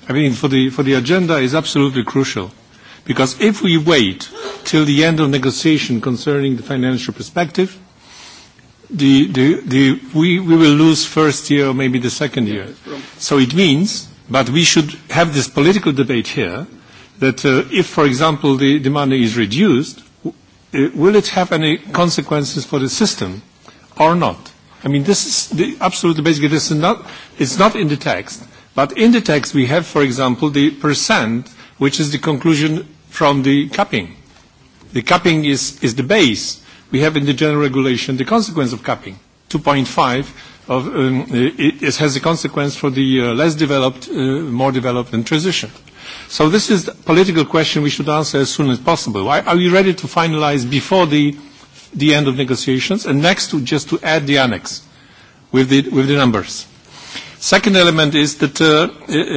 I mean, for the, for the agenda is absolutely crucial, because if we wait till the end of negotiation concerning the financial perspective, the, the, the, we, we will lose first year or maybe the second year. So it means, but we should have this political debate here, that uh, if, for example, the, the money is reduced, uh, will it have any consequences for the system or not? I mean, this is the, absolutely basically this is not, it's not in the text, but in the text we have, for example, the percent, which is the conclusion from the capping. The capping is, is the base. We have in the general regulation the consequence of capping, 2.5, of, um, it, it has a consequence for the uh, less developed, uh, more developed and transition. So this is a political question we should answer as soon as possible. Why, are we ready to finalize before the, the end of negotiations? And next, to, just to add the annex with the, with the numbers. Second element is that uh,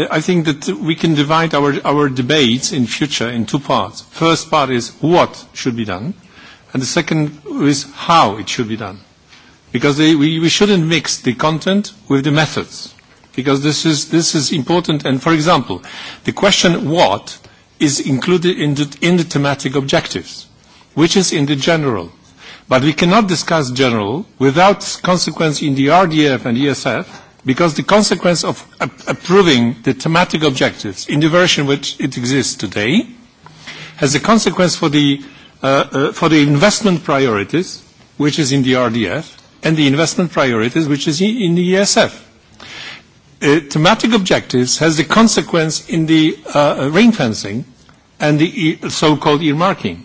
I think that we can divide our, our debates in future in two parts. First part is what should be done, and the second is how it should be done. Because they, we, we shouldn't mix the content with the methods because this is, this is important. And for example, the question what is included in the, in the thematic objectives, which is in the general. But we cannot discuss general without consequence in the RDF and ESF, because the consequence of ap approving the thematic objectives in the version which it exists today has a consequence for the, uh, uh, for the investment priorities, which is in the RDF, and the investment priorities, which is in the ESF uh, thematic objectives has the consequence in the uh, uh rain fencing and the so-called earmarking.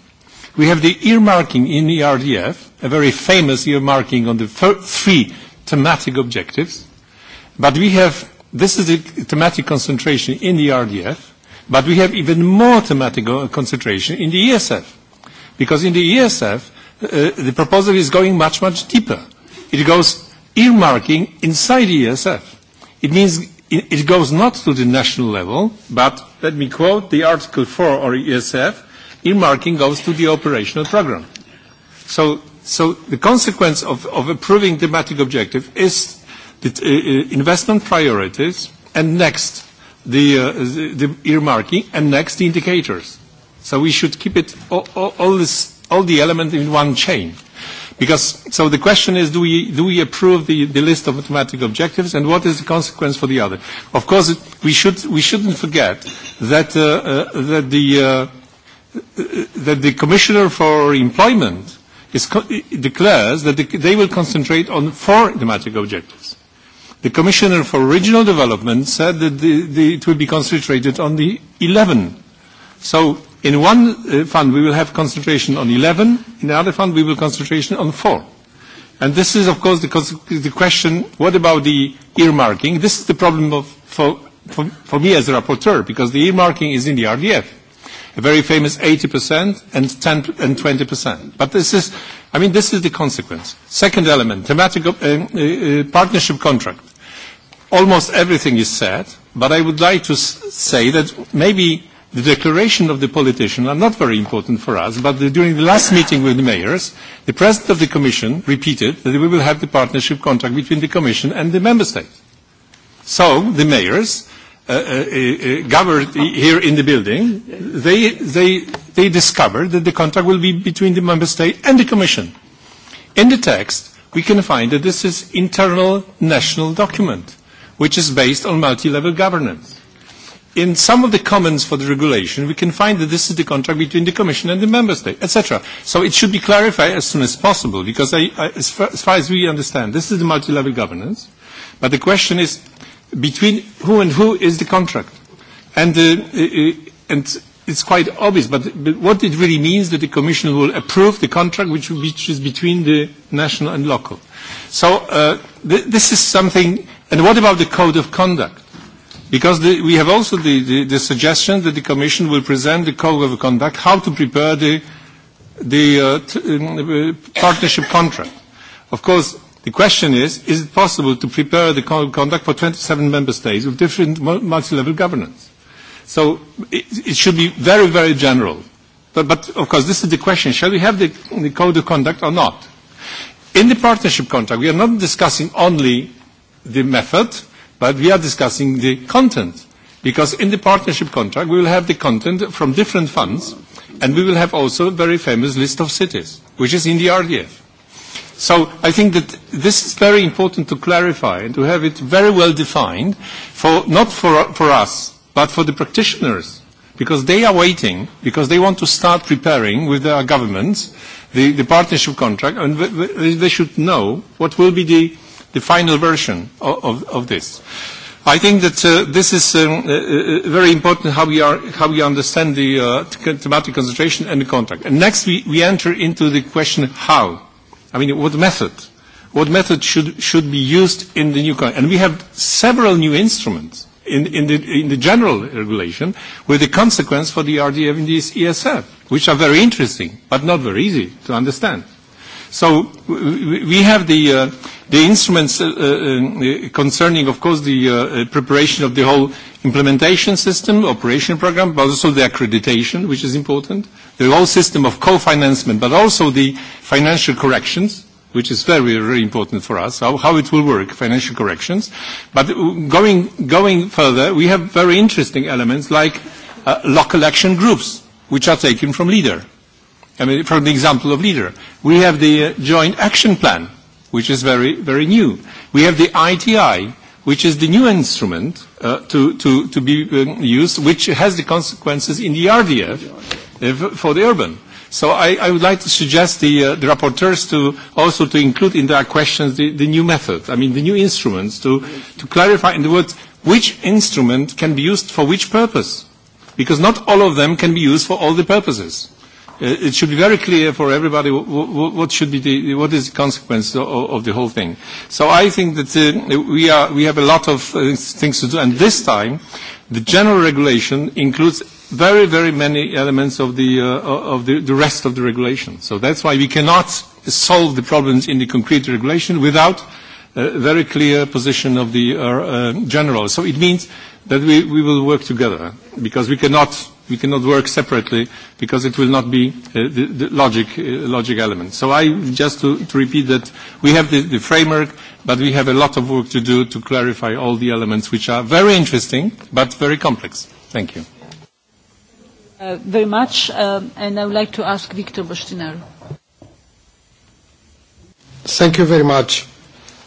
We have the earmarking in the RDF, a very famous earmarking on the three thematic objectives, but we have, this is the thematic concentration in the RDF, but we have even more thematic uh, concentration in the ESF, because in the ESF, uh, the proposal is going much, much deeper. It goes earmarking inside the ESF. It means it goes not to the national level, but let me quote the Article 4 or ESF, earmarking goes to the operational program. So, so the consequence of, of approving thematic objective is the uh, uh, investment priorities and next the, uh, the, the earmarking and next the indicators. So we should keep it all, all, all, this, all the elements in one chain. Because, so the question is, do we, do we approve the, the list of mathematical objectives and what is the consequence for the other? Of course, we, should, we shouldn't forget that, uh, uh, that, the, uh, that the Commissioner for Employment is declares that the, they will concentrate on four thematic objectives. The Commissioner for Regional Development said that the, the, it will be concentrated on the 11. So In one uh, fund we will have concentration on 11, in the other fund we will concentration on four. And this is of course the, the question, what about the earmarking? This is the problem of, for, for, for me as a rapporteur, because the earmarking is in the RDF. A very famous 80% and, 10, and 20%. But this is, I mean, this is the consequence. Second element, thematic uh, uh, uh partnership contract. Almost everything is said, but I would like to say that maybe the declaration of the politician are not very important for us, but the, during the last meeting with the mayors, the president of the commission repeated that we will have the partnership contract between the commission and the member states. So the mayors, uh, uh, uh, gathered here in the building, they, they, they discovered that the contract will be between the member state and the commission. In the text, we can find that this is internal national document, which is based on multi-level governance in some of the comments for the regulation, we can find that this is the contract between the Commission and the Member State, etc. So it should be clarified as soon as possible, because I, I, as, far, as far as we understand, this is the multi-level governance. But the question is, between who and who is the contract? And, uh, uh, and it's quite obvious, but, but what it really means that the Commission will approve the contract which, which is between the national and local. So uh, th this is something, and what about the code of conduct? Because the, we have also the, the, the suggestion that the Commission will present the code of conduct, how to prepare the, the uh, t um, uh, partnership contract. Of course, the question is, is it possible to prepare the code of conduct for 27 member states with different multi-level governance? So it, it should be very, very general. But, but of course, this is the question, shall we have the, the code of conduct or not? In the partnership contract, we are not discussing only the method, But we are discussing the content, because in the partnership contract, we will have the content from different funds, and we will have also a very famous list of cities, which is in the RDF. So I think that this is very important to clarify and to have it very well defined, for, not for, for us, but for the practitioners, because they are waiting, because they want to start preparing with their governments the, the partnership contract, and they should know what will be the the final version of, of, of this. I think that uh, this is um, uh, uh very important how we, are, how we understand the uh, thematic concentration and the contract. And next we, we enter into the question how. I mean, what method? What method should, should be used in the new contract? And we have several new instruments in, in, the, in the general regulation with the consequence for the RDF and the ESF, which are very interesting, but not very easy to understand. So we have the, uh, the instruments uh, uh, uh concerning, of course, the uh, uh, preparation of the whole implementation system, operation program, but also the accreditation, which is important, the whole system of co-financement, but also the financial corrections, which is very, very important for us, how, how it will work, financial corrections. But uh, going, going further, we have very interesting elements like uh, local action groups, which are taken from LEADER I mean, from the example of leader, we have the uh, joint action plan, which is very, very new. We have the ITI, which is the new instrument uh, to, to, to be um, used, which has the consequences in the RDF uh, for the urban. So I, I would like to suggest the, uh, the rapporteurs to also to include in their questions the, the new method, I mean the new instruments, to, to clarify in the words which instrument can be used for which purpose, because not all of them can be used for all the purposes. Uh, it should be very clear for everybody what should be the, what is the consequence of, of the whole thing. So I think that uh, we, are, we have a lot of uh, things to do, and this time the general regulation includes very, very many elements of, the, uh, of the, the rest of the regulation. So that's why we cannot solve the problems in the concrete regulation without a very clear position of the uh, uh, general. So it means that we, we will work together because we cannot We cannot work separately because it will not be uh, the, the logic, uh, logic element. So I just to, to repeat that we have the, the framework, but we have a lot of work to do to clarify all the elements which are very interesting but very complex. Thank you. Uh, very much, um, and I would like to ask Victor Bostinaru. Thank you very much,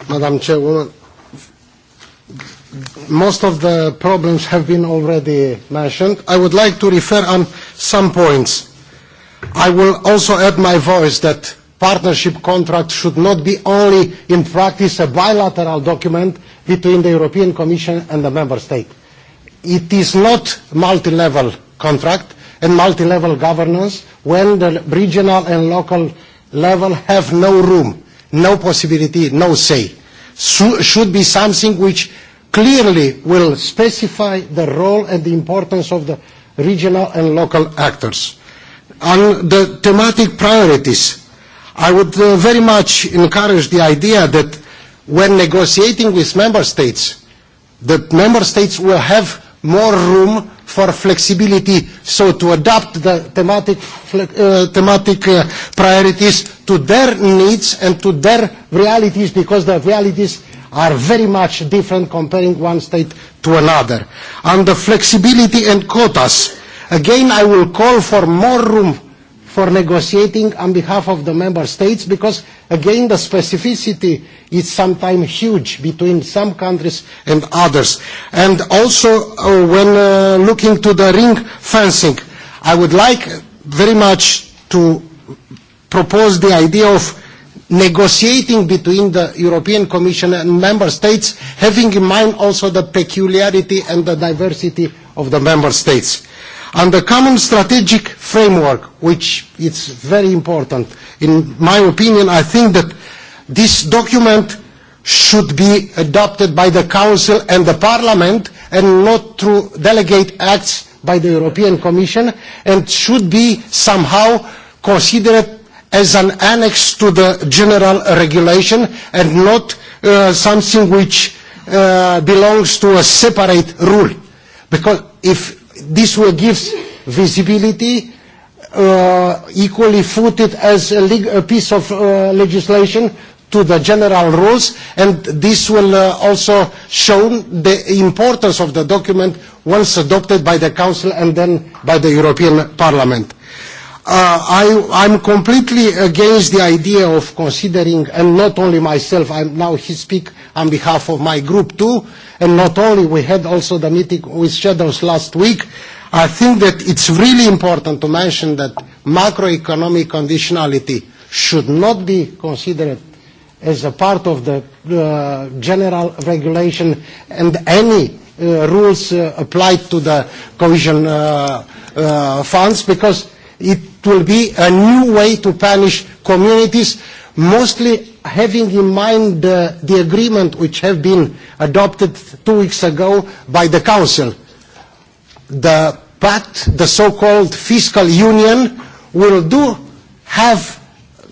Madam Chairwoman most of the problems have been already mentioned. I would like to refer on some points. I will also add my voice that partnership contracts should not be only in practice a bilateral document between the European Commission and the Member State. It is not multi-level contract and multi-level governance when the regional and local level have no room, no possibility, no say. So, should be something which clearly will specify the role and the importance of the regional and local actors. On the thematic priorities, I would uh, very much encourage the idea that when negotiating with member states, the member states will have more room for flexibility, so to adapt the thematic, uh, thematic uh, priorities to their needs and to their realities, because the realities are very much different comparing one state to another. On the flexibility and quotas, again I will call for more room for negotiating on behalf of the member states because again the specificity is sometimes huge between some countries and others and also uh, when uh, looking to the ring fencing i would like very much to propose the idea of negotiating between the European Commission and member states, having in mind also the peculiarity and the diversity of the member states. And the common strategic framework, which is very important, in my opinion, I think that this document should be adopted by the Council and the Parliament and not through delegate acts by the European Commission and should be somehow considered as an annex to the general regulation and not uh, something which uh, belongs to a separate rule. Because if this will give visibility, uh, equally footed as a, a piece of uh, legislation to the general rules and this will uh, also show the importance of the document once adopted by the Council and then by the European Parliament. Uh, I, I'm completely against the idea of considering, and not only myself, I'm now he speak on behalf of my group too, and not only, we had also the meeting with shadows last week. I think that it's really important to mention that macroeconomic conditionality should not be considered as a part of the uh, general regulation and any uh, rules uh, applied to the cohesion uh, uh, funds because It will be a new way to punish communities, mostly having in mind uh, the agreement which have been adopted two weeks ago by the Council. The PACT, the so-called fiscal union, will do have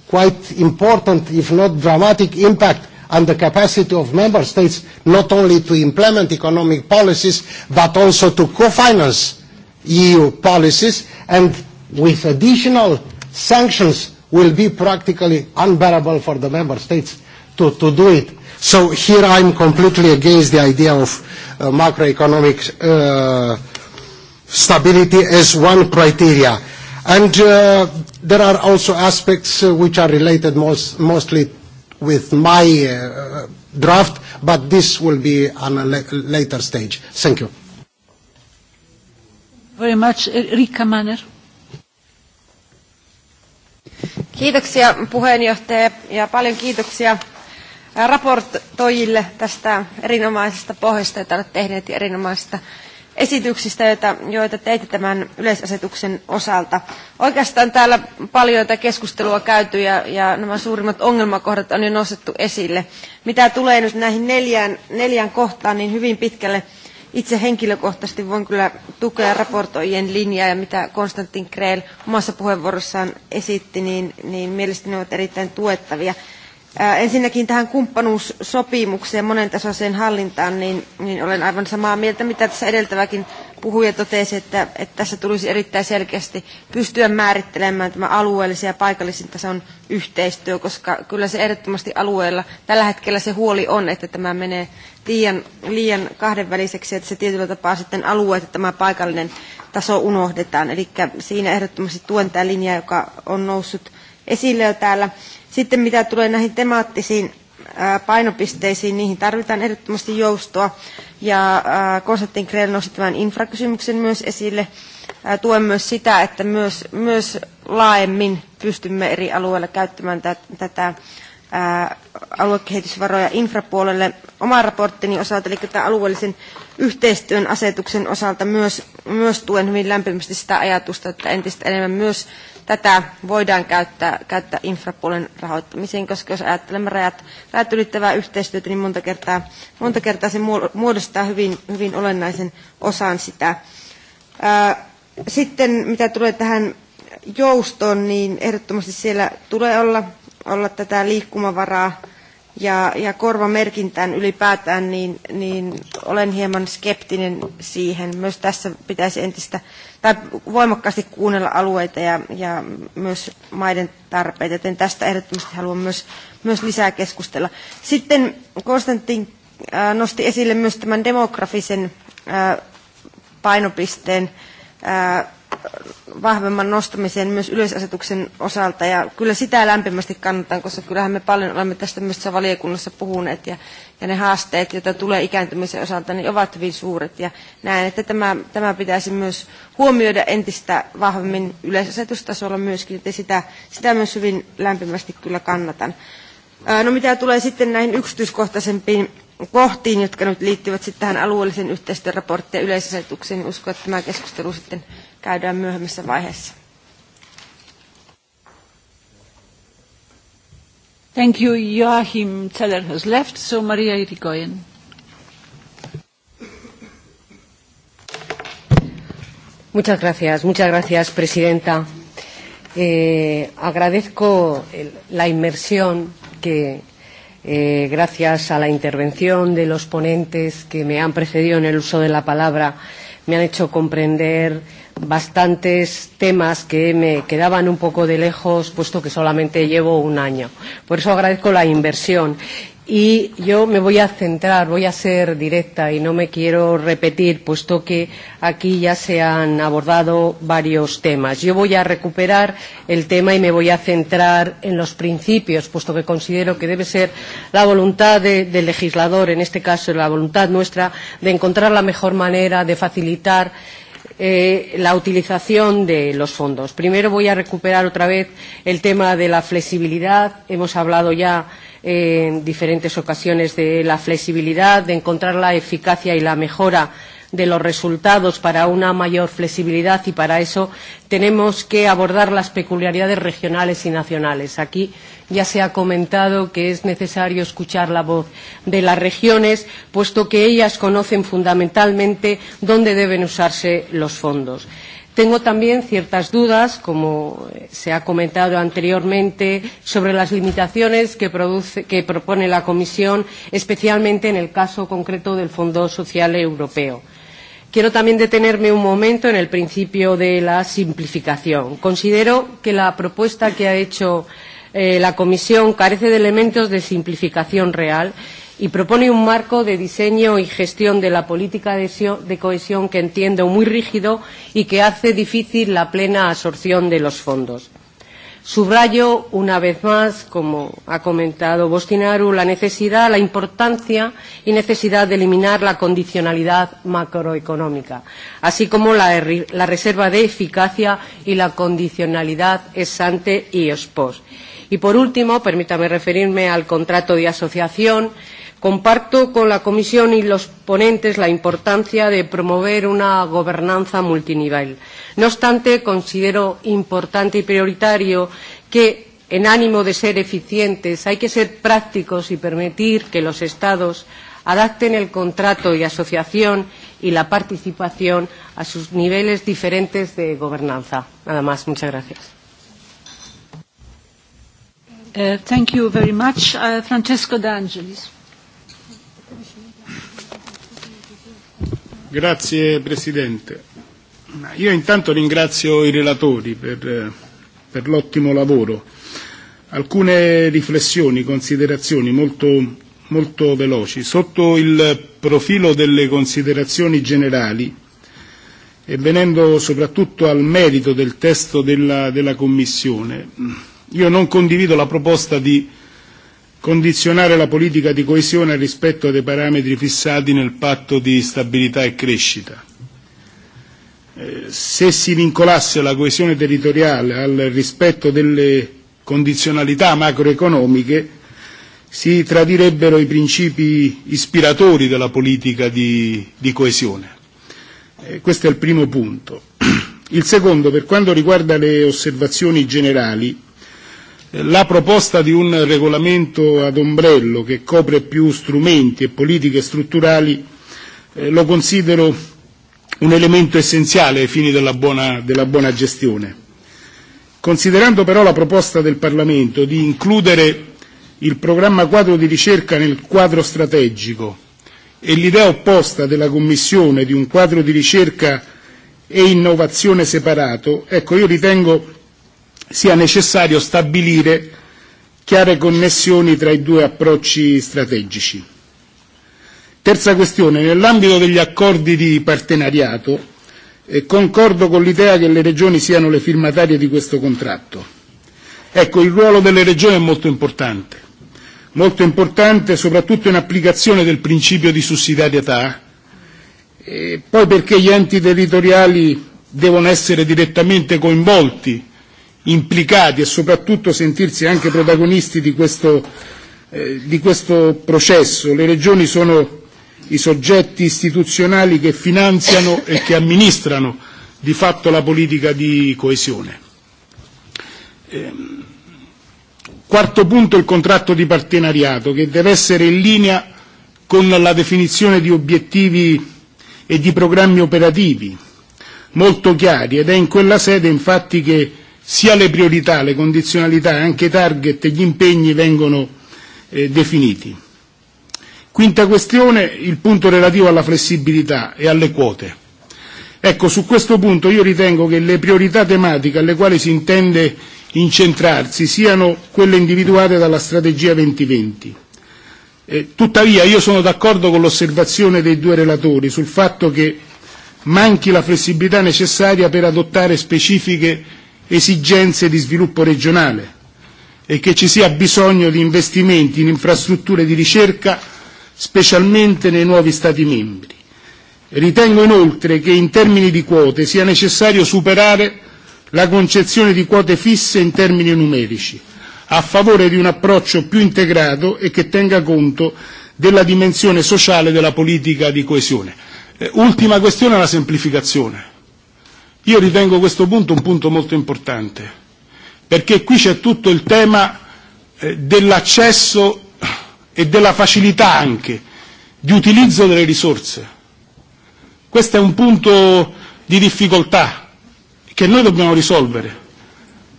quite important, if not dramatic, impact on the capacity of member states not only to implement economic policies but also to co-finance EU policies and with additional sanctions will be practically unbearable for the member states to, to do it. So here I'm completely against the idea of uh, macroeconomic uh, stability as one criteria. And uh, there are also aspects uh, which are related most, mostly with my uh, draft, but this will be on a later stage. Thank you. Very much. Rika Manner. Kiitoksia puheenjohtaja ja paljon kiitoksia raportoijille tästä erinomaisesta pohjasta, jota olette tehneet ja erinomaisista esityksistä, joita, joita teitte tämän yleisasetuksen osalta. Oikeastaan täällä paljon tätä keskustelua käyty ja, ja nämä suurimmat ongelmakohdat on jo nostettu esille. Mitä tulee nyt näihin neljään, neljään kohtaan, niin hyvin pitkälle – Itse henkilökohtaisesti voin kyllä tukea raportoijien linjaa ja mitä Konstantin Kreel omassa puheenvuorossaan esitti, niin, niin mielestäni ne ovat erittäin tuettavia. Ensinnäkin tähän kumppanuussopimukseen, monen tasoiseen hallintaan, niin, niin olen aivan samaa mieltä, mitä tässä edeltäväkin puhuja totesi, että, että tässä tulisi erittäin selkeästi pystyä määrittelemään tämä alueellisen ja paikallisen tason yhteistyö, koska kyllä se ehdottomasti alueella tällä hetkellä se huoli on, että tämä menee liian, liian kahdenväliseksi, että se tietyllä tapaa sitten alueet ja tämä paikallinen taso unohdetaan. Eli siinä ehdottomasti tuen tämä linja, joka on noussut esille jo täällä. Sitten mitä tulee näihin temaattisiin painopisteisiin, niihin tarvitaan ehdottomasti joustoa. Ja Konstantin Krell nosti tämän infrakysymyksen myös esille. Tuen myös sitä, että myös, myös laajemmin pystymme eri alueilla käyttämään tätä aluekehitysvaroja infrapuolelle oman raporttini osalta, eli tämän alueellisen yhteistyön asetuksen osalta myös, myös tuen hyvin lämpimästi sitä ajatusta, että entistä enemmän myös tätä voidaan käyttää, käyttää infrapuolen rahoittamiseen, koska jos ajattelemme rajat, rajat ylittävää yhteistyötä, niin monta kertaa, monta kertaa se muodostaa hyvin, hyvin olennaisen osan sitä. Sitten mitä tulee tähän joustoon, niin ehdottomasti siellä tulee olla olla tätä liikkumavaraa ja, ja korvamerkintään ylipäätään, niin, niin olen hieman skeptinen siihen. Myös tässä pitäisi entistä tai voimakkaasti kuunnella alueita ja, ja myös maiden tarpeita, joten tästä ehdottomasti haluan myös, myös lisää keskustella. Sitten Konstantin äh, nosti esille myös tämän demografisen äh, painopisteen äh, vahvemman nostamiseen myös yleisasetuksen osalta. Ja kyllä sitä lämpimästi kannatan, koska kyllähän me paljon olemme tästä myös valiokunnassa puhuneet. Ja, ja ne haasteet, joita tulee ikääntymisen osalta, niin ovat hyvin suuret. Ja näen, että tämä, tämä pitäisi myös huomioida entistä vahvemmin yleisasetustasolla myöskin. Että sitä, sitä myös hyvin lämpimästi kyllä kannatan. No mitä tulee sitten näihin yksityiskohtaisempiin kohtiin, jotka nyt liittyvät sitten tähän alueellisen yhteistyöraporttiin ja yleisasetukseen, niin uskon, että tämä keskustelu sitten käydään myöhemmässä vaiheessa. Thank you. Joachim Zeller has left, so Maria Irigoyen. Muchas gracias, muchas gracias, presidenta. Eh, agradezco el, la inmersión que, eh, gracias a la intervención de los ponentes que me han precedido en el uso de la palabra, me han hecho comprender bastantes temas que me quedaban un poco de lejos, puesto que solamente llevo un año. Por eso agradezco la inversión. Y yo me voy a centrar, voy a ser directa y no me quiero repetir, puesto que aquí ya se han abordado varios temas. Yo voy a recuperar el tema y me voy a centrar en los principios, puesto que considero que debe ser la voluntad de, del legislador, en este caso la voluntad nuestra, de encontrar la mejor manera de facilitar eh, la utilización de los fondos. Primero voy a recuperar otra vez el tema de la flexibilidad. Hemos hablado ya eh, en diferentes ocasiones de la flexibilidad, de encontrar la eficacia y la mejora de los resultados para una mayor flexibilidad y para eso tenemos que abordar las peculiaridades regionales y nacionales. Aquí ya se ha comentado que es necesario escuchar la voz de las regiones, puesto que ellas conocen fundamentalmente dónde deben usarse los fondos. Tengo también ciertas dudas, como se ha comentado anteriormente, sobre las limitaciones que, produce, que propone la Comisión, especialmente en el caso concreto del Fondo Social Europeo. Quiero también detenerme un momento en el principio de la simplificación. Considero que la propuesta que ha hecho eh, la Comisión carece de elementos de simplificación real y propone un marco de diseño y gestión de la política de cohesión que entiendo muy rígido y que hace difícil la plena absorción de los fondos. Subrayo una vez más, como ha comentado Bostinaru, la necesidad, la importancia y necesidad de eliminar la condicionalidad macroeconómica, así como la, la reserva de eficacia y la condicionalidad ex ante y ex post. Y por último, permítame referirme al contrato de asociación Comparto con la Comisión y los ponentes la importancia de promover una gobernanza multinivel. No obstante, considero importante y prioritario que, en ánimo de ser eficientes, hay que ser prácticos y permitir que los Estados adapten el contrato de asociación y la participación a sus niveles diferentes de gobernanza. Nada más. Muchas gracias. Uh, thank you very much. Uh, Francesco De Grazie Presidente. Io intanto ringrazio i relatori per, per l'ottimo lavoro. Alcune riflessioni, considerazioni molto, molto veloci. Sotto il profilo delle considerazioni generali e venendo soprattutto al merito del testo della, della Commissione, io non condivido la proposta di condizionare la politica di coesione rispetto dei parametri fissati nel patto di stabilità e crescita. Eh, se si vincolasse la coesione territoriale al rispetto delle condizionalità macroeconomiche, si tradirebbero i principi ispiratori della politica di, di coesione. Eh, questo è il primo punto. <clears throat> Il secondo, per quanto riguarda le osservazioni generali, la proposta di un regolamento ad ombrello che copre più strumenti e politiche strutturali eh, lo considero un elemento essenziale ai fini della buona, della buona gestione. Considerando però la proposta del Parlamento di includere il programma quadro di ricerca nel quadro strategico e l'idea opposta della Commissione di un quadro di ricerca e innovazione separato, ecco io ritengo sia necessario stabilire chiare connessioni tra i due approcci strategici. Terza questione, nell'ambito degli accordi di partenariato eh, concordo con l'idea che le regioni siano le firmatarie di questo contratto. Ecco, il ruolo delle regioni è molto importante, molto importante soprattutto in applicazione del principio di sussidiarietà, eh, poi perché gli enti territoriali devono essere direttamente coinvolti implicati e soprattutto sentirsi anche protagonisti di questo, eh, di questo processo. Le regioni sono i soggetti istituzionali che finanziano e che amministrano di fatto la politica di coesione. Ehm, quarto punto il contratto di partenariato che deve essere in linea con la definizione di obiettivi e di programmi operativi molto chiari ed è in quella sede infatti che sia le priorità, le condizionalità e anche i target e gli impegni vengono eh, definiti. Quinta questione, il punto relativo alla flessibilità e alle quote. Ecco, su questo punto io ritengo che le priorità tematiche alle quali si intende incentrarsi siano quelle individuate dalla strategia 2020. Eh, tuttavia io sono d'accordo con l'osservazione dei due relatori sul fatto che manchi la flessibilità necessaria per adottare specifiche esigenze di sviluppo regionale e che ci sia bisogno di investimenti in infrastrutture di ricerca, specialmente nei nuovi Stati membri. Ritengo inoltre che in termini di quote sia necessario superare la concezione di quote fisse in termini numerici, a favore di un approccio più integrato e che tenga conto della dimensione sociale della politica di coesione. Eh, ultima questione è la semplificazione. Io ritengo questo punto un punto molto importante, perché qui c'è tutto il tema eh, dell'accesso e della facilità anche di utilizzo delle risorse. Questo è un punto di difficoltà che noi dobbiamo risolvere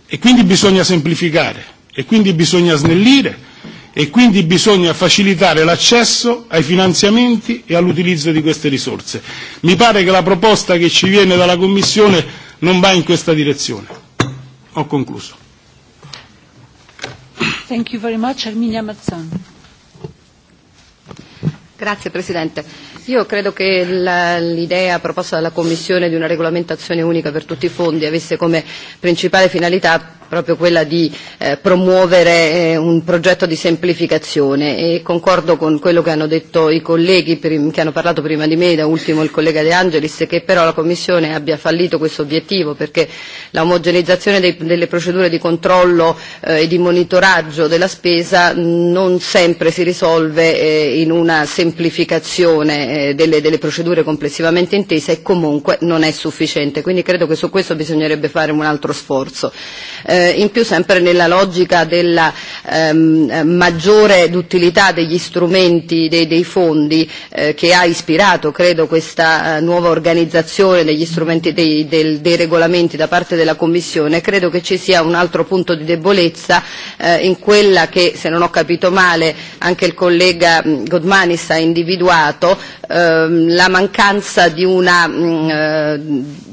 e quindi bisogna semplificare e quindi bisogna snellire e quindi bisogna facilitare l'accesso ai finanziamenti e all'utilizzo di queste risorse. Mi pare che la proposta che ci viene dalla Commissione non va in questa direzione. Ho concluso. Thank you very much. Arminia Mazzan. Grazie Presidente. Io credo che l'idea proposta dalla Commissione di una regolamentazione unica per tutti i fondi avesse come principale finalità proprio quella di eh, promuovere eh, un progetto di semplificazione e concordo con quello che hanno detto i colleghi che hanno parlato prima di me, da ultimo il collega De Angelis, che però la Commissione abbia fallito questo obiettivo perché l'omogenizzazione delle procedure di controllo eh, e di monitoraggio della spesa non sempre si risolve eh, in una semplificazione eh, delle, delle procedure complessivamente intese e comunque non è sufficiente. Quindi credo che su questo bisognerebbe fare un altro sforzo. Eh, eh, in più sempre nella logica della ehm, maggiore d'utilità degli strumenti dei, dei fondi eh, che ha ispirato credo questa eh, nuova organizzazione degli strumenti dei, del, dei regolamenti da parte della Commissione credo che ci sia un altro punto di debolezza eh, in quella che se non ho capito male anche il collega mm, Godmanis ha individuato ehm, la mancanza di una mh, mm, eh,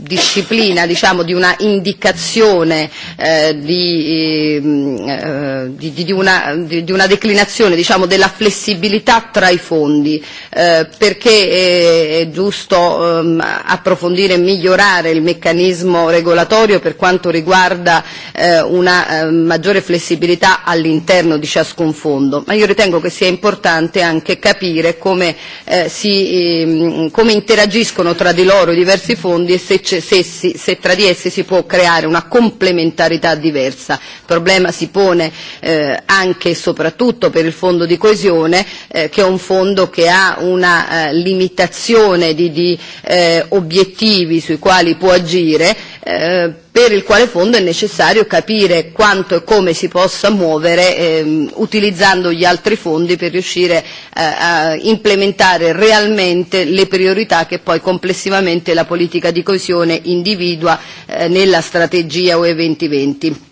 disciplina diciamo di una indicazione eh, di, ehm, eh, di, di, di, una, di, di una declinazione diciamo, della flessibilità tra i fondi, eh, perché è, eh, è giusto eh, approfondire e migliorare il meccanismo regolatorio per quanto riguarda eh, una eh, maggiore flessibilità all'interno di ciascun fondo, ma io ritengo che sia importante anche capire come, eh, si, eh, come interagiscono tra di loro i diversi fondi e se, se, se, se tra di essi si può creare una complementarità diversa. Il problema si pone eh, anche e soprattutto per il fondo di coesione, eh, che è un fondo che ha una eh, limitazione di, di eh, obiettivi sui quali può agire Eh, per il quale fondo è necessario capire quanto e come si possa muovere eh, utilizzando gli altri fondi per riuscire eh, a implementare realmente le priorità che poi complessivamente la politica di coesione individua eh, nella strategia UE 2020.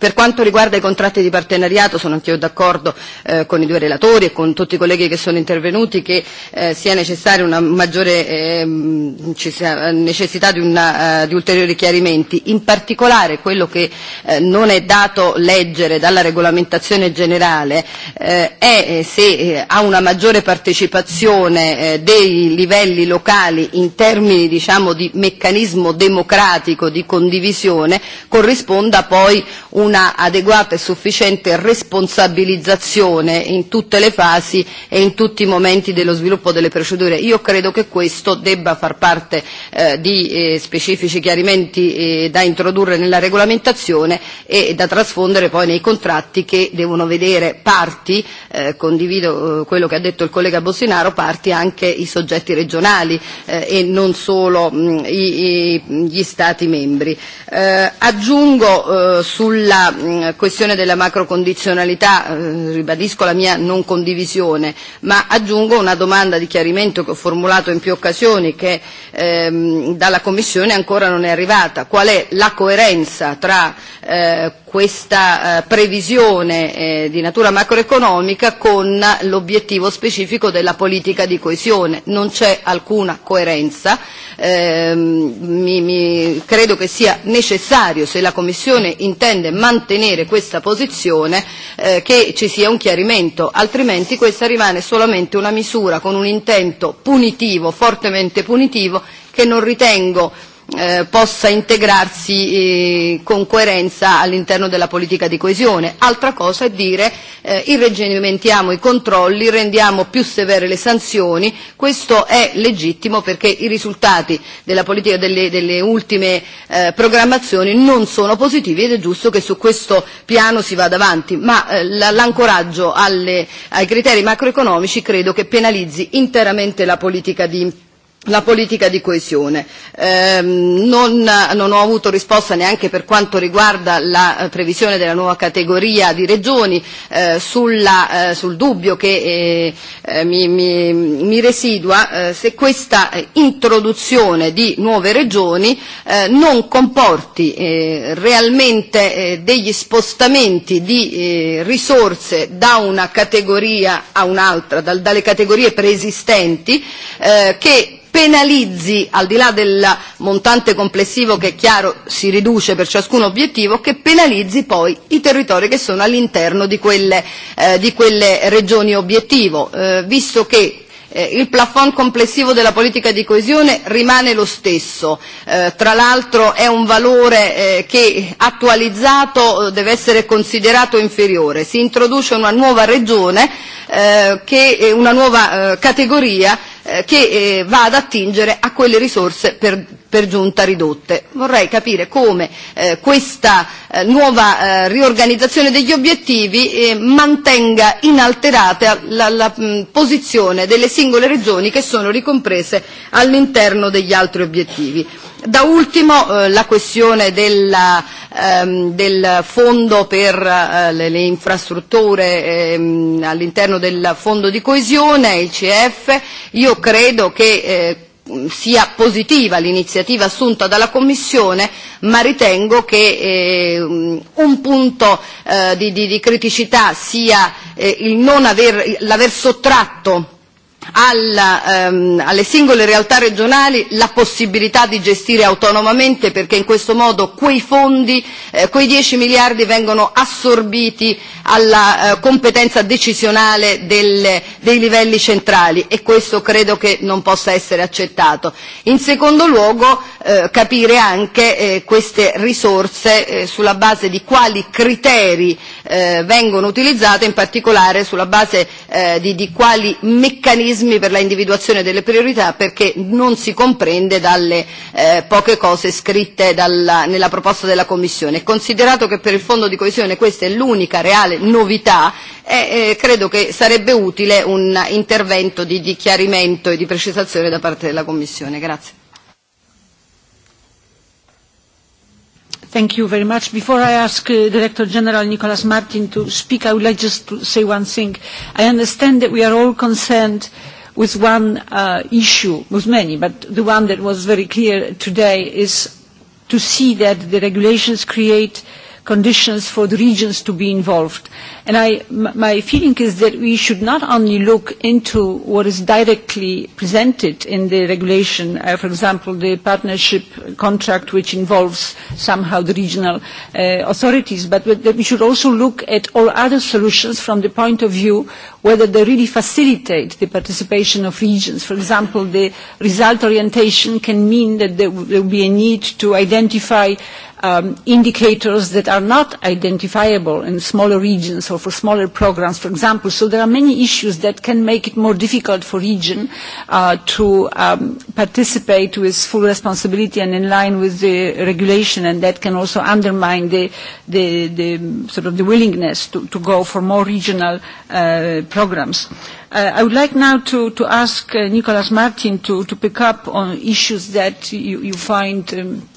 Per quanto riguarda i contratti di partenariato sono anch'io d'accordo eh, con i due relatori e con tutti i colleghi che sono intervenuti che eh, sia necessaria una maggiore eh, ci sia necessità di, una, uh, di ulteriori chiarimenti. In particolare quello che eh, non è dato leggere dalla regolamentazione generale eh, è eh, se eh, ha una maggiore partecipazione eh, dei livelli locali in termini diciamo, di meccanismo democratico di condivisione corrisponda poi un una adeguata e sufficiente responsabilizzazione in tutte le fasi e in tutti i momenti dello sviluppo delle procedure. Io credo che questo debba far parte eh, di eh, specifici chiarimenti eh, da introdurre nella regolamentazione e da trasfondere poi nei contratti che devono vedere parti, eh, condivido eh, quello che ha detto il collega Bossinaro, parti anche i soggetti regionali eh, e non solo mh, mm, i, i, gli Stati membri. Eh, aggiungo eh, sulla Mm, questione della macrocondizionalità eh, ribadisco la mia non condivisione, ma aggiungo una domanda di chiarimento che ho formulato in più occasioni che ehm, dalla Commissione ancora non è arrivata. Qual è la coerenza tra eh, questa eh, previsione eh, di natura macroeconomica con l'obiettivo specifico della politica di coesione. Non c'è alcuna coerenza, eh, mi, mi, credo che sia necessario, se la Commissione intende mantenere questa posizione, eh, che ci sia un chiarimento, altrimenti questa rimane solamente una misura con un intento punitivo, fortemente punitivo, che non ritengo eh, possa integrarsi eh, con coerenza all'interno della politica di coesione. Altra cosa è dire eh, irregimentiamo i controlli, rendiamo più severe le sanzioni, questo è legittimo perché i risultati della politica delle, delle ultime eh, programmazioni non sono positivi ed è giusto che su questo piano si vada avanti, ma eh, l'ancoraggio ai criteri macroeconomici credo che penalizzi interamente la politica di impegno la politica di coesione. Eh, non, non ho avuto risposta neanche per quanto riguarda la eh, previsione della nuova categoria di regioni eh, sulla, eh, sul dubbio che eh, eh mi, mi, mi residua eh, se questa eh, introduzione di nuove regioni eh, non comporti eh, realmente eh, degli spostamenti di eh, risorse da una categoria a un'altra, dalle categorie preesistenti eh, che penalizzi, al di là del montante complessivo che è chiaro si riduce per ciascun obiettivo, che penalizzi poi i territori che sono all'interno di, eh, di quelle regioni obiettivo, eh, visto che Eh, il plafond complessivo della politica di coesione rimane lo stesso, eh, tra l'altro è un valore eh, che attualizzato eh, deve essere considerato inferiore. Si introduce una nuova regione, eh, che è una nuova eh, categoria eh, Eh, che eh, va ad attingere a quelle risorse per, per giunta ridotte. Vorrei capire come eh, questa eh, nuova eh, riorganizzazione degli obiettivi eh, mantenga inalterata la, la mh, mm, posizione delle singole regioni che sono ricomprese all'interno degli altri obiettivi. Da ultimo eh, la questione della, ehm, del fondo per eh, le, le infrastrutture ehm, all'interno del fondo di coesione, il CF. Io credo che eh, sia positiva l'iniziativa assunta dalla Commissione, ma ritengo che eh, un punto eh, di, di, di criticità sia eh, l'aver sottratto alla, ehm, alle singole realtà regionali la possibilità di gestire autonomamente perché in questo modo quei fondi, eh, quei 10 miliardi vengono assorbiti alla eh, competenza decisionale del, dei livelli centrali e questo credo che non possa essere accettato. In secondo luogo eh, capire anche eh, queste risorse eh, sulla base di quali criteri eh, vengono utilizzate, in particolare sulla base eh, di, di quali meccanismi meccanismi per la individuazione delle priorità perché non si comprende dalle eh, poche cose scritte dalla, nella proposta della Commissione. Considerato che per il Fondo di coesione questa è l'unica reale novità, eh, eh, credo che sarebbe utile un intervento di, di chiarimento e di precisazione da parte della Commissione. Grazie. Thank you very much. Before I ask uh, Director General Nicolas Martin to speak, I would like just to say one thing. I understand that we are all concerned with one uh, issue, with many, but the one that was very clear today is to see that the regulations create uh, conditions for the regions to be involved. And I, my feeling is that we should not only look into what is directly presented in the regulation, uh, for example, the partnership contract which involves somehow the regional uh, authorities, but that we should also look at all other solutions from the point of view whether they really facilitate the participation of regions. For example, the result orientation can mean that there will be a need to identify um, indicators that are not identifiable in smaller regions or for smaller programs, for example. So there are many issues that can make it more difficult for region uh, to um, participate with full responsibility and in line with the regulation, and that can also undermine the, the, the sort of the willingness to, to go for more regional uh, programs. Uh, I would like now to, to ask uh, Nicolas Martin to, to pick up on issues that you, you find um,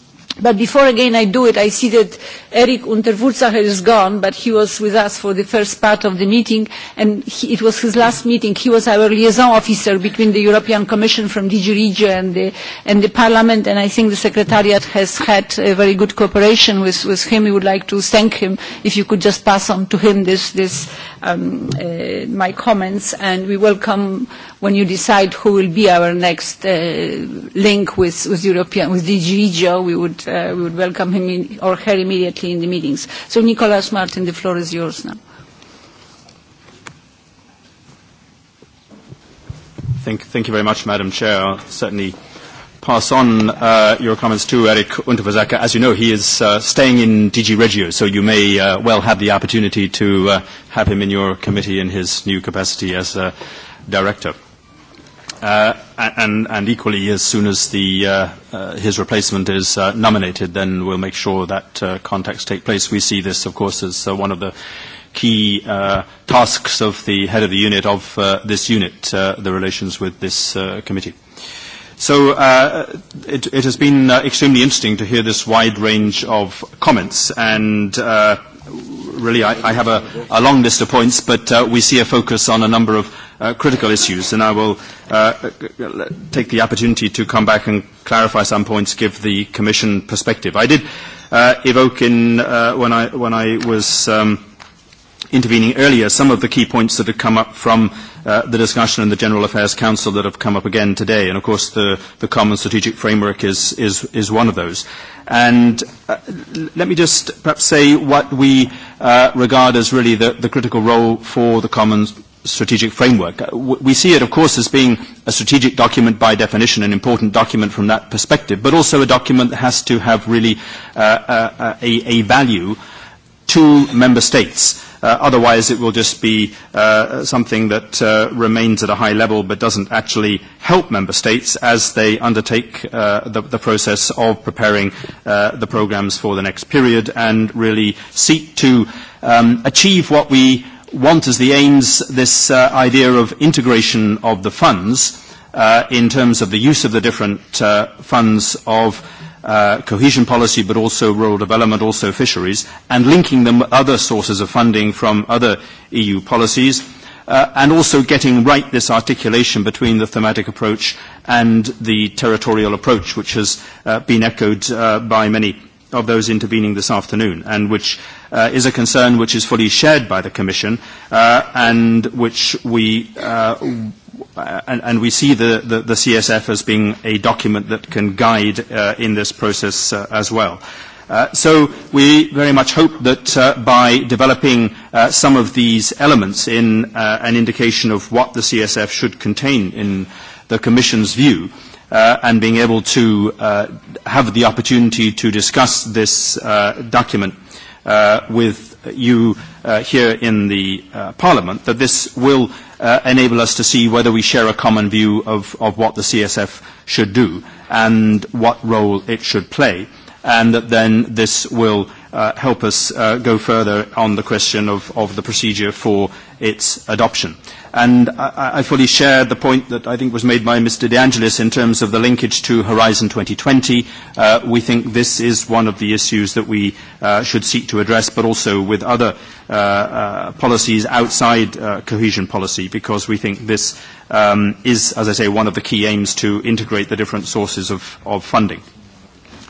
But before again I do it, I see that Eric Unterwurzacher is gone, but he was with us for the first part of the meeting, and he, it was his last meeting. He was our liaison officer between the European Commission from DG Regio and the, and the Parliament, and I think the Secretariat has had a very good cooperation with, with him. We would like to thank him. If you could just pass on to him this, this, um, uh, my comments, and we welcome when you decide who will be our next uh, link with, with, European, with DG Regio, we would, uh, we would welcome him in, or her immediately directly in the meetings. So Nicolas Martin, the floor is yours now. Thank, thank you very much, Madam Chair. I'll certainly pass on uh, your comments to Eric Untervazaka. As you know, he is uh, staying in DG Regio, so you may uh, well have the opportunity to uh, have him in your committee in his new capacity as uh, director. Uh, and, and equally, as soon as the, uh, uh, his replacement is uh, nominated, then we'll make sure that uh, contacts take place. We see this, of course, as uh, one of the key uh, tasks of the head of the unit of uh, this unit, uh, the relations with this uh, committee. So uh, it, it has been uh, extremely interesting to hear this wide range of comments, and uh, really I, I have a, a long list of points, but uh, we see a focus on a number of uh, critical issues, and I will uh, uh, take the opportunity to come back and clarify some points, give the Commission perspective. I did uh, evoke in, uh, when, I, when I was um, intervening earlier some of the key points that had come up from uh, the discussion in the General Affairs Council that have come up again today, and of course the, the Common Strategic Framework is, is, is one of those. And uh, let me just perhaps say what we uh, regard as really the, the critical role for the Commons strategic framework. Uh, we see it, of course, as being a strategic document by definition, an important document from that perspective, but also a document that has to have really uh, uh, a, a value to member states. Uh, otherwise, it will just be uh, something that uh, remains at a high level but doesn't actually help member states as they undertake uh, the, the process of preparing uh, the programs for the next period and really seek to um, achieve what we want as the aims this uh, idea of integration of the funds uh, in terms of the use of the different uh, funds of uh, cohesion policy but also rural development, also fisheries, and linking them with other sources of funding from other EU policies, uh, and also getting right this articulation between the thematic approach and the territorial approach, which has uh, been echoed uh, by many of those intervening this afternoon, and which uh, is a concern which is fully shared by the Commission, uh, and which we uh, and, and we see the, the, the CSF as being a document that can guide uh, in this process uh, as well. Uh, so we very much hope that uh, by developing uh, some of these elements in uh, an indication of what the CSF should contain in the Commission's view, uh, uh, and being able to uh, have the opportunity to discuss this uh, document uh, with you uh, here in the uh, Parliament, that this will uh, enable us to see whether we share a common view of, of what the CSF should do and what role it should play, and that then this will uh, help us uh, go further on the question of, of the procedure for its adoption. And I, I fully share the point that I think was made by Mr. De Angelis in terms of the linkage to Horizon 2020. Uh, we think this is one of the issues that we uh, should seek to address, but also with other uh, uh, policies outside uh, cohesion policy, because we think this um, is, as I say, one of the key aims to integrate the different sources of, of funding.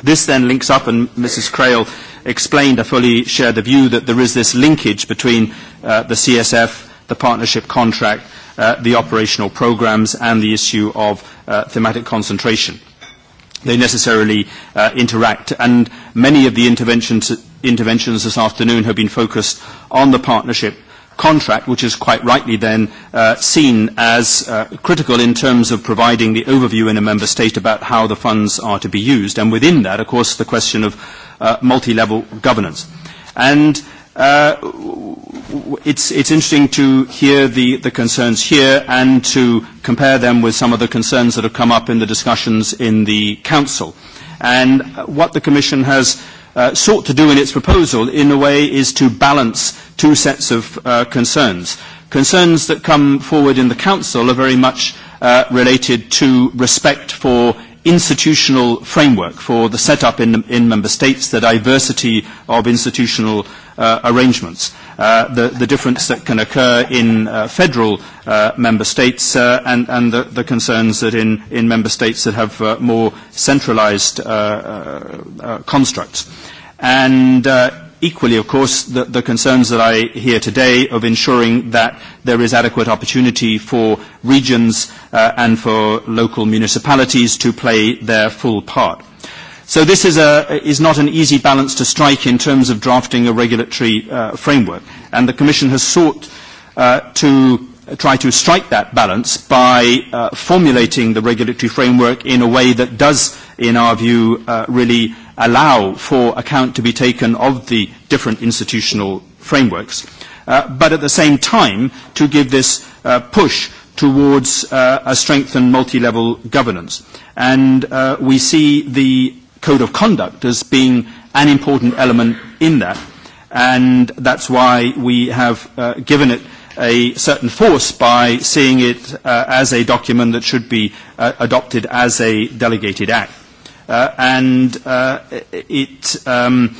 This then links up, and Mrs. Crail explained, I fully share the view that there is this linkage between uh, the CSF, the partnership contract, uh, the operational programs, and the issue of uh, thematic concentration. They necessarily uh, interact, and many of the interventions, interventions this afternoon have been focused on the partnership contract, which is quite rightly then uh, seen as uh, critical in terms of providing the overview in a member state about how the funds are to be used. And within that, of course, the question of uh, multi-level governance. And uh, it's, it's interesting to hear the, the concerns here and to compare them with some of the concerns that have come up in the discussions in the Council. And what the Commission has uh, uh, sought to do in its proposal in a way is to balance two sets of uh, concerns. Concerns that come forward in the Council are very much uh, related to respect for institutional framework for the setup in, in member states, the diversity of institutional uh, arrangements, uh, the, the difference that can occur in uh, federal uh, member states uh, and, and the, the concerns that in, in member states that have uh, more centralized uh, uh, uh, constructs. And uh, equally, of course, the, the concerns that I hear today of ensuring that there is adequate opportunity for regions uh, and for local municipalities to play their full part. Uh, So this is, a, is not an easy balance to strike in terms of drafting a regulatory uh, framework. And the Commission has sought uh, to try to strike that balance by uh, formulating the regulatory framework in a way that does, in our view, uh, really allow for account to be taken of the different institutional frameworks. Uh, but at the same time, to give this uh, push towards uh, a strengthened multi-level governance. And uh, we see the code of conduct as being an important element in that. And that's why we have uh, given it a certain force by seeing it uh, as a document that should be uh, adopted as a delegated act. Uh, and uh, it um,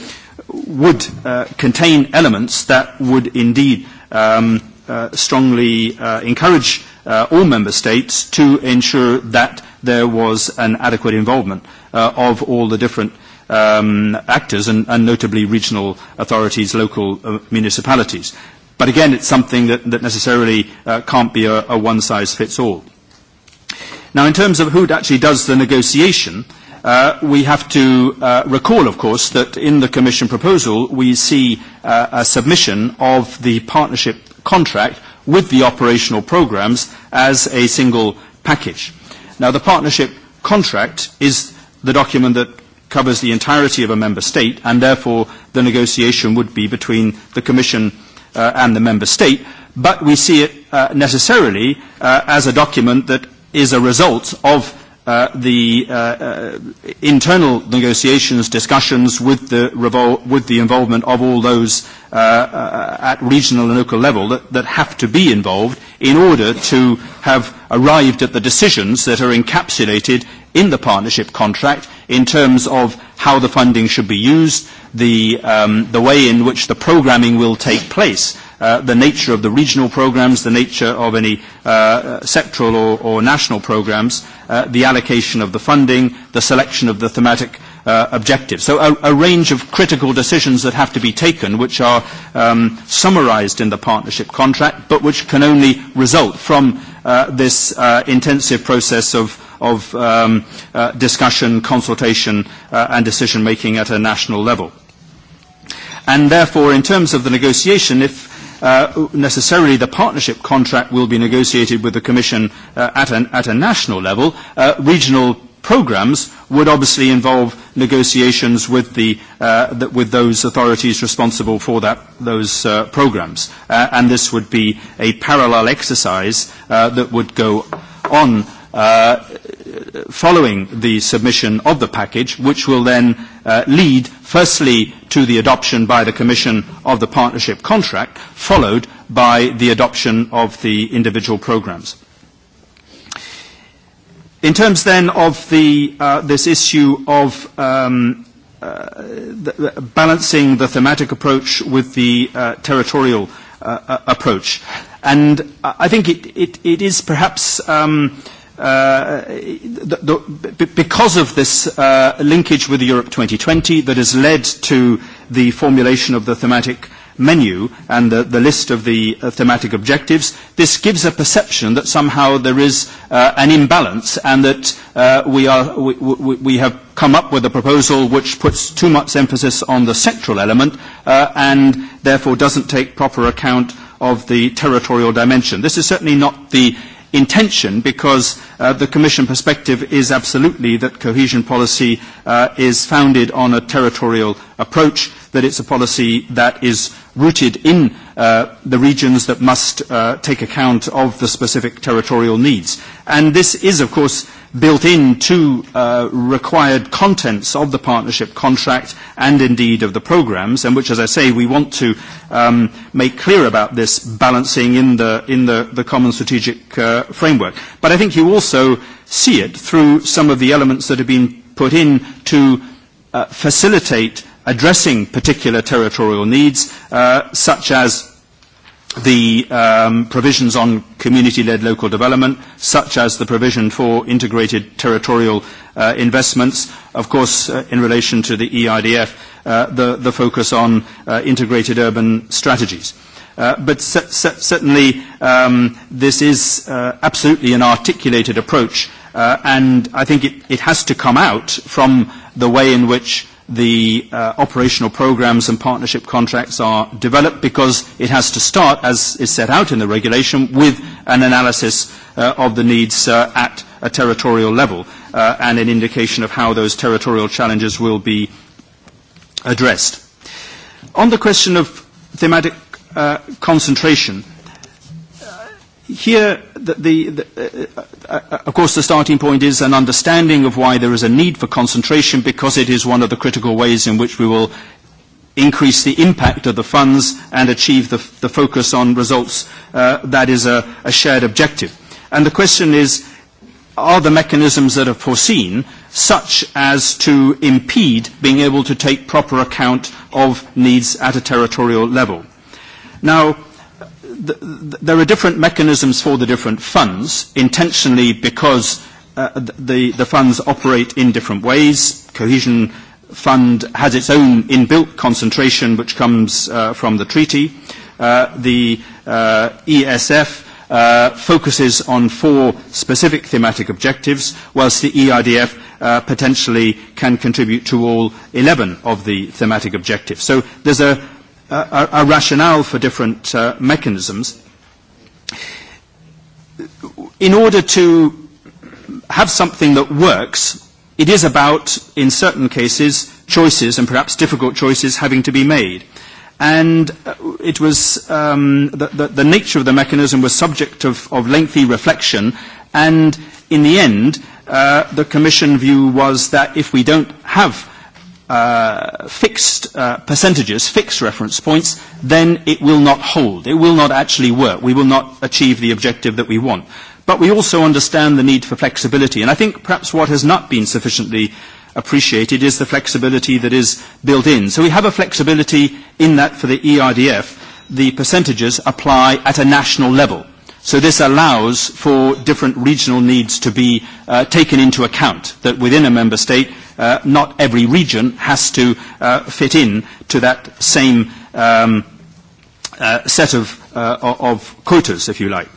would uh, contain elements that would indeed um, uh, strongly uh, encourage uh, all member states to ensure that there was an adequate involvement. Uh, uh, of all the different um, actors and, and notably regional authorities, local uh, municipalities. But again, it's something that, that necessarily uh, can't be a, a one-size-fits-all. Now, in terms of who actually does the negotiation, uh, we have to uh, recall, of course, that in the Commission proposal, we see uh, a submission of the partnership contract with the operational programs as a single package. Now, the partnership contract is the document that covers the entirety of a member state, and therefore the negotiation would be between the Commission uh, and the member state. But we see it uh, necessarily uh, as a document that is a result of Uh, the uh, uh, internal negotiations, discussions with the, revol- with the involvement of all those uh, uh, at regional and local level that, that have to be involved in order to have arrived at the decisions that are encapsulated in the partnership contract in terms of how the funding should be used, the, um, the way in which the programming will take place Uh, the nature of the regional programs, the nature of any uh, sectoral or, or national programs, uh, the allocation of the funding, the selection of the thematic uh, objectives. So a, a range of critical decisions that have to be taken, which are um, summarized in the partnership contract, but which can only result from uh, this uh, intensive process of, of um, uh, discussion, consultation, uh, and decision-making at a national level. And therefore, in terms of the negotiation, if Uh, necessarily the partnership contract will be negotiated with the Commission uh, at, an, at a national level. Uh, regional programs would obviously involve negotiations with, the, uh, the, with those authorities responsible for that, those uh, programs. Uh, and this would be a parallel exercise uh, that would go on uh, following the submission of the package, which will then uh, Uh, lead, firstly, to the adoption by the Commission of the partnership contract, followed by the adoption of the individual programmes. In terms then of the, uh, this issue of um, uh, the, the balancing the thematic approach with the uh, territorial uh, uh, approach, and I think it, it, it is perhaps um, uh, Uh, the, because of this uh, linkage with Europe 2020 that has led to the formulation of the thematic menu and the, the list of the uh, thematic objectives, this gives a perception that somehow there is uh, an imbalance and that uh, we, are, we, we, we have come up with a proposal which puts too much emphasis on the sectoral element uh, and therefore doesn't take proper account of the territorial dimension. This is certainly not the intention because uh, the Commission perspective is absolutely that cohesion policy uh, is founded on a territorial approach, that it's a policy that is rooted in uh, the regions that must uh, take account of the specific territorial needs. And this is, of course, built to uh, required contents of the partnership contract and indeed of the programs, and which, as I say, we want to um, make clear about this balancing in the, in the, the common strategic uh, framework. But I think you also see it through some of the elements that have been put in to uh, facilitate addressing particular territorial needs, uh, such as the um, provisions on community-led local development, such as the provision for integrated territorial uh, investments. Of course, uh, in relation to the EIDF, uh, the, the focus on uh, integrated urban strategies. Uh, but certainly, um, this is uh, absolutely an articulated approach Uh, and I think it, it has to come out from the way in which the uh, operational programs and partnership contracts are developed because it has to start, as is set out in the regulation, with an analysis uh, of the needs uh, at a territorial level uh, and an indication of how those territorial challenges will be addressed. On the question of thematic uh, concentration, uh, here the, the, the, uh, uh, uh, of course, the starting point is an understanding of why there is a need for concentration because it is one of the critical ways in which we will increase the impact of the funds and achieve the, the focus on results. Uh, that is a, a shared objective. And the question is, are the mechanisms that are foreseen such as to impede being able to take proper account of needs at a territorial level? Now, there are different mechanisms for the different funds, intentionally because uh, the, the funds operate in different ways. Cohesion fund has its own inbuilt concentration, which comes uh, from the treaty. Uh, the uh, ESF uh, focuses on four specific thematic objectives, whilst the EIDF uh, potentially can contribute to all 11 of the thematic objectives. So there's a a, a rationale for different uh, mechanisms. In order to have something that works, it is about, in certain cases, choices and perhaps difficult choices having to be made. And uh, it was um, the, the, the nature of the mechanism was subject of, of lengthy reflection. And in the end, uh, the Commission view was that if we don't have uh, fixed uh, percentages, fixed reference points, then it will not hold. It will not actually work. We will not achieve the objective that we want. But we also understand the need for flexibility. And I think perhaps what has not been sufficiently appreciated is the flexibility that is built in. So we have a flexibility in that for the ERDF. The percentages apply at a national level. So this allows for different regional needs to be uh, taken into account, that within a member state, uh, not every region has to uh, fit in to that same um, uh, set of, uh, of quotas, if you like.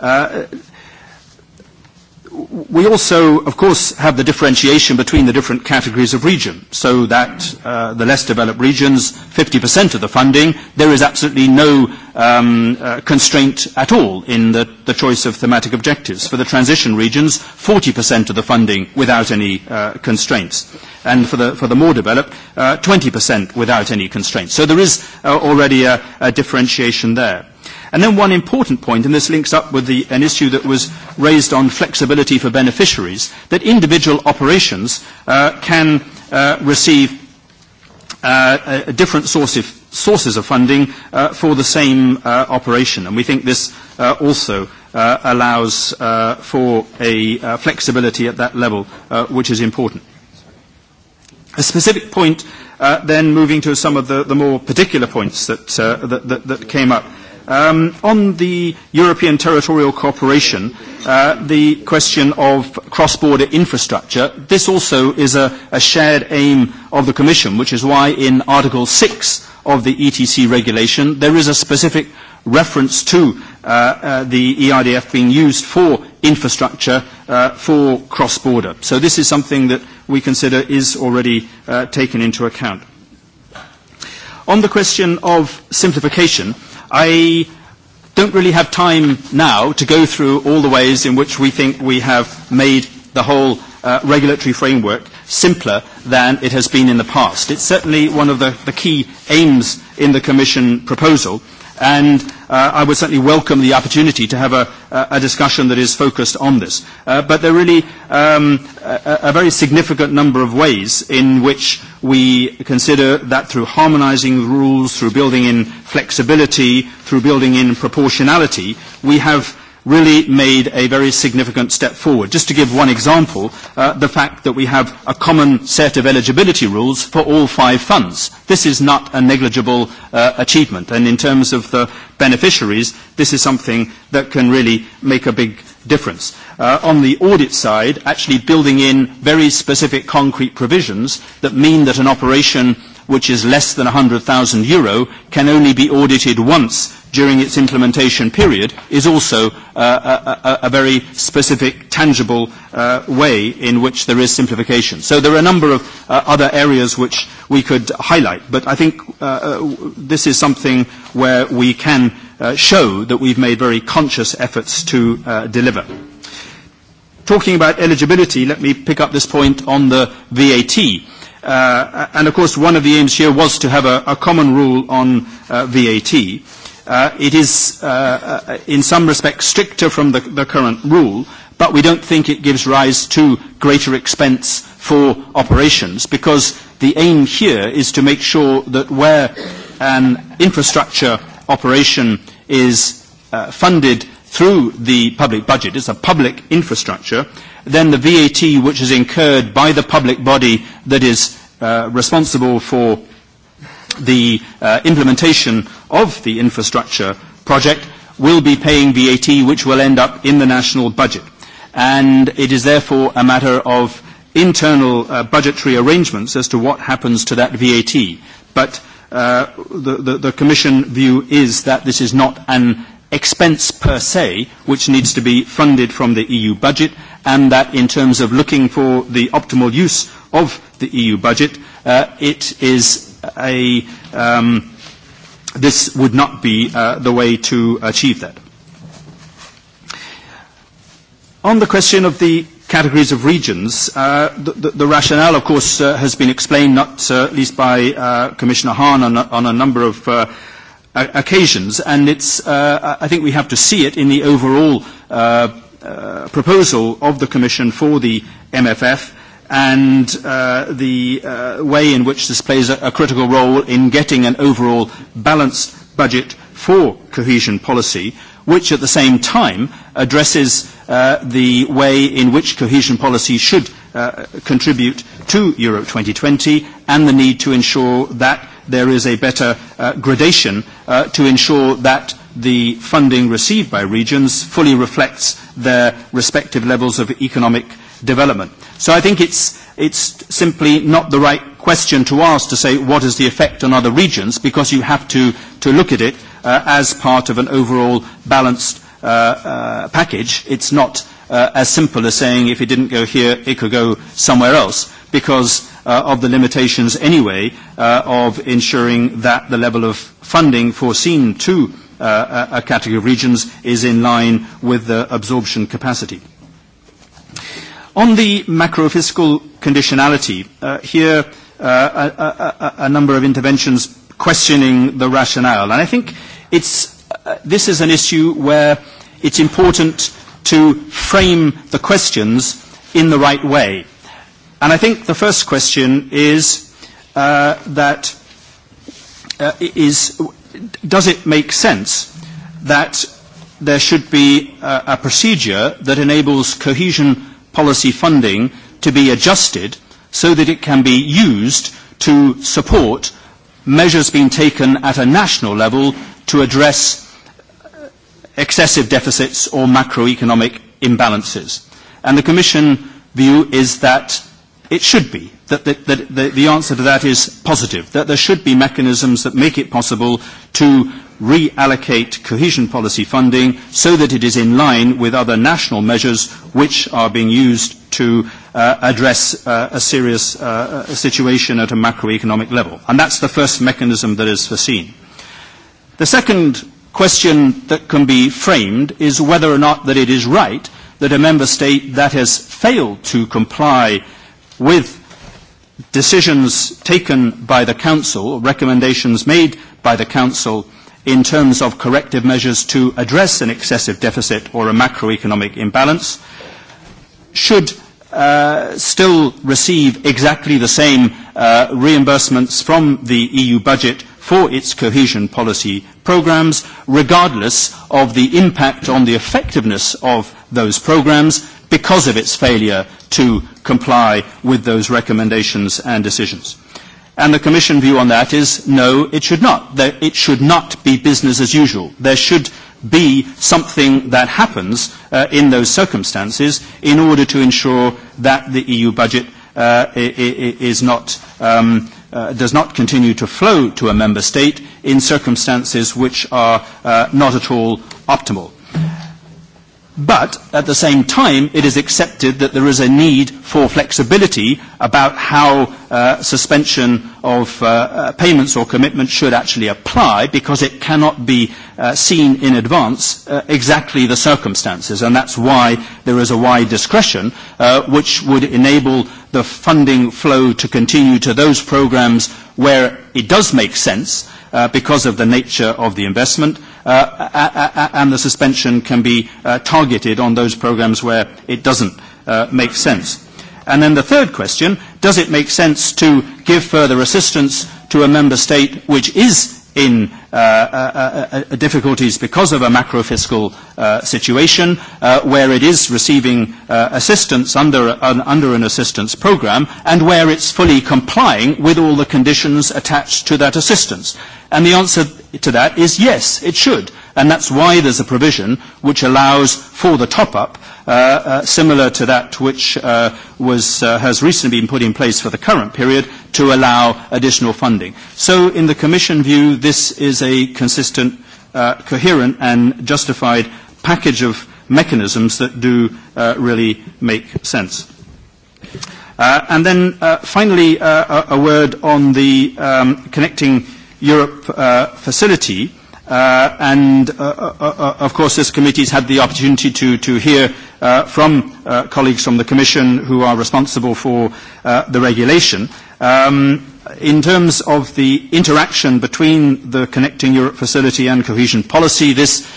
Uh, we also, of course, have the differentiation between the different categories of region, so that uh, the less developed regions, 50% of the funding, there is absolutely no um, uh, constraint at all in the, the choice of thematic objectives. For the transition regions, 40% of the funding without any uh, constraints. And for the, for the more developed, uh, 20% without any constraints. So there is uh, already a, a differentiation there. And then one important point, and this links up with the, an issue that was raised on flexibility for beneficiaries, that individual operations uh, can uh, receive uh, a different source of, sources of funding uh, for the same uh, operation. And we think this uh, also uh, allows uh, for a uh, flexibility at that level, uh, which is important. A specific point, uh, then moving to some of the, the more particular points that, uh, that, that, that came up. Uh, Um, on the European territorial cooperation, uh, the question of cross-border infrastructure, this also is a, a shared aim of the Commission, which is why in Article 6 of the ETC regulation, there is a specific reference to uh, uh, the EIDF being used for infrastructure uh, for cross-border. So this is something that we consider is already uh, taken into account. On the question of simplification, uh, I don't really have time now to go through all the ways in which we think we have made the whole uh, regulatory framework simpler than it has been in the past. It's certainly one of the, the key aims in the Commission proposal And uh, I would certainly welcome the opportunity to have a, a discussion that is focused on this. Uh, but there are really um, a, a very significant number of ways in which we consider that through harmonizing rules, through building in flexibility, through building in proportionality, we have really made a very significant step forward. Just to give one example, uh, the fact that we have a common set of eligibility rules for all five funds. This is not a negligible uh, achievement, and in terms of the beneficiaries, this is something that can really make a big difference. Uh, on the audit side, actually building in very specific concrete provisions that mean that an operation which is less than €100,000, can only be audited once during its implementation period, is also uh, a, a, a very specific, tangible uh, way in which there is simplification. So there are a number of uh, other areas which we could highlight, but I think uh, uh this is something where we can uh, show that we've made very conscious efforts to uh, deliver talking about eligibility, let me pick up this point on the VAT. Uh, and of course, one of the aims here was to have a, a common rule on uh, VAT. Uh, it is, uh, uh, in some respects, stricter from the, the current rule, but we don't think it gives rise to greater expense for operations because the aim here is to make sure that where an infrastructure operation is uh, funded through the public budget, it's a public infrastructure, then the VAT which is incurred by the public body that is uh, responsible for the uh, implementation of the infrastructure project will be paying VAT which will end up in the national budget. And it is therefore a matter of internal uh, budgetary arrangements as to what happens to that VAT. But uh, the, the, the Commission view is that this is not an expense per se, which needs to be funded from the EU budget, and that in terms of looking for the optimal use of the EU budget, uh, it is a, um, this would not be uh, the way to achieve that. On the question of the categories of regions, uh, the, the, the rationale, of course, uh, has been explained not uh, least by uh, Commissioner Hahn on, on a number of uh, occasions, and it's, uh, I think we have to see it in the overall uh, Uh, proposal of the Commission for the MFF and uh, the uh, way in which this plays a, a critical role in getting an overall balanced budget for cohesion policy, which at the same time addresses uh, the way in which cohesion policy should uh, contribute to Europe 2020 and the need to ensure that there is a better uh, gradation uh, to ensure that the funding received by regions fully reflects their respective levels of economic development. So I think it's, it's simply not the right question to ask to say what is the effect on other regions because you have to, to look at it uh, as part of an overall balanced uh, uh, package. It's not uh, as simple as saying if it didn't go here, it could go somewhere else because uh, of the limitations anyway uh, of ensuring that the level of funding foreseen to Uh, uh, a category of regions is in line with the absorption capacity. On the macro-fiscal conditionality, uh, here uh, a, a, a number of interventions questioning the rationale. And I think it's, uh, this is an issue where it's important to frame the questions in the right way. And I think the first question is uh, that uh, is does it make sense that there should be a, a procedure that enables cohesion policy funding to be adjusted so that it can be used to support measures being taken at a national level to address excessive deficits or macroeconomic imbalances. And the Commission view is that it should be that the, the, the answer to that is positive, that there should be mechanisms that make it possible to reallocate cohesion policy funding so that it is in line with other national measures which are being used to uh, address uh, a serious uh, a situation at a macroeconomic level. And that's the first mechanism that is foreseen. The second question that can be framed is whether or not that it is right that a member state that has failed to comply with decisions taken by the Council, recommendations made by the Council in terms of corrective measures to address an excessive deficit or a macroeconomic imbalance should uh, still receive exactly the same uh, reimbursements from the EU budget for its cohesion policy programs, regardless of the impact on the effectiveness of those programs, because of its failure to comply with those recommendations and decisions. And the Commission view on that is no, it should not. There, it should not be business as usual. There should be something that happens uh, in those circumstances in order to ensure that the EU budget uh, is not, um, uh, does not continue to flow to a member state in circumstances which are uh, not at all optimal. But at the same time, it is accepted that there is a need for flexibility about how uh, suspension of uh, uh, payments or commitments should actually apply because it cannot be uh, seen in advance uh, exactly the circumstances. And that's why there is a wide discretion uh, which would enable the funding flow to continue to those programs where it does make sense uh, because of the nature of the investment, uh, a, a, a, and the suspension can be uh, targeted on those programs where it doesn't uh, make sense. And then the third question, does it make sense to give further assistance to a member state which is in uh uh, uh, uh, difficulties because of a macro-fiscal uh, situation uh, where it is receiving uh, assistance under, under an assistance program and where it's fully complying with all the conditions attached to that assistance? And the answer to that is yes, it should. And that's why there's a provision which allows for the top-up, uh, uh, similar to that which uh, was, uh, has recently been put in place for the current period, to allow additional funding. So in the Commission view, this is a consistent, uh, coherent and justified package of mechanisms that do uh, really make sense. Uh, and then uh, finally, uh, a, a word on the um, Connecting Europe uh, facility. Uh, and uh, uh, uh, of course this committee has had the opportunity to, to hear uh, from uh, colleagues from the Commission who are responsible for the regulation. Um, in terms of the interaction between the Connecting Europe facility and cohesion policy, this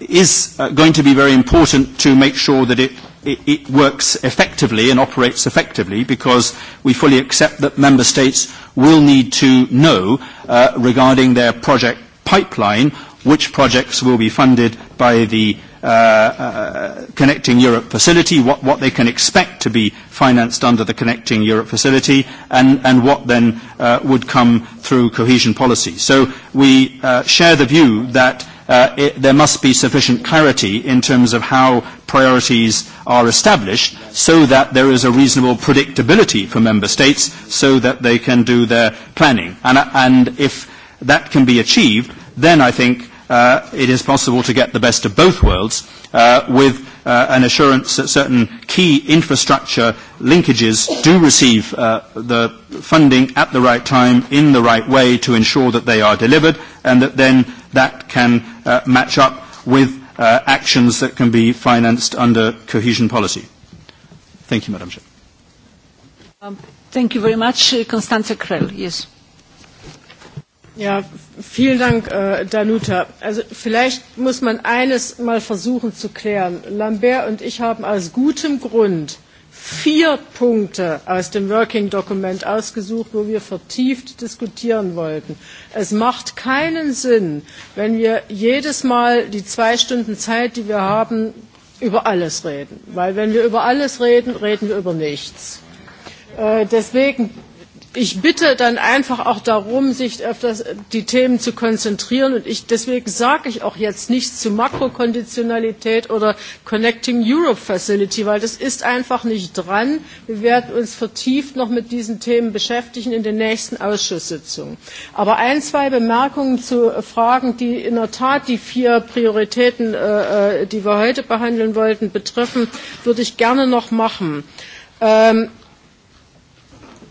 is going to be very important to make sure that it it, works effectively and operates effectively because we fully accept that member states will need to know uh, regarding their project pipeline which projects will be funded by the uh, uh, Connecting Europe facility, what, what they can expect to be financed under the Connecting Europe facility, and, and what then uh, would come through cohesion policy. So we uh, share the view that uh, it, there must be sufficient clarity in terms of how priorities are established so that there is a reasonable predictability for member states so that they can do their planning. And, and if that can be achieved, then I think uh, it is possible to get the best of both worlds uh, with uh, an assurance that certain key infrastructure linkages do receive uh, the funding at the right time in the right way to ensure that they are delivered and that then that can uh, match up with uh, actions that can be financed under cohesion policy. Thank you, Madam Chair. Um, thank you very much. Uh, Constanze Krell, yes. Ja, vielen Dank, äh, Danuta. Also vielleicht muss man eines mal versuchen zu klären. Lambert und ich haben aus gutem Grund vier Punkte aus dem Working Document ausgesucht, wo wir vertieft diskutieren wollten. Es macht keinen Sinn, wenn wir jedes Mal die zwei Stunden Zeit, die wir haben, über alles reden. Weil wenn wir über alles reden, reden wir über nichts. Äh, deswegen ich bitte dann einfach auch darum, sich auf das, die Themen zu konzentrieren. Und ich, deswegen sage ich auch jetzt nichts zu Makrokonditionalität oder Connecting Europe Facility, weil das ist einfach nicht dran. Wir werden uns vertieft noch mit diesen Themen beschäftigen in den nächsten Ausschusssitzungen. Aber ein, zwei Bemerkungen zu Fragen, die in der Tat die vier Prioritäten, äh, äh die wir heute behandeln wollten, betreffen, würde ich gerne noch machen. Ähm,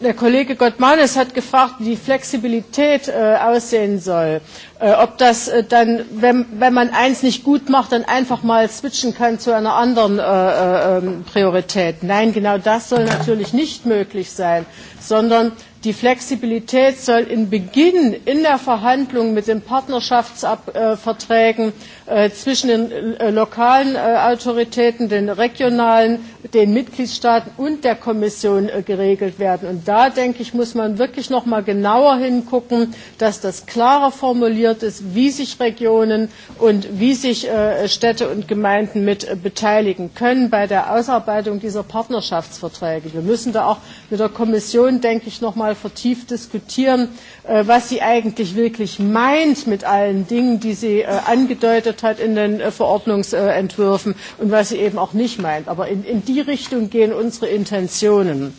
Der Kollege Gottmanes hat gefragt, wie die Flexibilität äh, aussehen soll. Äh, ob das äh, dann, wenn, wenn man eins nicht gut macht, dann einfach mal switchen kann zu einer anderen äh, äh, ähm, Priorität. Nein, genau das soll natürlich nicht möglich sein, sondern die Flexibilität soll im Beginn in der Verhandlung mit den Partnerschaftsverträgen äh, Äh, zwischen den äh, lokalen äh, Autoritäten, den regionalen, den Mitgliedstaaten und der Kommission geregelt werden. Und da, denke ich, muss man wirklich noch mal genauer hingucken, dass das klarer formuliert ist, wie sich Regionen und wie sich Städte und Gemeinden mit beteiligen können bei der Ausarbeitung dieser Partnerschaftsverträge. Wir müssen da auch mit der Kommission, denke ich, noch mal vertieft diskutieren, Äh, was sie eigentlich wirklich meint mit allen Dingen, die sie äh, angedeutet hat in den äh, Verordnungsentwürfen und was sie eben auch nicht meint. Aber in, in die Richtung gehen unsere Intentionen.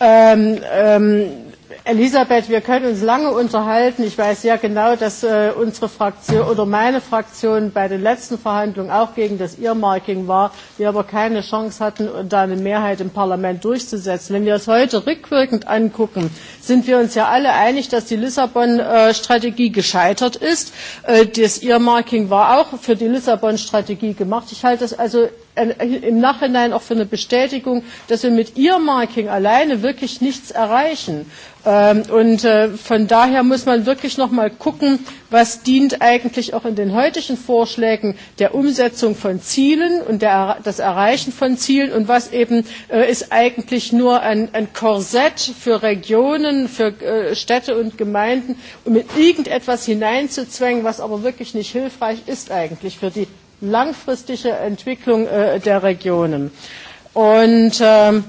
Ähm, ähm, Elisabeth, wir können uns lange unterhalten. Ich weiß ja genau, dass äh, unsere Fraktion oder meine Fraktion bei den letzten Verhandlungen auch gegen das Earmarking war, wir aber keine Chance hatten, da eine Mehrheit im Parlament durchzusetzen. Wenn wir es heute rückwirkend angucken, sind wir uns ja alle einig, dass die Lissabon-Strategie äh, gescheitert ist. Äh, das Earmarking war auch für die Lissabon-Strategie gemacht. Ich halte das also Äh, im Nachhinein auch für eine Bestätigung, dass wir mit Earmarking alleine wirklich nichts erreichen. Ähm, und äh, von daher muss man wirklich noch mal gucken, was dient eigentlich auch in den heutigen Vorschlägen der Umsetzung von Zielen und der, das Erreichen von Zielen und was eben äh, ist eigentlich nur ein, ein Korsett für Regionen, für Städte und Gemeinden, um mit irgendetwas hineinzuzwängen, was aber wirklich nicht hilfreich ist eigentlich für die langfristige Entwicklung äh, der Regionen. Und ähm,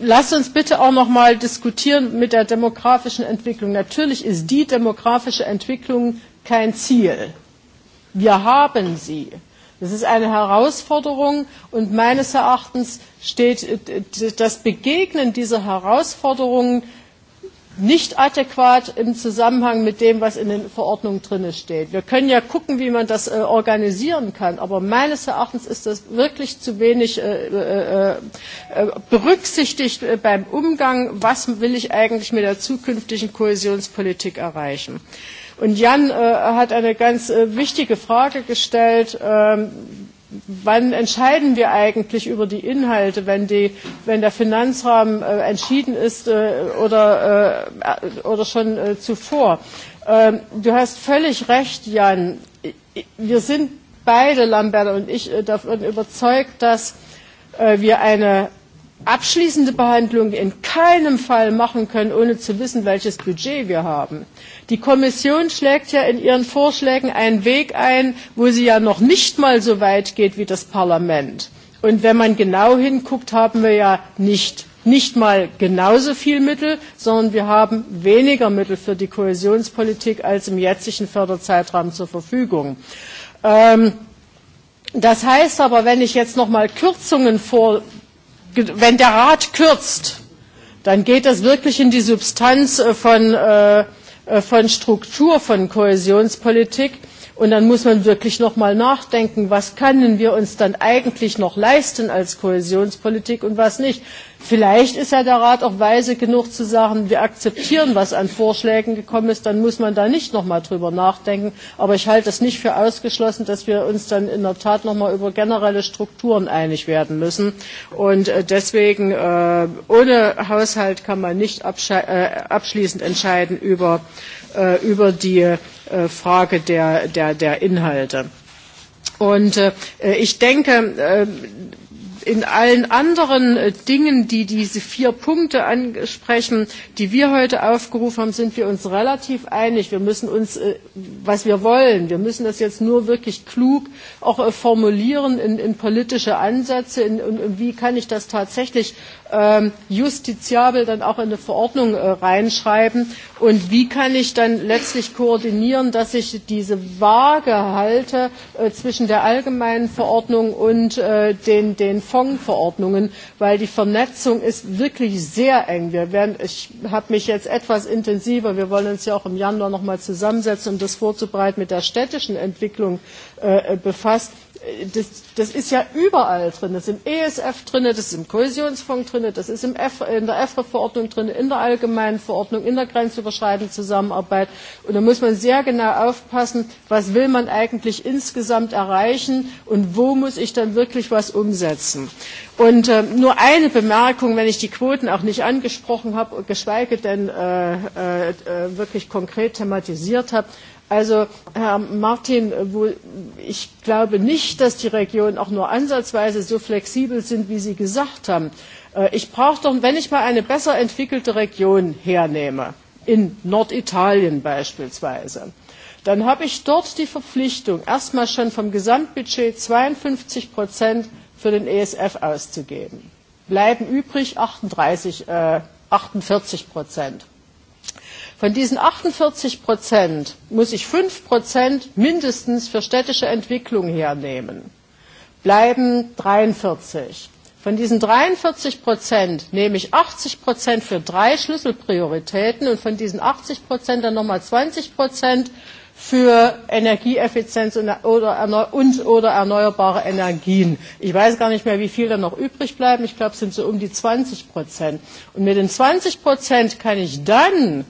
lasst uns bitte auch noch mal diskutieren mit der demografischen Entwicklung. Natürlich ist die demografische Entwicklung kein Ziel. Wir haben sie. Das ist eine Herausforderung und meines Erachtens steht das Begegnen dieser Herausforderungen äh, nicht adäquat im Zusammenhang mit dem, was in den Verordnungen drin steht. Wir können ja gucken, wie man das äh, organisieren kann, aber meines Erachtens ist das wirklich zu wenig äh, äh, äh berücksichtigt äh, beim Umgang, was will ich eigentlich mit der zukünftigen Kohäsionspolitik erreichen. Und Jan äh, hat eine ganz äh, wichtige Frage gestellt. Äh, wann entscheiden wir eigentlich über die Inhalte, wenn, die, wenn der Finanzrahmen äh, entschieden ist äh, oder, äh, oder schon äh, zuvor? Ähm, du hast völlig recht, Jan. Wir sind beide, Lambert und ich, äh, davon überzeugt, dass äh, wir eine abschließende Behandlung in keinem Fall machen können, ohne zu wissen, welches Budget wir haben. Die Kommission schlägt ja in ihren Vorschlägen einen Weg ein, wo sie ja noch nicht mal so weit geht wie das Parlament. Und wenn man genau hinguckt, haben wir ja nicht nicht mal genauso viel Mittel, sondern wir haben weniger Mittel für die Kohäsionspolitik als im jetzigen Förderzeitraum zur Verfügung. Ähm, das heißt aber, wenn ich jetzt nochmal Kürzungen vor, wenn der Rat kürzt, dann geht das wirklich in die Substanz äh, von, äh, äh, von Struktur, von Kohäsionspolitik. Und dann muss man wirklich noch mal nachdenken, was können wir uns dann eigentlich noch leisten als Kohäsionspolitik und was nicht. Vielleicht ist ja der Rat auch weise genug zu sagen, wir akzeptieren, was an Vorschlägen gekommen ist, dann muss man da nicht noch mal drüber nachdenken. Aber ich halte es nicht für ausgeschlossen, dass wir uns dann in der Tat noch mal über generelle Strukturen einig werden müssen. Und äh, deswegen, äh, ohne Haushalt kann man nicht äh, abschließend entscheiden über äh, über die äh, Frage der, der, der Inhalte. Und äh, ich denke, äh, in allen anderen äh, Dingen, die diese vier Punkte ansprechen, die wir heute aufgerufen haben, sind wir uns relativ einig. Wir müssen uns, äh, was wir wollen, wir müssen das jetzt nur wirklich klug auch äh, formulieren in, in politische Ansätze, in, in, in wie kann ich das tatsächlich ähm, justiziabel dann auch in eine Verordnung äh, reinschreiben und wie kann ich dann letztlich koordinieren, dass ich diese Waage halte äh, zwischen der allgemeinen Verordnung und äh, den, den Fondsverordnungen, weil die Vernetzung ist wirklich sehr eng. Wir werden, ich habe mich jetzt etwas intensiver, wir wollen uns ja auch im Januar nochmal zusammensetzen, um das vorzubereiten mit der städtischen Entwicklung Äh, äh, befasst. Äh, das, das ist ja überall drin. Das ist im ESF drin, das ist im Kohäsionsfonds drin, das ist im F, in der EFRE-Verordnung drin, in der allgemeinen Verordnung, in der grenzüberschreitenden Zusammenarbeit. Und da muss man sehr genau aufpassen, was will man eigentlich insgesamt erreichen und wo muss ich dann wirklich was umsetzen. Und äh, nur eine Bemerkung, wenn ich die Quoten auch nicht angesprochen habe, geschweige denn äh, äh, wirklich konkret thematisiert habe. Also, Herr Martin, ich glaube nicht, dass die Regionen auch nur ansatzweise so flexibel sind, wie Sie gesagt haben. Äh, ich brauche doch, wenn ich mal eine besser entwickelte Region hernehme, in Norditalien beispielsweise, dann habe ich dort die Verpflichtung, erstmal schon vom Gesamtbudget 52 Prozent für den ESF auszugeben. Bleiben übrig 38, äh, 48 Prozent. Von diesen 48 Prozent muss ich 5 Prozent mindestens für städtische Entwicklung hernehmen. Bleiben 43. Von diesen 43 Prozent nehme ich 80 Prozent für drei Schlüsselprioritäten und von diesen 80 Prozent dann nochmal 20 Prozent für Energieeffizienz und oder, und oder erneuerbare Energien. Ich weiß gar nicht mehr, wie viel da noch übrig bleiben. Ich glaube, es sind so um die 20 Prozent. Und mit den 20 Prozent kann ich dann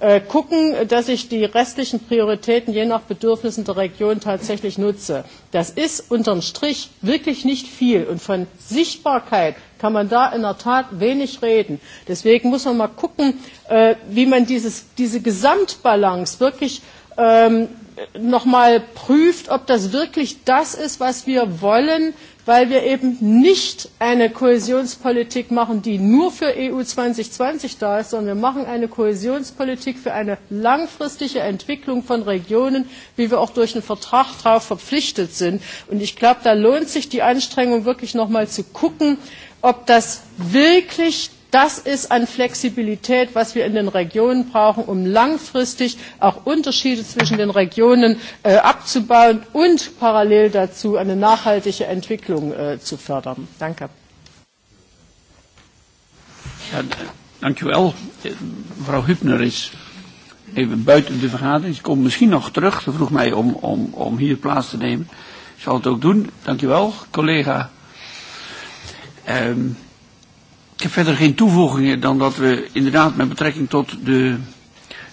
Äh, gucken, dass ich die restlichen Prioritäten je nach Bedürfnissen der Region tatsächlich nutze. Das ist unterm Strich wirklich nicht viel. Und von Sichtbarkeit kann man da in der Tat wenig reden. Deswegen muss man mal gucken, äh, wie man dieses, diese Gesamtbalance wirklich ähm, nochmal prüft, ob das wirklich das ist, was wir wollen, weil wir eben nicht eine Kohäsionspolitik machen, die nur für EU 2020 da ist, sondern wir machen eine Kohäsionspolitik für eine langfristige Entwicklung von Regionen, wie wir auch durch den Vertrag darauf verpflichtet sind. Und ich glaube, da lohnt sich die Anstrengung wirklich nochmal zu gucken, ob das wirklich Das ist an Flexibilität, was wir in den Regionen brauchen, um langfristig auch Unterschiede zwischen den Regionen äh, abzubauen und parallel dazu eine nachhaltige Entwicklung äh, zu fördern. Danke. Ja, dank u wel. Eh, mevrouw Hübner is even buiten de vergadering. Ze komt misschien nog terug. Ze vroeg mij om, om, om hier plaats te nemen. Ik zal het ook doen. Dank u wel, collega. Um, Ik heb verder geen toevoegingen dan dat we inderdaad met betrekking tot de,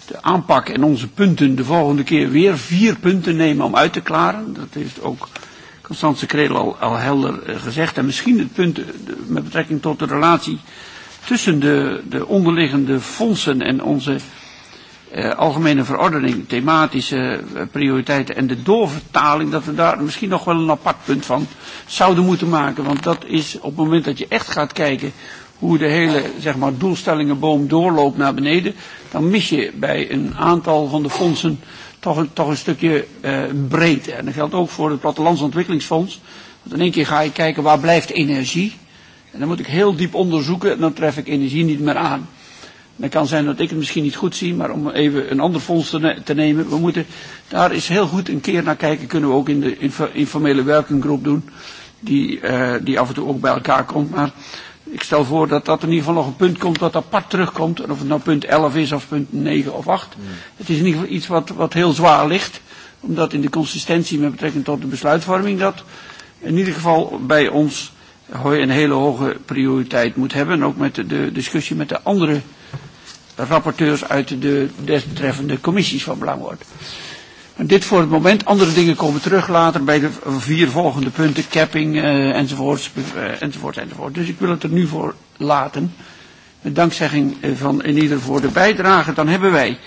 de aanpak en onze punten de volgende keer weer vier punten nemen om uit te klaren. Dat heeft ook Constance Kredel al, al helder eh, gezegd. En misschien het punt eh, met betrekking tot de relatie tussen de, de onderliggende fondsen en onze eh, algemene verordening, thematische eh, prioriteiten en de doorvertaling, dat we daar misschien nog wel een apart punt van zouden moeten maken. Want dat is op het moment dat je echt gaat kijken hoe de hele zeg maar, doelstellingenboom doorloopt naar beneden, dan mis je bij een aantal van de fondsen toch een, toch een stukje uh, breedte. En dat geldt ook voor het Plattelandsontwikkelingsfonds. Want in één keer ga je kijken waar blijft energie. En dan moet ik heel diep onderzoeken en dan tref ik energie niet meer aan. En dat kan zijn dat ik het misschien niet goed zie, maar om even een ander fonds te, ne te nemen. We moeten daar eens heel goed een keer naar kijken. Kunnen we ook in de inf informele werkinggroep doen, die, uh, die af en toe ook bij elkaar komt. Maar Ik stel voor dat dat in ieder geval nog een punt komt dat apart terugkomt. En of het nou punt 11 is of punt 9 of 8. Mm. Het is in ieder geval iets wat, wat heel zwaar ligt. Omdat in de consistentie met betrekking tot de besluitvorming dat in ieder geval bij ons een hele hoge prioriteit moet hebben. En ook met de, de discussie met de andere rapporteurs uit de desbetreffende commissies van belang wordt. En dit voor het moment. Andere dingen komen terug later bij de vier volgende punten. Capping uh, eh, enzovoort, uh, eh, enzovoort enzovoort. Dus ik wil het er nu voor laten. Met dankzegging eh, van in ieder voor de bijdrage. Dan hebben wij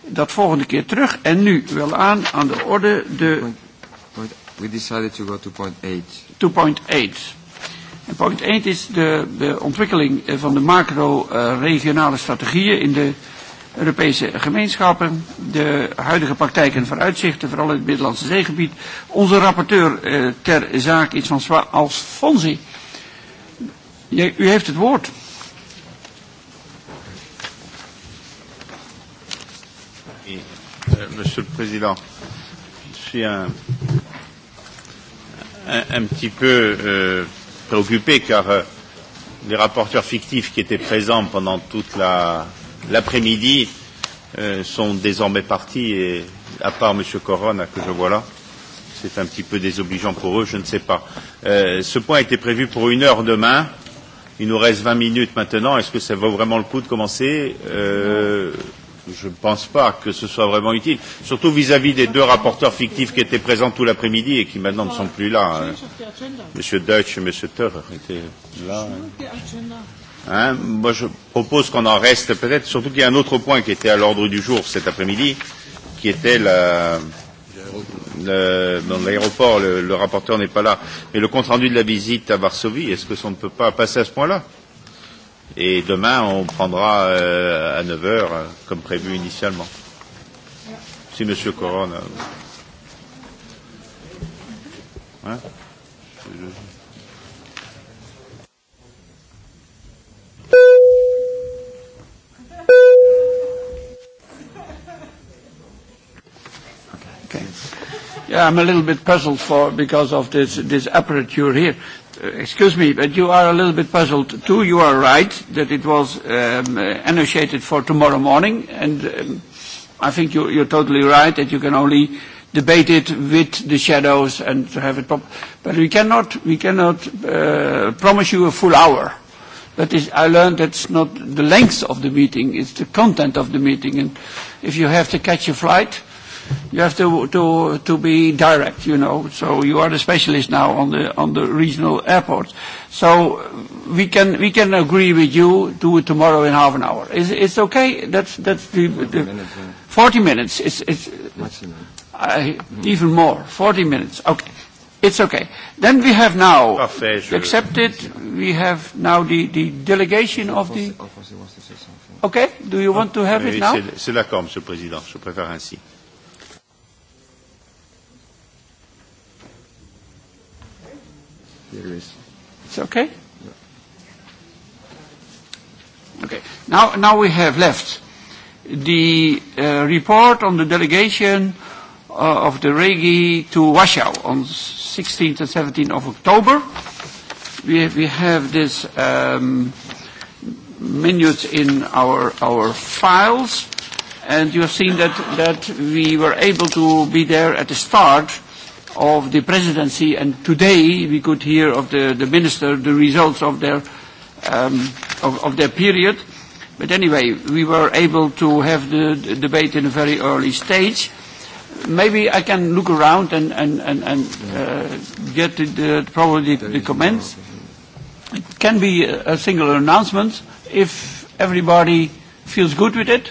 dat volgende keer terug. En nu wel aan aan de orde de... We decided to go to point 8. 2.8. En point 8 is de, de ontwikkeling van de macro-regionale uh, strategieën in de Europese gemeenschappen, de huidige praktijk en vooruitzichten, vooral in het Middellandse zeegebied. Onze rapporteur eh, ter zaak is van Swa als Fonsi. Je, U heeft het woord. Eh, monsieur le Président, je suis un, un, un petit peu euh, préoccupé car euh, les rapporteurs fictifs qui étaient présents pendant toute la, l'après-midi euh, sont désormais partis et à part M. Corona que je vois là, c'est un petit peu désobligeant pour eux, je ne sais pas. Euh, ce point était prévu pour une heure demain. Il nous reste 20 minutes maintenant. Est-ce que ça vaut vraiment le coup de commencer euh, Je ne pense pas que ce soit vraiment utile, surtout vis-à-vis -vis des deux rapporteurs fictifs qui étaient présents tout l'après-midi et qui maintenant ne sont plus là. Monsieur Deutsch et Monsieur Turer étaient là. Hein Moi, je propose qu'on en reste peut-être, surtout qu'il y a un autre point qui était à l'ordre du jour cet après-midi, qui était la, le, dans l'aéroport, le, le rapporteur n'est pas là, mais le compte-rendu de la visite à Varsovie, est-ce que ça ne peut pas passer à ce point-là Et demain, on prendra euh, à 9 heures, comme prévu initialement. Si Monsieur Corona... Euh, hein Okay. Yeah, I'm a little bit puzzled for because of this this aperture here. Uh, excuse me, but you are a little bit puzzled too. You are right that it was um, uh, annunciated for tomorrow morning, and um, I think you, you're totally right that you can only debate it with the shadows and to have it Pop But we cannot, we cannot uh, promise you a full hour. That is, I learned that's not the length of the meeting, it's the content of the meeting. And if you have to catch a flight, you have to, to, to be direct, you know. So you are the specialist now on the, on the regional airport. So we can, we can agree with you, do it tomorrow in half an hour. Is, it's okay? That's, that's the, 40 the minutes. 40 minutes. It's, it's I, mm. Even more. 40 minutes. Okay. It's okay. Then we have now accepted, we have now the, the delegation of the... Okay, do you want to have it now? C'est com, Monsieur le Président, je préfère ainsi. there is. It's okay? Okay. Now, now we have left the uh, report on the delegation uh, of the Regi to Warsaw on 16th and 17th of October. We, we have this um, minutes in our, our files, and you have seen that, that we were able to be there at the start of the presidency and today we could hear of the, the minister the results of their, um, of, of their period. But anyway, we were able to have the, the debate in a very early stage. Maybe I can look around and, and, and, and uh, get the, probably the, the comments. It can be a single announcement if everybody feels good with it.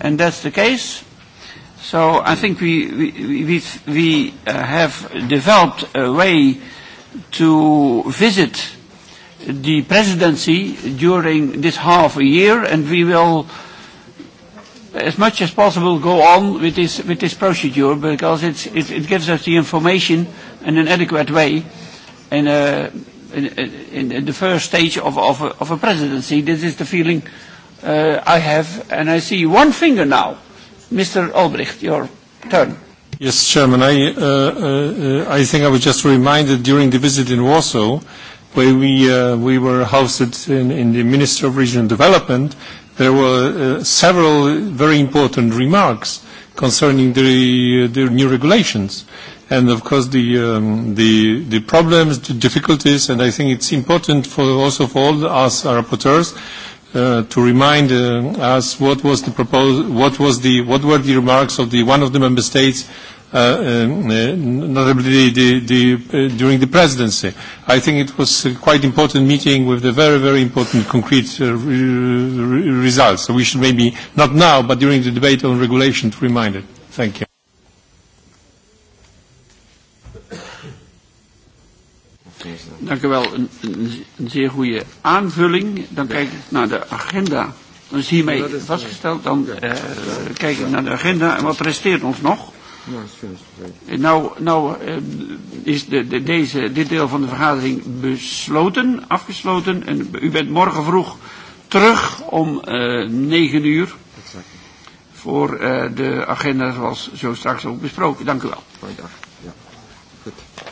And that's the case. So I think we, we, we, we uh, have developed a way to visit the presidency during this half a year and we will as much as possible go on with this, with this procedure because it's, it, it gives us the information in an adequate way in, a, in, in, in the first stage of, of, a, of a presidency. This is the feeling uh, I have and I see one finger now Mr. Albrecht, your turn. Yes, Chairman. I, uh, uh, uh, I think I was just reminded during the visit in Warsaw, where we, uh, we were hosted in, in the Minister of Regional Development, there were uh, several very important remarks concerning the, uh, the new regulations and of course the, um, the, the problems, the difficulties, and I think it's important for also for all us, our rapporteurs, Uh, to remind uh, us what was the proposal, what was the, what were the remarks of the one of the member states, uh, uh, notably the, the, the, uh, during the presidency. I think it was a quite important meeting with the very, very important concrete uh, re re results. So we should maybe not now, but during the debate on regulation, to remind it. Thank you. Dank u wel. Een, een, een zeer goede aanvulling. Dan ja. kijk ik naar de agenda. Dan is hiermee ja, is vastgesteld. Dan ja. uh, kijk ik naar de agenda. En wat resteert ons nog? Ja, eh, Nou, nou uh, is de, de, deze, dit deel van de vergadering besloten, afgesloten. En u bent morgen vroeg terug om uh, 9 uur exact. voor uh, de agenda zoals zo straks ook besproken. Dank u wel. Goeiedag. Ja. Goed.